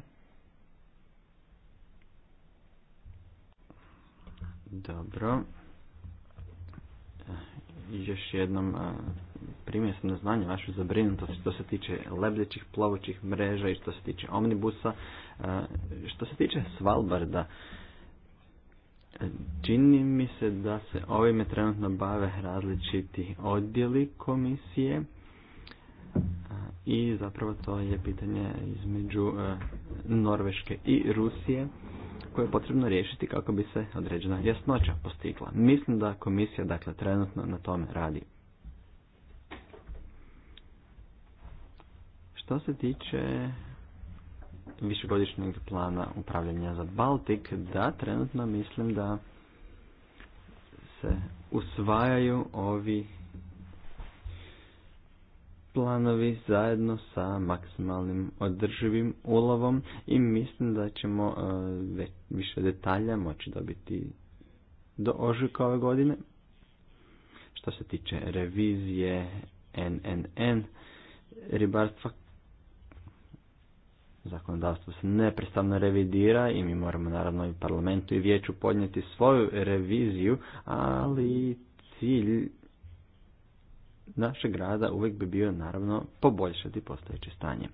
S5: Dobro. E, još jednom e, primio sam na znanje vašu zabrinutost što se tiče lebdećih plovućih mreža i što se tiče omnibusa. E, što se tiče Svalbarda, čini mi se da se ovime trenutno bave različiti odjeli komisije e, i zapravo to je pitanje između e, Norveške i Rusije koje je potrebno riješiti kako bi se određena jasnoća postigla. Mislim da komisija dakle trenutno na tome radi. Što se tiče višegodišnjeg plana upravljanja za Baltik, da, trenutno mislim da se usvajaju ovi planovi zajedno sa maksimalnim održivim ulovom i mislim da ćemo e, više detalja moći dobiti do ožujka ove godine. Što se tiče revizije NNN, ribarstva zakonodavstvo se neprestano revidira i mi moramo naravno i parlamentu i vijeću podnijeti svoju reviziju, ali cilj našeg rada uvijek bi bio naravno poboljšati postojeće stanje.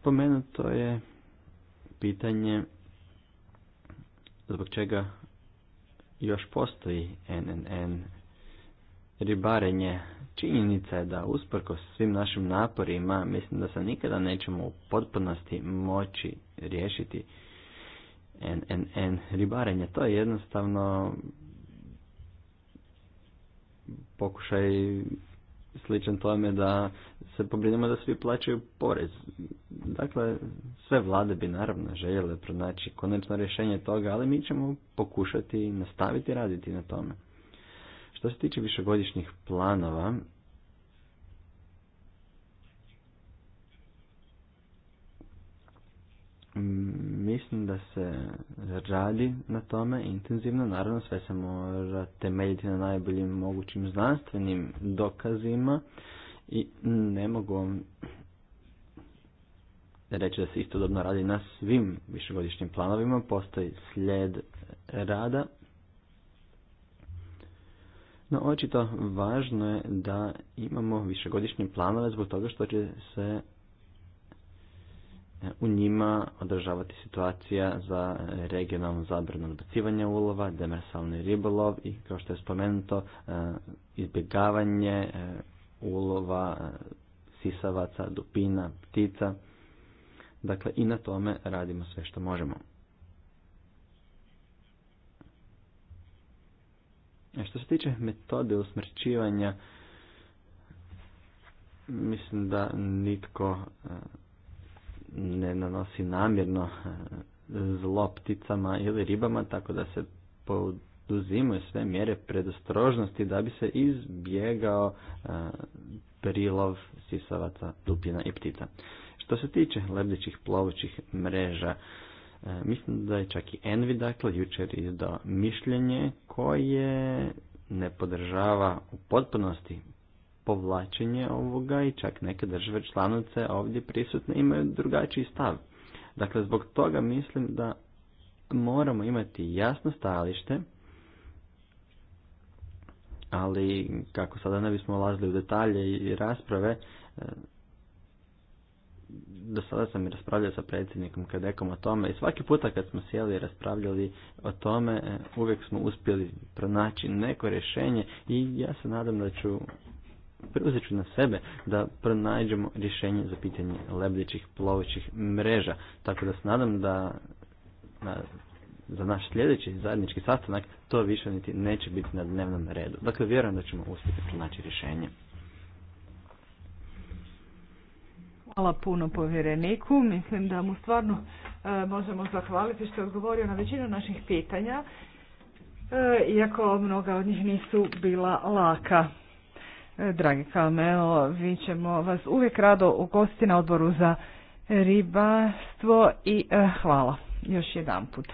S5: Spomenuto je pitanje zbog čega još postoji NNN ribarenje Činjenica je da usprkos svim našim naporima mislim da se nikada nećemo u potpunosti moći riješiti en ribarenje. To je jednostavno pokušaj sličan tome da se pobrinemo da svi plaćaju porez. Dakle, sve vlade bi naravno željele pronaći konačno rješenje toga, ali mi ćemo pokušati nastaviti raditi na tome. Što se tiče višegodišnjih planova, mislim da se radi na tome intenzivno, naravno sve se mora temeljiti na najboljim mogućim znanstvenim dokazima i ne mogu vam reći da se istodobno radi na svim višegodišnjim planovima, postoji slijed rada no očito važno je da imamo višegodišnje planove zbog toga što će se e, u njima održavati situacija za regionalno zabranu odbacivanje ulova, demersalni ribolov i kao što je spomenuto e, izbjegavanje e, ulova sisavaca, dupina, ptica. Dakle i na tome radimo sve što možemo. E, što se tiče metode usmrćivanja, mislim da nitko e, ne nanosi namjerno e, zlo pticama ili ribama, tako da se poduzimaju sve mjere predostrožnosti da bi se izbjegao prilov sisavaca, dupina i ptica. Što se tiče lebdećih plovućih mreža, E, mislim da je čak i Envi, dakle, jučer izdao mišljenje koje ne podržava u potpunosti povlačenje ovoga i čak neke države članice ovdje prisutne imaju drugačiji stav. Dakle, zbog toga mislim da moramo imati jasno stajalište, ali kako sada ne bismo ulazili u detalje i rasprave, e, do sada sam i raspravljao sa predsjednikom Kadekom o tome i svaki puta kad smo sjeli i raspravljali o tome e, uvijek smo uspjeli pronaći neko rješenje i ja se nadam da ću preuzet ću na sebe da pronađemo rješenje za pitanje lebdećih plovećih mreža. Tako da se nadam da za naš sljedeći zajednički sastanak to više niti neće biti na dnevnom redu. Dakle, vjerujem da ćemo uspjeti pronaći rješenje.
S2: Hvala puno povjereniku. Mislim da mu stvarno e, možemo zahvaliti što je odgovorio na većinu naših pitanja, e, iako mnoga od njih nisu bila laka. E, dragi Kalmeo, vi ćemo vas uvijek rado ugostiti na odboru za ribarstvo i hvala još jedan put.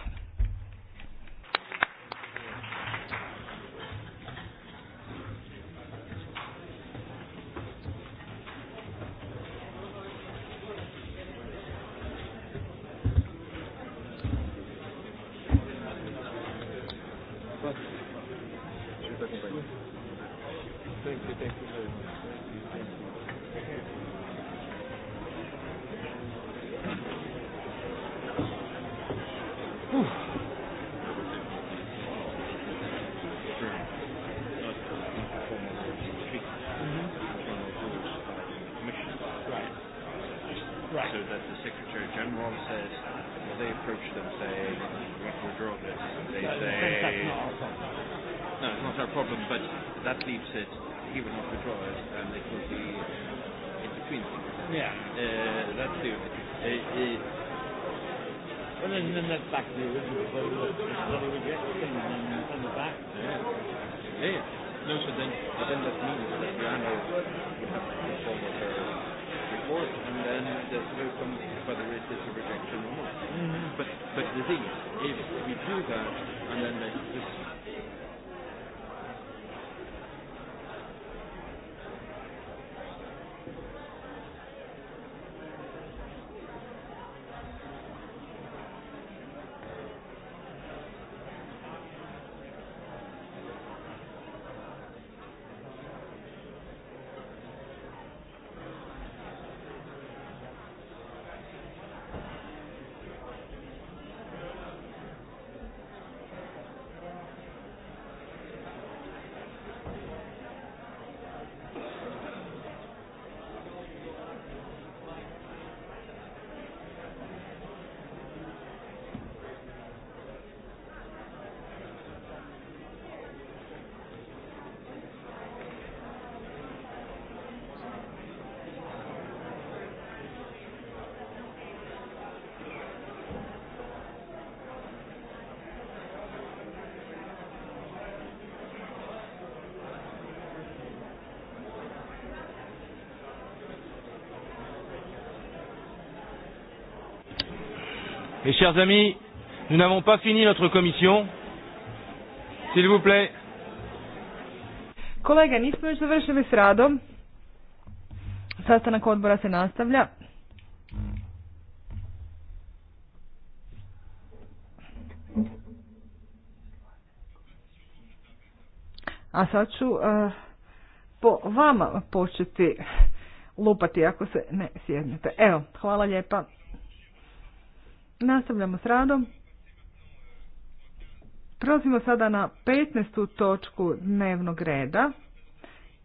S1: Mes chers amis, nous n'avons pas fini notre commission. S'il vous plaît.
S2: Kolega, nismo još završili s radom. Sastanak odbora se nastavlja. A sad ću uh, po vama početi lupati ako se ne sjednete. Evo, hvala lijepa. Nastavljamo s radom. Prelazimo sada na 15. točku dnevnog reda.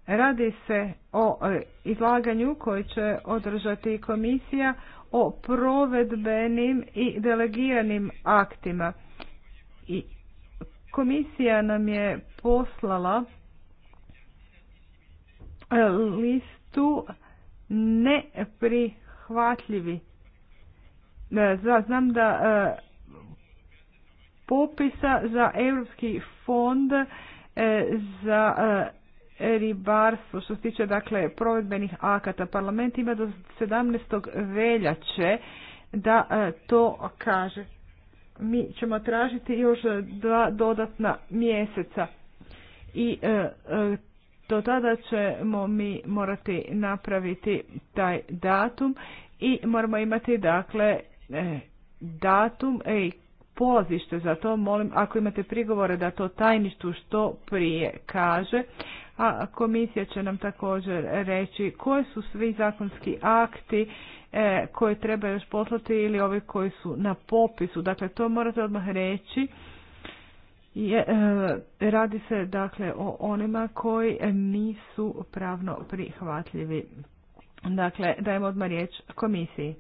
S2: Radi se o e, izlaganju koji će održati komisija o provedbenim i delegiranim aktima. I komisija nam je poslala e, listu neprihvatljivi E, znam da e, popisa za Europski fond e, za ribarstvo što se tiče dakle provedbenih akata. Parlament ima do 17. veljače da to kaže. Mi ćemo tražiti još dva dodatna mjeseca i do tada ćemo mi morati napraviti taj datum i moramo imati dakle E, datum ej, polazište za to, molim, ako imate prigovore da to tajništvu što prije kaže, a komisija će nam također reći koji su svi zakonski akti e, koje treba još poslati ili ovi koji su na popisu. Dakle, to morate odmah reći. E, radi se dakle o onima koji nisu pravno prihvatljivi. Dakle, dajemo odmah riječ komisiji.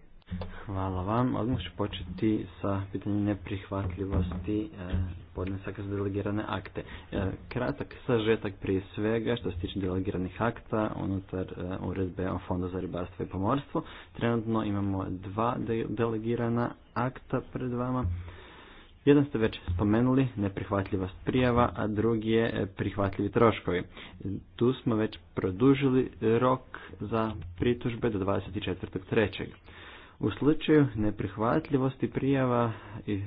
S5: Hvala vam. Odmah ću početi sa pitanjem neprihvatljivosti e, podnesaka za delegirane akte. E, kratak sažetak prije svega što se tiče delegiranih akta unutar e, uredbe o Fondu za ribarstvo i pomorstvo. Trenutno imamo dva delegirana akta pred vama. Jedan ste već spomenuli, neprihvatljivost prijava, a drugi je prihvatljivi troškovi. Tu smo već produžili rok za pritužbe do 24.3. U slučaju neprihvatljivosti prijava i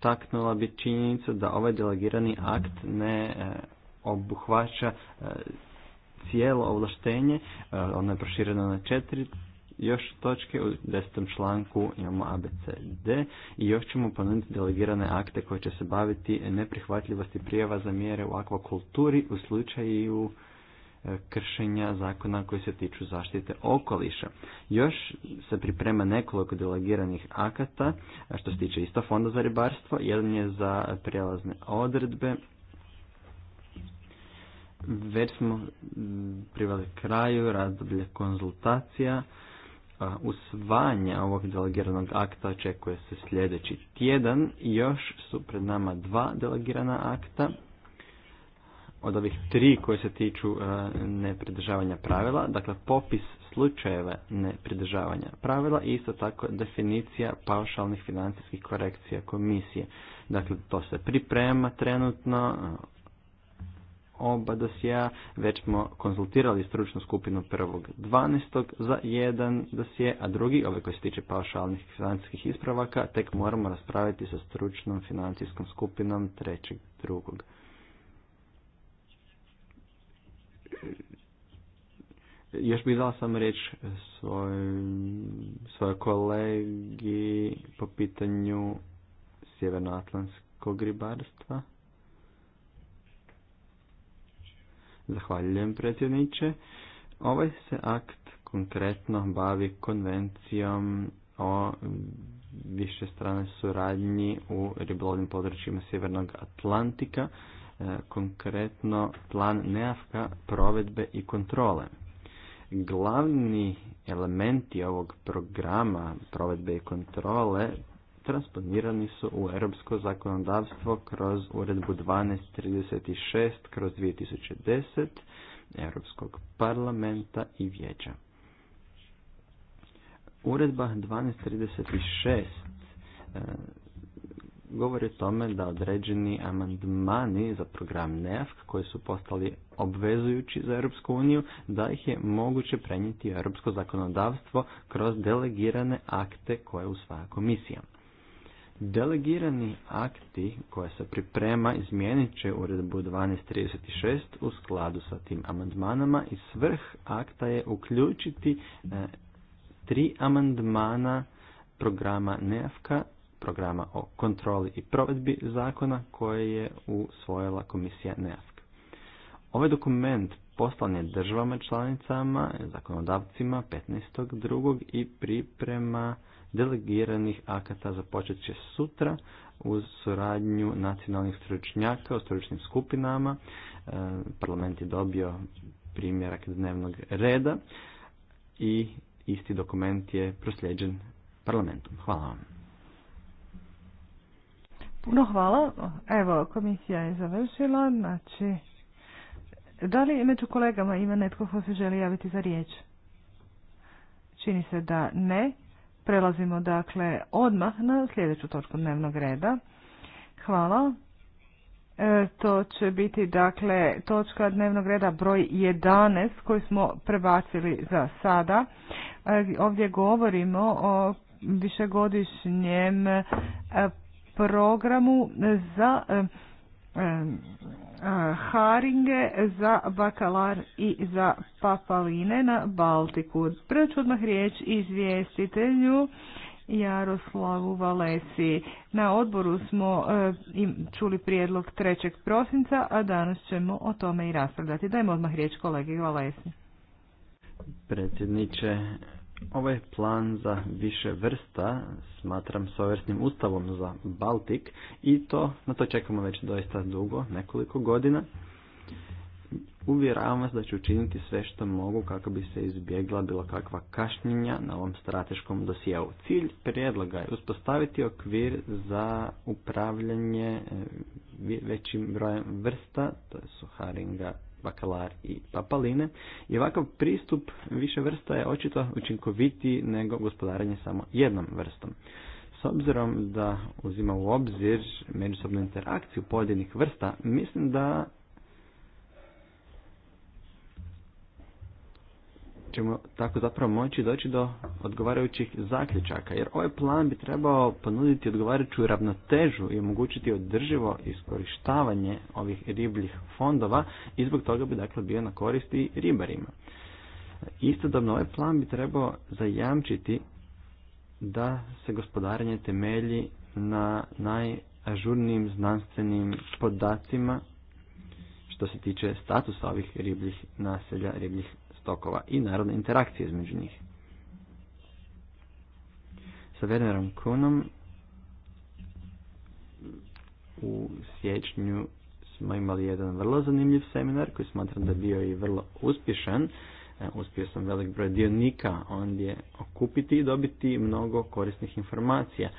S5: taknula bi činjenicu da ovaj delegirani akt ne e, obuhvaća e, cijelo ovlaštenje, e, ono je prošireno na četiri još točke u desetom članku imamo ABCD i još ćemo ponuditi delegirane akte koje će se baviti neprihvatljivosti prijava za mjere u akvakulturi u slučaju kršenja zakona koji se tiču zaštite okoliša. Još se priprema nekoliko delegiranih akata što se tiče isto fonda za ribarstvo, jedan je za prijelazne odredbe. Već smo priveli kraju razdoblje konzultacija. Usvajanje ovog delegiranog akta očekuje se sljedeći tjedan. Još su pred nama dva delegirana akta od ovih tri koje se tiču e, nepridržavanja pravila, dakle popis slučajeva nepridržavanja pravila i isto tako definicija paušalnih financijskih korekcija komisije. Dakle, to se priprema trenutno, e, oba dosija, već smo konzultirali stručnu skupinu 1.12. za jedan dosije, a drugi, ove ovaj koji se tiče paušalnih financijskih ispravaka, tek moramo raspraviti sa stručnom financijskom skupinom drugog. još bih dao sam reč svoj, svojoj kolegi po pitanju sjevernoatlantskog ribarstva. Zahvaljujem predsjedniče. Ovaj se akt konkretno bavi konvencijom o strane suradnji u ribolovnim područjima Sjevernog Atlantika E, konkretno plan NEAFKA provedbe i kontrole. Glavni elementi ovog programa provedbe i kontrole transponirani su u europsko zakonodavstvo kroz uredbu 1236 kroz 2010 Europskog parlamenta i vijeća. Uredba 1236 govori o tome da određeni amandmani za program NEF koji su postali obvezujući za Europsku uniju, da ih je moguće prenijeti u europsko zakonodavstvo kroz delegirane akte koje usvaja komisija. Delegirani akti koje se priprema izmijenit će uredbu 1236 u skladu sa tim amandmanama i svrh akta je uključiti e, tri amandmana programa NEAFKA programa o kontroli i provedbi zakona koje je usvojila komisija NEASK. Ovaj dokument poslan je državama članicama, zakonodavcima 15.2. i priprema delegiranih akata započet će sutra uz suradnju nacionalnih stručnjaka u stručnim skupinama. E, Parlament je dobio primjerak dnevnog reda i isti dokument je prosljeđen parlamentom. Hvala vam.
S2: Puno hvala. Evo, komisija je završila. Znači, da li među kolegama ima netko ko se želi javiti za riječ? Čini se da ne. Prelazimo dakle odmah na sljedeću točku dnevnog reda. Hvala. E, to će biti dakle točka dnevnog reda broj 11 koju smo prebacili za sada. E, ovdje govorimo o višegodišnjem e, programu za e, e, e, haringe, za bakalar i za papaline na Baltiku. Prvo ću odmah riječ izvjestitelju Jaroslavu Valesi. Na odboru smo čuli prijedlog 3. prosinca, a danas ćemo o tome i raspravljati. Dajmo odmah riječ kolegi Valesi.
S5: Predsjedniče, Ovaj plan za više vrsta smatram sovrstnim ustavom za Baltik i to, na to čekamo već doista dugo, nekoliko godina. Uvjeravam vas da ću učiniti sve što mogu kako bi se izbjegla bilo kakva kašnjenja na ovom strateškom dosijevu. Cilj prijedloga je uspostaviti okvir za upravljanje eh, većim brojem vrsta, to je suharinga Bakalar i Papaline. I ovakav pristup više vrsta je očito učinkovitiji nego gospodaranje samo jednom vrstom. S obzirom da uzima u obzir međusobnu interakciju pojedinih vrsta, mislim da ćemo tako zapravo moći doći do odgovarajućih zaključaka, jer ovaj plan bi trebao ponuditi odgovarajuću ravnotežu i omogućiti održivo iskorištavanje ovih ribljih fondova i zbog toga bi dakle bio na koristi ribarima. Istodobno ovaj plan bi trebao zajamčiti da se gospodarenje temelji na najažurnijim znanstvenim podacima što se tiče statusa ovih ribljih naselja, ribljih tokova i narodne interakcije između njih. Sa Wernerom Kunom u siječnju smo imali jedan vrlo zanimljiv seminar koji smatram da je bio i vrlo uspješan. E, uspio sam velik broj dionika ondje okupiti i dobiti mnogo korisnih informacija.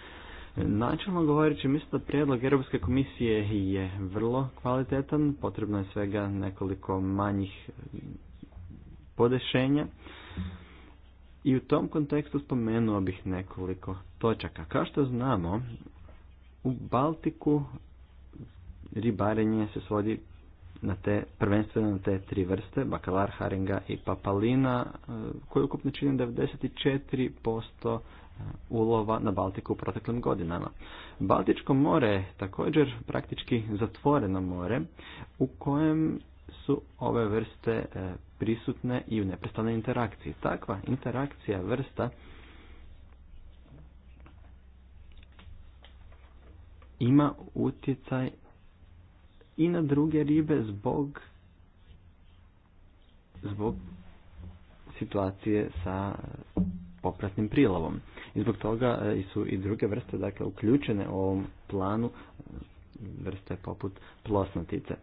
S5: E, načelno govoreći, mislim da prijedlog Europske komisije je vrlo kvalitetan, potrebno je svega nekoliko manjih podešenja. I u tom kontekstu spomenuo bih nekoliko točaka. Kao što znamo, u Baltiku ribarenje se svodi na te, prvenstveno na te tri vrste, bakalar, haringa i papalina, e, koji ukupno čini 94% e, ulova na Baltiku u proteklim godinama. Baltičko more je također praktički zatvoreno more u kojem su ove vrste e, prisutne i u neprestanoj interakciji. Takva interakcija vrsta ima utjecaj i na druge ribe zbog zbog situacije sa popratnim prilavom. I zbog toga e, su i druge vrste dakle uključene u ovom planu e, vrste poput plosnatice.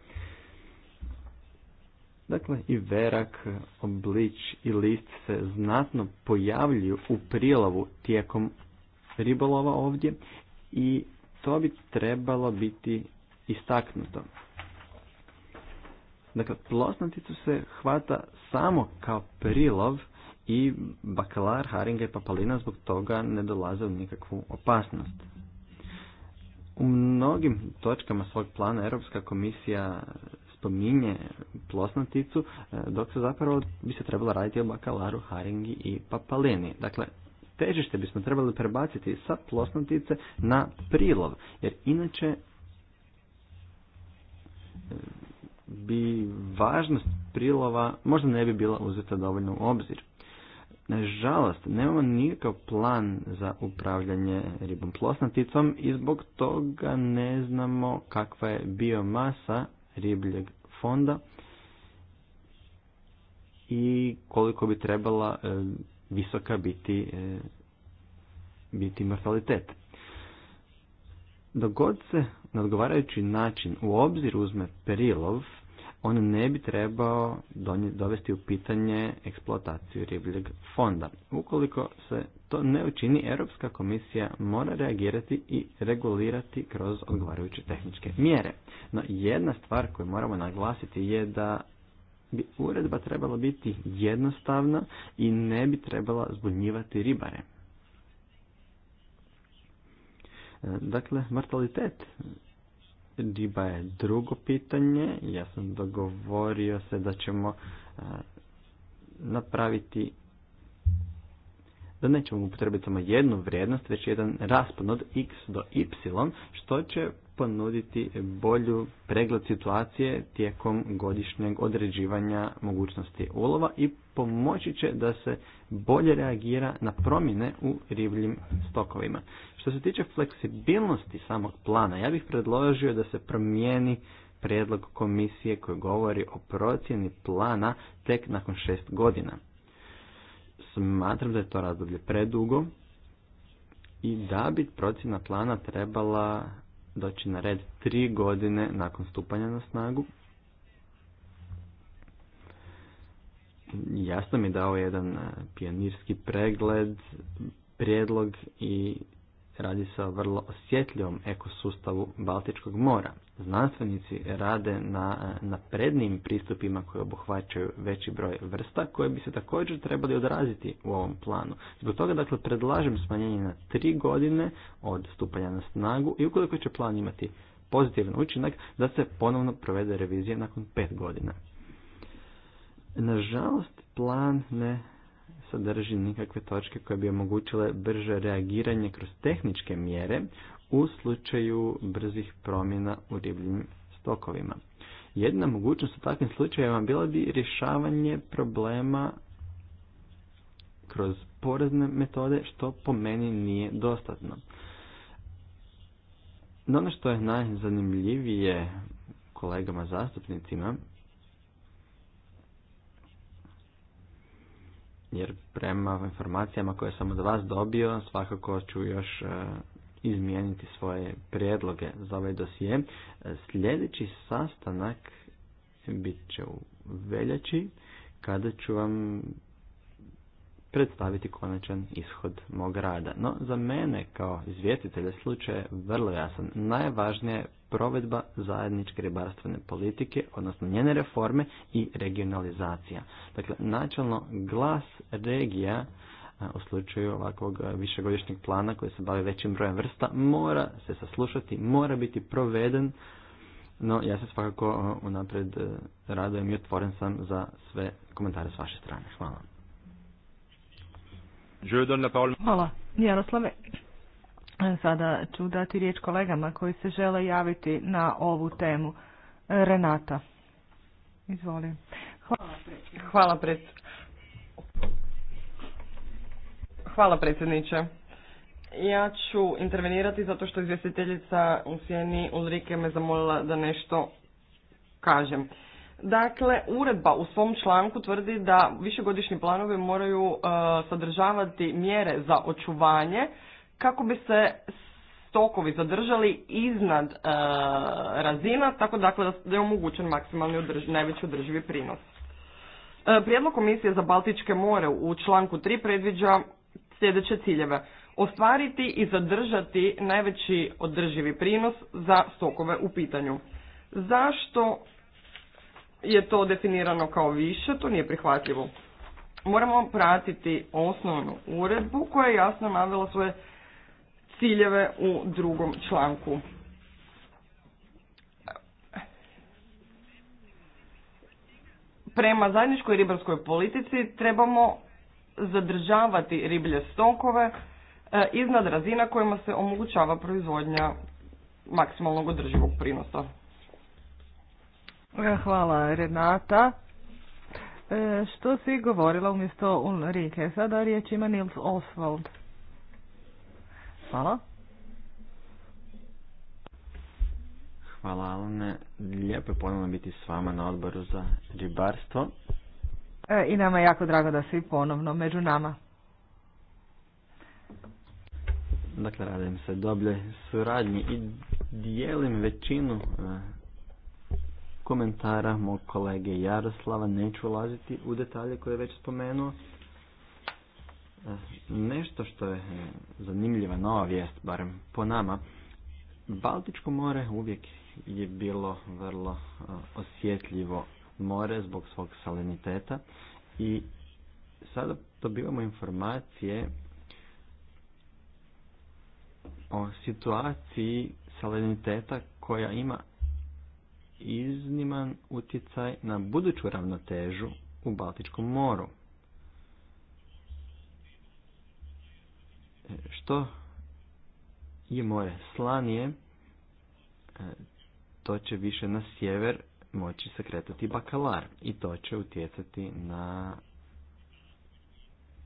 S5: Dakle, i verak, oblič i list se znatno pojavljuju u prilavu tijekom ribolova ovdje i to bi trebalo biti istaknuto. Dakle, plosnaticu se hvata samo kao prilov i bakalar, haringa i papalina zbog toga ne dolaze u nikakvu opasnost. U mnogim točkama svog plana Europska komisija spominje plosnaticu, e, dok se zapravo bi se trebalo raditi o bakalaru, haringi i papaleni. Dakle, težište bismo trebali prebaciti sa plosnatice na prilov, jer inače e, bi važnost prilova možda ne bi bila uzeta dovoljno u obzir. Nažalost, nemamo nikakav plan za upravljanje ribom plosnaticom i zbog toga ne znamo kakva je biomasa ribljeg fonda i koliko bi trebala e, visoka biti, e, biti mortalitet. Dogod se na odgovarajući način u obzir uzme perilov, on ne bi trebao dovesti u pitanje eksploataciju ribljeg fonda. Ukoliko se to ne učini, Europska komisija mora reagirati i regulirati kroz odgovarajuće tehničke mjere. No jedna stvar koju moramo naglasiti je da bi uredba trebala biti jednostavna i ne bi trebala zbunjivati ribare. E, dakle, mortalitet Diba je drugo pitanje. Ja sam dogovorio se da ćemo napraviti da nećemo upotrebiti samo jednu vrijednost, već jedan raspon od x do y, što će ponuditi bolju pregled situacije tijekom godišnjeg određivanja mogućnosti ulova i pomoći će da se bolje reagira na promjene u ribljim stokovima. Što se tiče fleksibilnosti samog plana, ja bih predložio da se promijeni prijedlog komisije koji govori o procjeni plana tek nakon šest godina. Smatram da je to razdoblje predugo i da bi procjena plana trebala doći na red tri godine nakon stupanja na snagu. Jasno mi je dao jedan pionirski pregled, prijedlog i Radi se o vrlo osjetljivom ekosustavu Baltičkog mora. Znanstvenici rade na naprednim pristupima koji obuhvaćaju veći broj vrsta koje bi se također trebali odraziti u ovom planu. Zbog toga dakle predlažem smanjenje na tri godine od stupanja na snagu i ukoliko će plan imati pozitivan učinak da se ponovno provede revizija nakon pet godina. Nažalost, plan ne sadrži nikakve točke koje bi omogućile brže reagiranje kroz tehničke mjere u slučaju brzih promjena u ribljim stokovima. Jedna mogućnost u takvim slučajevima bila bi rješavanje problema kroz porezne metode što po meni nije dostatno. No ono što je najzanimljivije kolegama zastupnicima jer prema informacijama koje sam od vas dobio svakako ću još e, izmijeniti svoje prijedloge za ovaj dosije. E, sljedeći sastanak bit će u veljači kada ću vam predstaviti konačan ishod mog rada. No, za mene kao izvjetitelja slučaje, vrlo jasan. Najvažnije provedba zajedničke ribarstvene politike, odnosno njene reforme i regionalizacija. Dakle, načelno glas regija u slučaju ovakvog višegodišnjeg plana koji se bavi većim brojem vrsta mora se saslušati, mora biti proveden, no ja se svakako unaprijed radujem i otvoren sam za sve komentare s vaše strane. Hvala. Hvala.
S2: Jaroslave, Sada ću dati riječ kolegama koji se žele javiti na ovu temu. Renata, izvoli. Hvala, predsjedniče.
S3: Hvala, predsjedniče. Ja ću intervenirati zato što izvjestiteljica u Sjeni Ulrike me zamolila da nešto kažem. Dakle, uredba u svom članku tvrdi da višegodišnji planovi moraju uh, sadržavati mjere za očuvanje kako bi se stokovi zadržali iznad e, razina, tako dakle da je omogućen maksimalni najveći održivi prinos. E, prijedlog Komisije za Baltičke more u članku 3 predviđa sljedeće ciljeve. Ostvariti i zadržati najveći održivi prinos za stokove u pitanju. Zašto je to definirano kao više, to nije prihvatljivo. Moramo pratiti osnovnu uredbu koja je jasno navela svoje ciljeve u drugom članku. Prema zajedničkoj ribarskoj politici trebamo zadržavati riblje stokove e, iznad razina kojima se omogućava proizvodnja maksimalnog održivog prinosa.
S2: E, hvala Renata. E, što si govorila umjesto Ulrike? Sada riječ ima Nils Oswald.
S5: Hvala. Hvala Alane. Lijepo je ponovno biti s vama na odboru za ribarstvo.
S2: E, I nama je jako drago da svi ponovno među nama.
S5: Dakle, radim se dobljoj suradnji i dijelim većinu e, komentara mog kolege Jaroslava. Neću ulaziti u detalje koje je već spomenuo. Nešto što je zanimljiva nova vijest, barem po nama, Baltičko more uvijek je bilo vrlo e, osjetljivo more zbog svog saleniteta i sada dobivamo informacije o situaciji saleniteta koja ima izniman utjecaj na buduću ravnotežu u Baltičkom moru. što je more slanije, e, to će više na sjever moći se kretati bakalar i to će utjecati na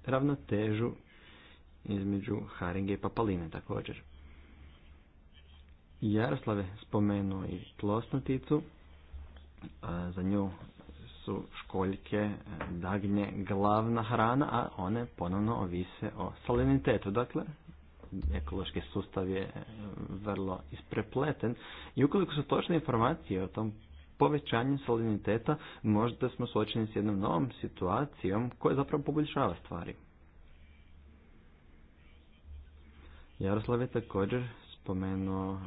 S5: ravnotežu između Haringe i Papaline također. Jaroslave spomenuo i tlosnoticu, za nju su školjke, e, dagnje, glavna hrana, a one ponovno ovise o salinitetu. Dakle, ekološki sustav je e, vrlo isprepleten i ukoliko su točne informacije o tom povećanju saliniteta, možda smo suočeni s jednom novom situacijom koja zapravo poboljšava stvari. Jaroslav je također spomenuo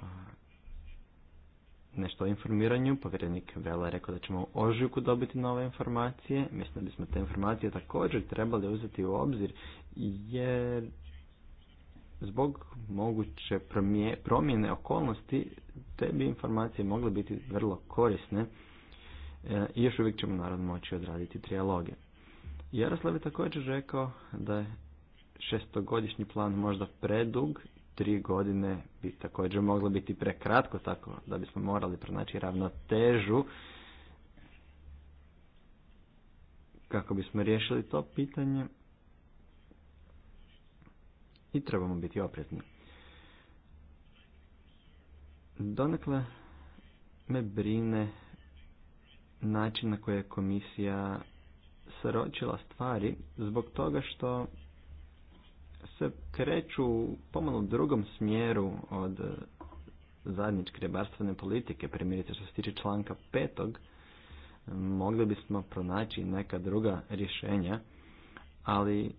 S5: nešto o informiranju. Povjerenik Vela je rekao da ćemo u ožujku dobiti nove informacije. Mislim da bismo te informacije također trebali uzeti u obzir jer zbog moguće promjene okolnosti te bi informacije mogle biti vrlo korisne e, i još uvijek ćemo naravno moći odraditi trijaloge. Jaroslav je također rekao da je šestogodišnji plan možda predug tri godine bi također moglo biti prekratko tako da bismo morali pronaći ravnotežu kako bismo riješili to pitanje i trebamo biti oprezni. Donekle me brine način na koji je komisija sročila stvari zbog toga što se kreću u pomalo drugom smjeru od e, zajedničke ribarstvene politike, primjerice što se tiče članka petog, mogli bismo pronaći neka druga rješenja, ali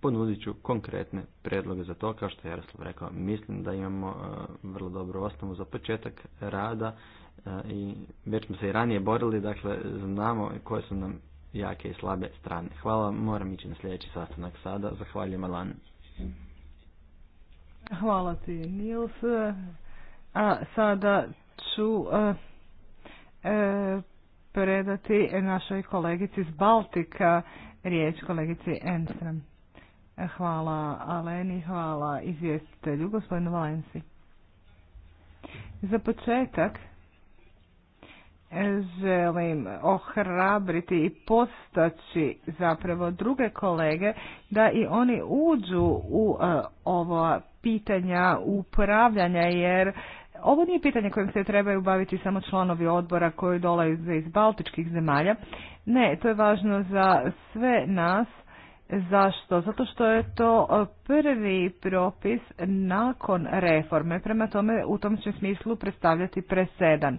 S5: ponudit ću konkretne predloge za to. Kao što je Jaroslav rekao, mislim da imamo e, vrlo dobru osnovu za početak rada e, i već smo se i ranije borili, dakle znamo koje su nam jake i slabe strane. Hvala, moram ići na sljedeći sastanak sada. Zahvaljujem Alan.
S2: Hvala ti, Nils. A sada ću e, e, predati našoj kolegici iz Baltika riječ kolegici Enstram. Hvala Aleni, hvala izvjestitelju, gospodinu Valenci. Za početak, želim ohrabriti i postaći zapravo druge kolege da i oni uđu u e, ovo pitanja upravljanja jer ovo nije pitanje kojim se trebaju baviti samo članovi odbora koji dolaze iz baltičkih zemalja. Ne, to je važno za sve nas. Zašto? Zato što je to e, prvi propis nakon reforme. Prema tome u tom će smislu predstavljati presedan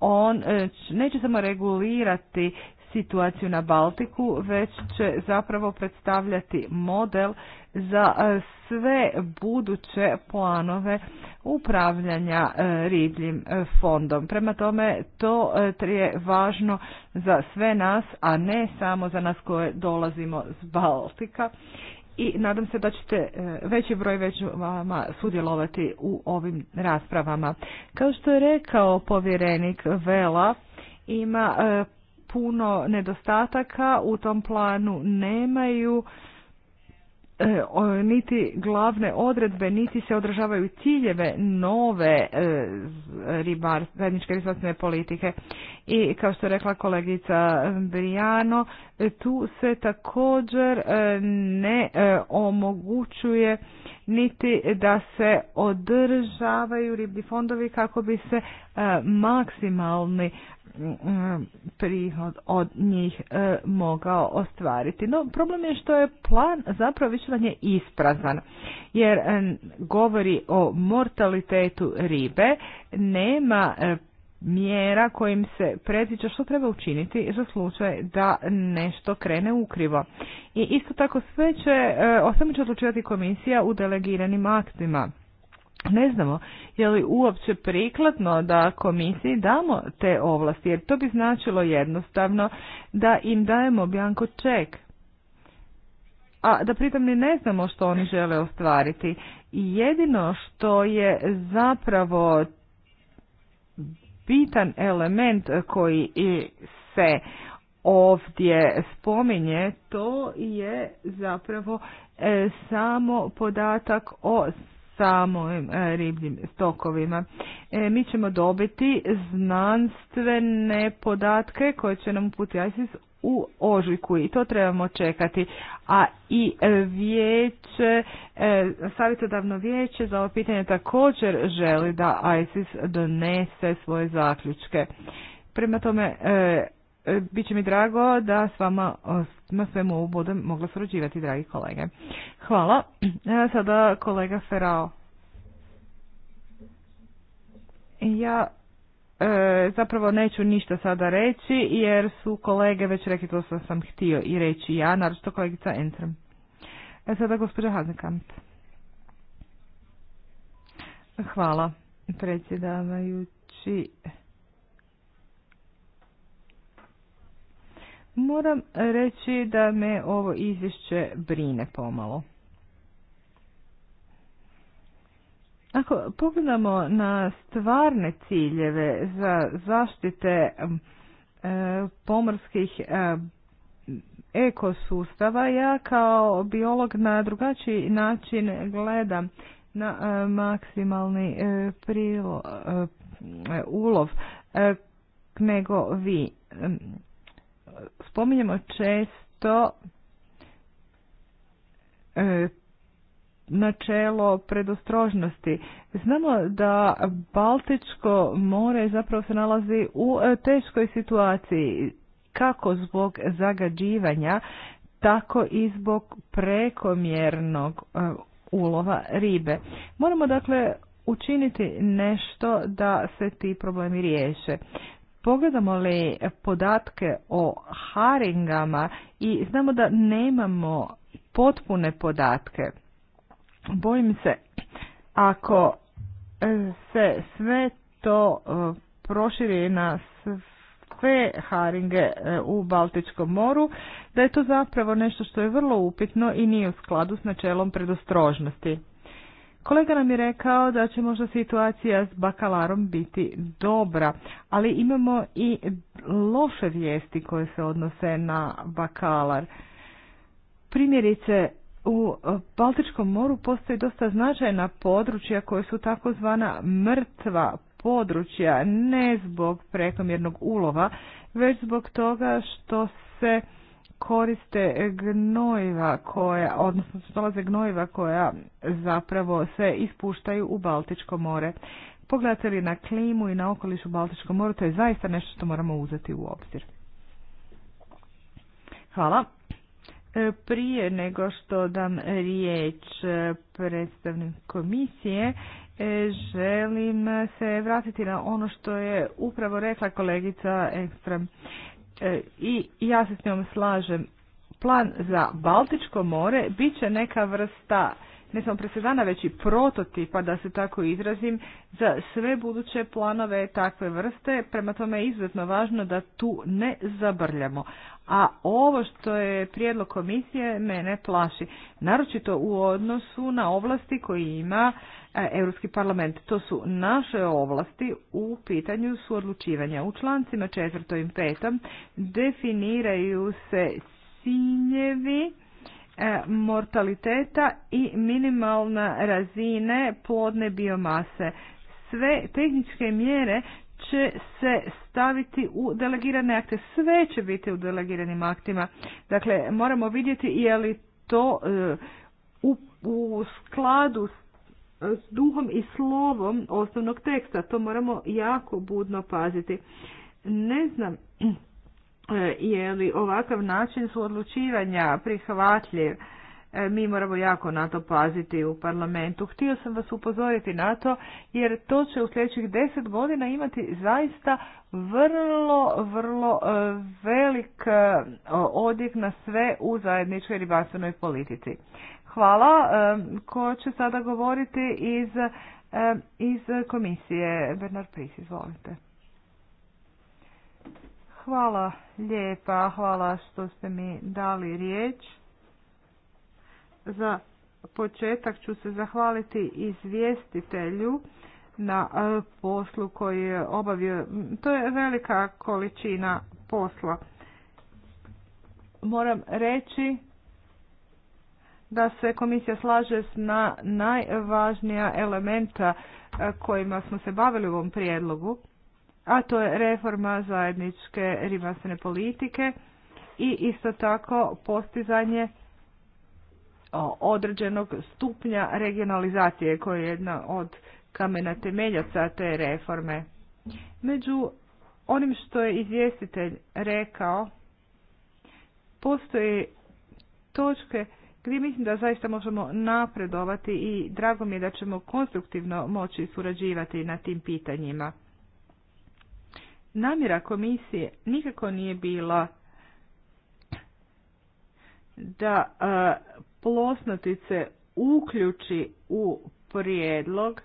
S2: on e, neće samo regulirati situaciju na Baltiku, već će zapravo predstavljati model za e, sve buduće planove upravljanja e, ribljim fondom. Prema tome, to je važno za sve nas, a ne samo za nas koje dolazimo s Baltika i nadam se da ćete e, veći broj već vama sudjelovati u ovim raspravama. Kao što je rekao povjerenik Vela, ima e, puno nedostataka, u tom planu nemaju E, niti glavne odredbe, niti se održavaju ciljeve nove e, zajedničke ribarstvene politike. I kao što je rekla kolegica Briano, e, tu se također ne omogućuje niti da se održavaju riblji fondovi kako bi se e, maksimalni mm, mm, prihod od njih e, mogao ostvariti. No, problem je što je plan zapravo više isprazan, jer e, govori o mortalitetu ribe, nema mjera kojim se predviđa što treba učiniti za slučaj da nešto krene ukrivo. I isto tako sve će, e, o svemu će odlučivati komisija u delegiranim aktima. Ne znamo je li uopće prikladno da komisiji damo te ovlasti, jer to bi značilo jednostavno da im dajemo bjanko ček. A da pritom ni ne znamo što oni žele ostvariti. I jedino što je zapravo bitan element koji se ovdje spominje, to je zapravo e, samo podatak o samim e, ribljim stokovima. E, mi ćemo dobiti znanstvene podatke koje će nam uputiti u ožujku i to trebamo čekati. A i e, vijeće, e, savjetodavno vijeće za ovo pitanje također želi da ISIS donese svoje zaključke. Prema tome, e, bit će mi drago da s vama na svemu ovu budem mogla surađivati, dragi kolege. Hvala. Sada kolega Ferao. Ja e, zapravo neću ništa sada reći jer su kolege već rekli to što sam htio i reći ja, naročito kolegica Entram E sada gospođa Hazekamp. Hvala predsjedavajući. Moram reći da me ovo izvješće brine pomalo. Ako pogledamo na stvarne ciljeve za zaštite e, pomorskih e, ekosustava, ja kao biolog na drugačiji način gledam na e, maksimalni ulov nego vi. Spominjemo često načelo predostrožnosti. Znamo da Baltičko more zapravo se nalazi u e, teškoj situaciji kako zbog zagađivanja, tako i zbog prekomjernog e, ulova ribe. Moramo dakle učiniti nešto da se ti problemi riješe. Pogledamo li podatke o haringama i znamo da nemamo potpune podatke. Bojim se, ako e, se sve to e, proširi na sve haringe e, u Baltičkom moru, da je to zapravo nešto što je vrlo upitno i nije u skladu s načelom predostrožnosti. Kolega nam je rekao da će možda situacija s bakalarom biti dobra, ali imamo i loše vijesti koje se odnose na bakalar. Primjerice, u e, Baltičkom moru postoji dosta značajna područja koje su takozvana mrtva područja, ne zbog prekomjernog ulova, već zbog toga što se koriste gnojiva koja, odnosno dolaze gnojiva koja zapravo se ispuštaju u Baltičko more. Pogledate li na klimu i na okoliš u Baltičkom moru, to je zaista nešto što moramo uzeti u obzir. Hvala. E, prije nego što dam riječ e, predstavnim komisije, e, želim se vratiti na ono što je upravo rekla kolegica Ekstrem. I ja se s njom slažem. Plan za Baltičko more bit će neka vrsta ne samo presedana, već i prototipa, da se tako izrazim, za sve buduće planove takve vrste. Prema tome je izuzetno važno da tu ne zabrljamo. A ovo što je prijedlog komisije mene plaši, naročito u odnosu na ovlasti koje ima e, Europski parlament. To su naše ovlasti u pitanju odlučivanja U člancima četvrtom i petom definiraju se ciljevi E, mortaliteta i minimalna razine plodne biomase. Sve tehničke mjere će se staviti u delegirane akte. Sve će biti u delegiranim aktima. Dakle, moramo vidjeti je li to e, u, u skladu s duhom i slovom osnovnog teksta. To moramo jako budno paziti. Ne znam E, je li ovakav način suodlučivanja prihvatljiv. E, mi moramo jako na to paziti u parlamentu. Htio sam vas upozoriti na to jer to će u sljedećih deset godina imati zaista vrlo, vrlo e, velik odjek na sve u zajedničkoj ribarstvenoj politici. Hvala. Ko će sada govoriti iz, iz komisije? Bernard Pris, izvolite. Hvala lijepa, hvala što ste mi dali riječ. Za početak ću se zahvaliti izvjestitelju na e, poslu koji je obavio. To je velika količina posla. Moram reći da se komisija slaže na najvažnija elementa e, kojima smo se bavili u ovom prijedlogu a to je reforma zajedničke ribarstvene politike i isto tako postizanje određenog stupnja regionalizacije koja je jedna od kamena temeljaca te reforme. Među onim što je izvjestitelj rekao, postoje točke gdje mislim da zaista možemo napredovati i drago mi je da ćemo konstruktivno moći surađivati na tim pitanjima namjera komisije nikako nije bila da e, plosnotice uključi u prijedlog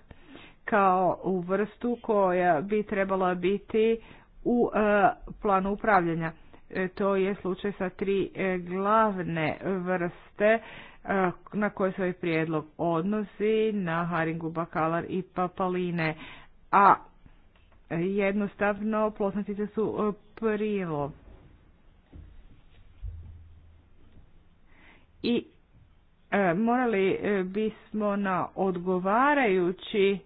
S2: kao u vrstu koja bi trebala biti u e, planu upravljanja. E, to je slučaj sa tri glavne vrste na koje se ovaj prijedlog odnosi, na haringu, bakalar i papaline. A jednostavno plosnatice su e, prilo I e, morali e, bismo na odgovarajući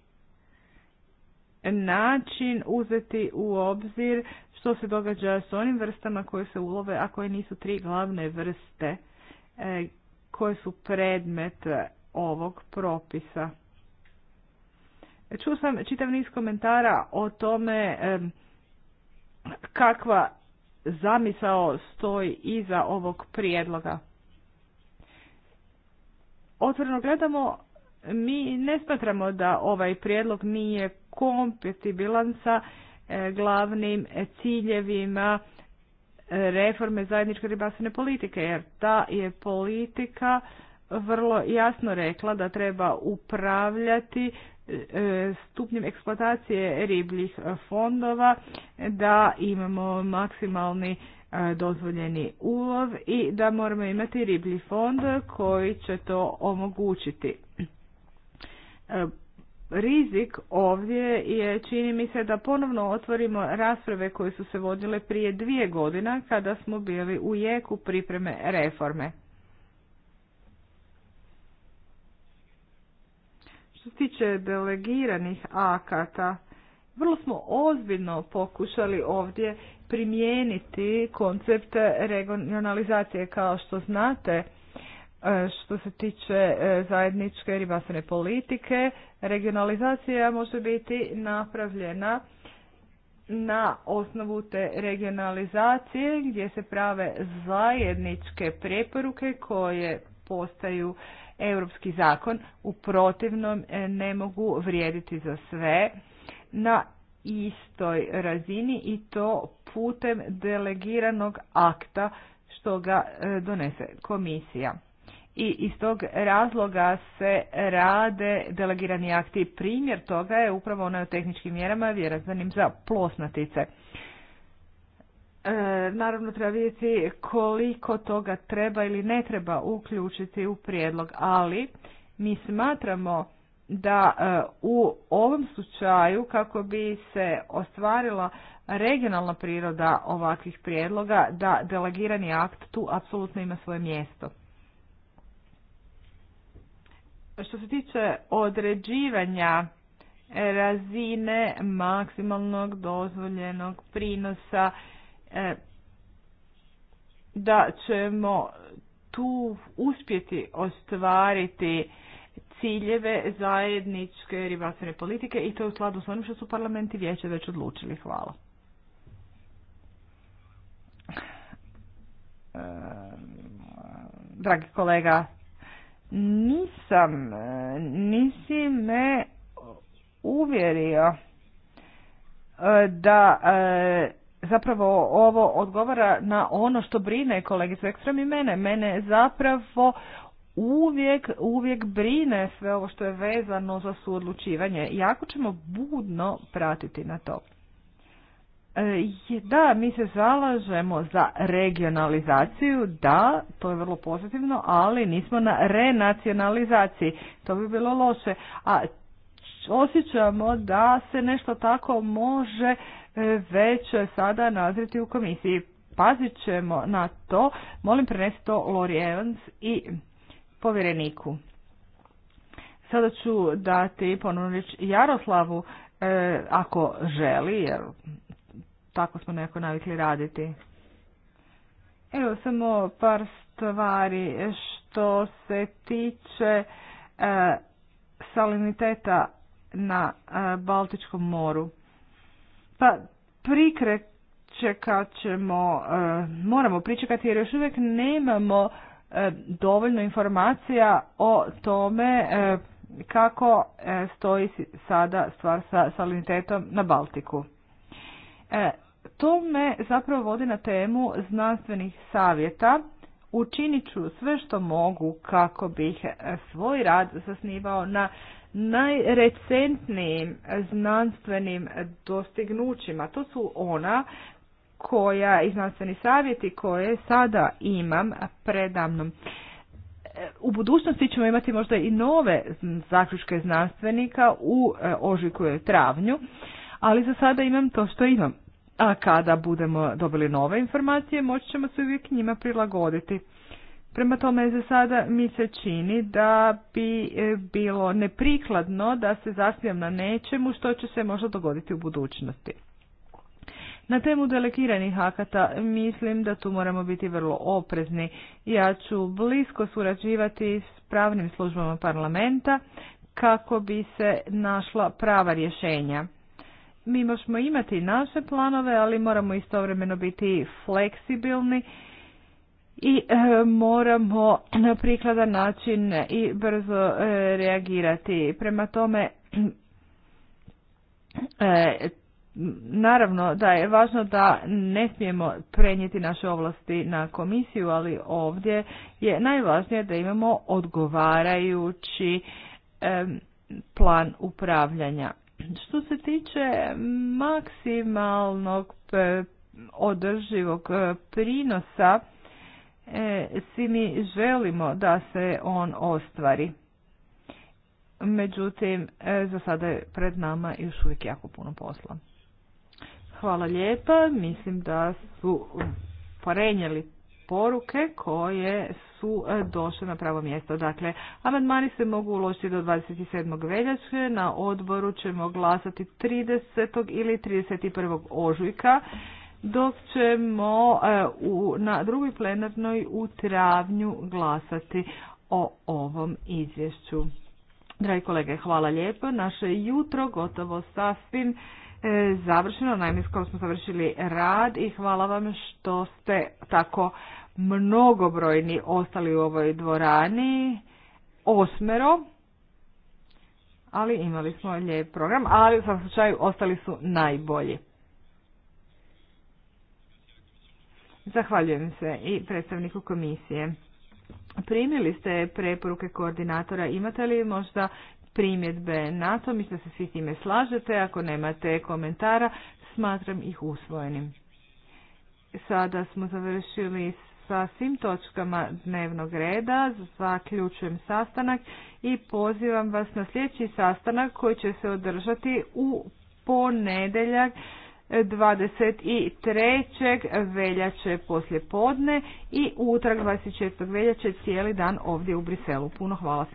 S2: način uzeti u obzir što se događa s onim vrstama koje se ulove, a koje nisu tri glavne vrste koje su predmet ovog propisa. Čuo sam čitav niz komentara o tome kakva zamisao stoji iza ovog prijedloga. Otvoreno gledamo, mi ne smatramo da ovaj prijedlog nije kompatibilan sa e, glavnim e, ciljevima e, reforme zajedničke ribarstvene politike, jer ta je politika vrlo jasno rekla da treba upravljati E, stupnjem eksploatacije ribljih fondova da imamo maksimalni e, dozvoljeni ulov i da moramo imati riblji fond koji će to omogućiti. E, rizik ovdje je, čini mi se, da ponovno otvorimo rasprave koje su se vodile prije dvije godina kada smo bili u jeku pripreme reforme. Što se tiče delegiranih akata, vrlo smo ozbiljno pokušali ovdje primijeniti koncept regionalizacije kao što znate e, što se tiče e, zajedničke ribarstvene politike, regionalizacija može biti napravljena na osnovu te regionalizacije gdje se prave zajedničke preporuke koje postaju europski zakon, u protivnom e, ne mogu vrijediti za sve na istoj razini i to putem delegiranog akta što ga e, donese komisija. I iz tog razloga se rade delegirani akti. Primjer toga je upravo onaj o tehničkim mjerama vjerazanim za plosnatice. E, naravno treba vidjeti koliko toga treba ili ne treba uključiti u prijedlog, ali mi smatramo da e, u ovom slučaju kako bi se ostvarila regionalna priroda ovakvih prijedloga, da delegirani akt tu apsolutno ima svoje mjesto. Što se tiče određivanja razine maksimalnog dozvoljenog prinosa, E, da ćemo tu uspjeti ostvariti ciljeve zajedničke ribarstvene politike i to je u skladu s onim što su parlamenti vijeće već odlučili. Hvala. E, dragi kolega, nisam, e, nisi me uvjerio da zapravo ovo odgovara na ono što brine s Ekstrem i mene. Mene zapravo uvijek, uvijek brine sve ovo što je vezano za suodlučivanje. Jako ćemo budno pratiti na to. E, da, mi se zalažemo za regionalizaciju, da, to je vrlo pozitivno, ali nismo na renacionalizaciji, to bi bilo loše. A osjećamo da se nešto tako može E, već sada nazriti u komisiji. Pazit ćemo na to. Molim prenesi to Lori Evans i povjereniku. Sada ću dati ponovno Jaroslavu e, ako želi, jer tako smo nekako navikli raditi. Evo samo par stvari što se tiče e, saliniteta na Baltičkom moru. Pa prikrećekat ćemo, e, moramo pričekati jer još uvijek nemamo e, dovoljno informacija o tome e, kako stoji sada stvar sa salinitetom na Baltiku. To me zapravo vodi na temu znanstvenih savjeta. Učinit ću sve što mogu kako bih svoj rad zasnivao na najrecentnijim znanstvenim dostignućima. To su ona koja i znanstveni savjeti koje sada imam predamnom. E, u budućnosti ćemo imati možda i nove zaključke znanstvenika u e, ožujku i travnju, ali za sada imam to što imam. A kada budemo dobili nove informacije, moći ćemo se uvijek njima prilagoditi. Prema tome, za sada mi se čini da bi e, bilo neprikladno da se zasnijem na nečemu što će se možda dogoditi u budućnosti. Na temu delegiranih akata mislim da tu moramo biti vrlo oprezni. Ja ću blisko surađivati s pravnim službama parlamenta kako bi se našla prava rješenja. Mi možemo imati naše planove, ali moramo istovremeno biti fleksibilni i e, moramo na prikladan način i brzo e, reagirati. Prema tome, e, naravno da je važno da ne smijemo prenijeti naše ovlasti na komisiju, ali ovdje je najvažnije da imamo odgovarajući plan upravljanja. Što se tiče maksimalnog održivog prinosa, E, svi mi želimo da se on ostvari. Međutim, e, za sada je pred nama još uvijek jako puno posla. Hvala lijepa, mislim da su prenijeli poruke koje su e, došle na pravo mjesto. Dakle, amandmani se mogu uložiti do 27. veljače, na odboru ćemo glasati 30. ili 31. ožujka dok ćemo e, na drugoj plenarnoj u travnju glasati o ovom izvješću. Dragi kolege, hvala lijepo. Naše jutro gotovo sasvim e, završeno. Naime, skoro smo završili rad i hvala vam što ste tako mnogobrojni ostali u ovoj dvorani. Osmero. Ali imali smo lijep program, ali u svakom slučaju ostali su najbolji. Zahvaljujem se i predstavniku komisije. Primili ste preporuke koordinatora, imate li možda primjedbe na to? Mislim da se svi time slažete, ako nemate komentara, smatram ih usvojenim. Sada smo završili sa svim točkama dnevnog reda, zaključujem sastanak i pozivam vas na sljedeći sastanak koji će se održati u ponedeljak 23. veljače poslje podne i utrag 24. veljače cijeli dan ovdje u Briselu. Puno hvala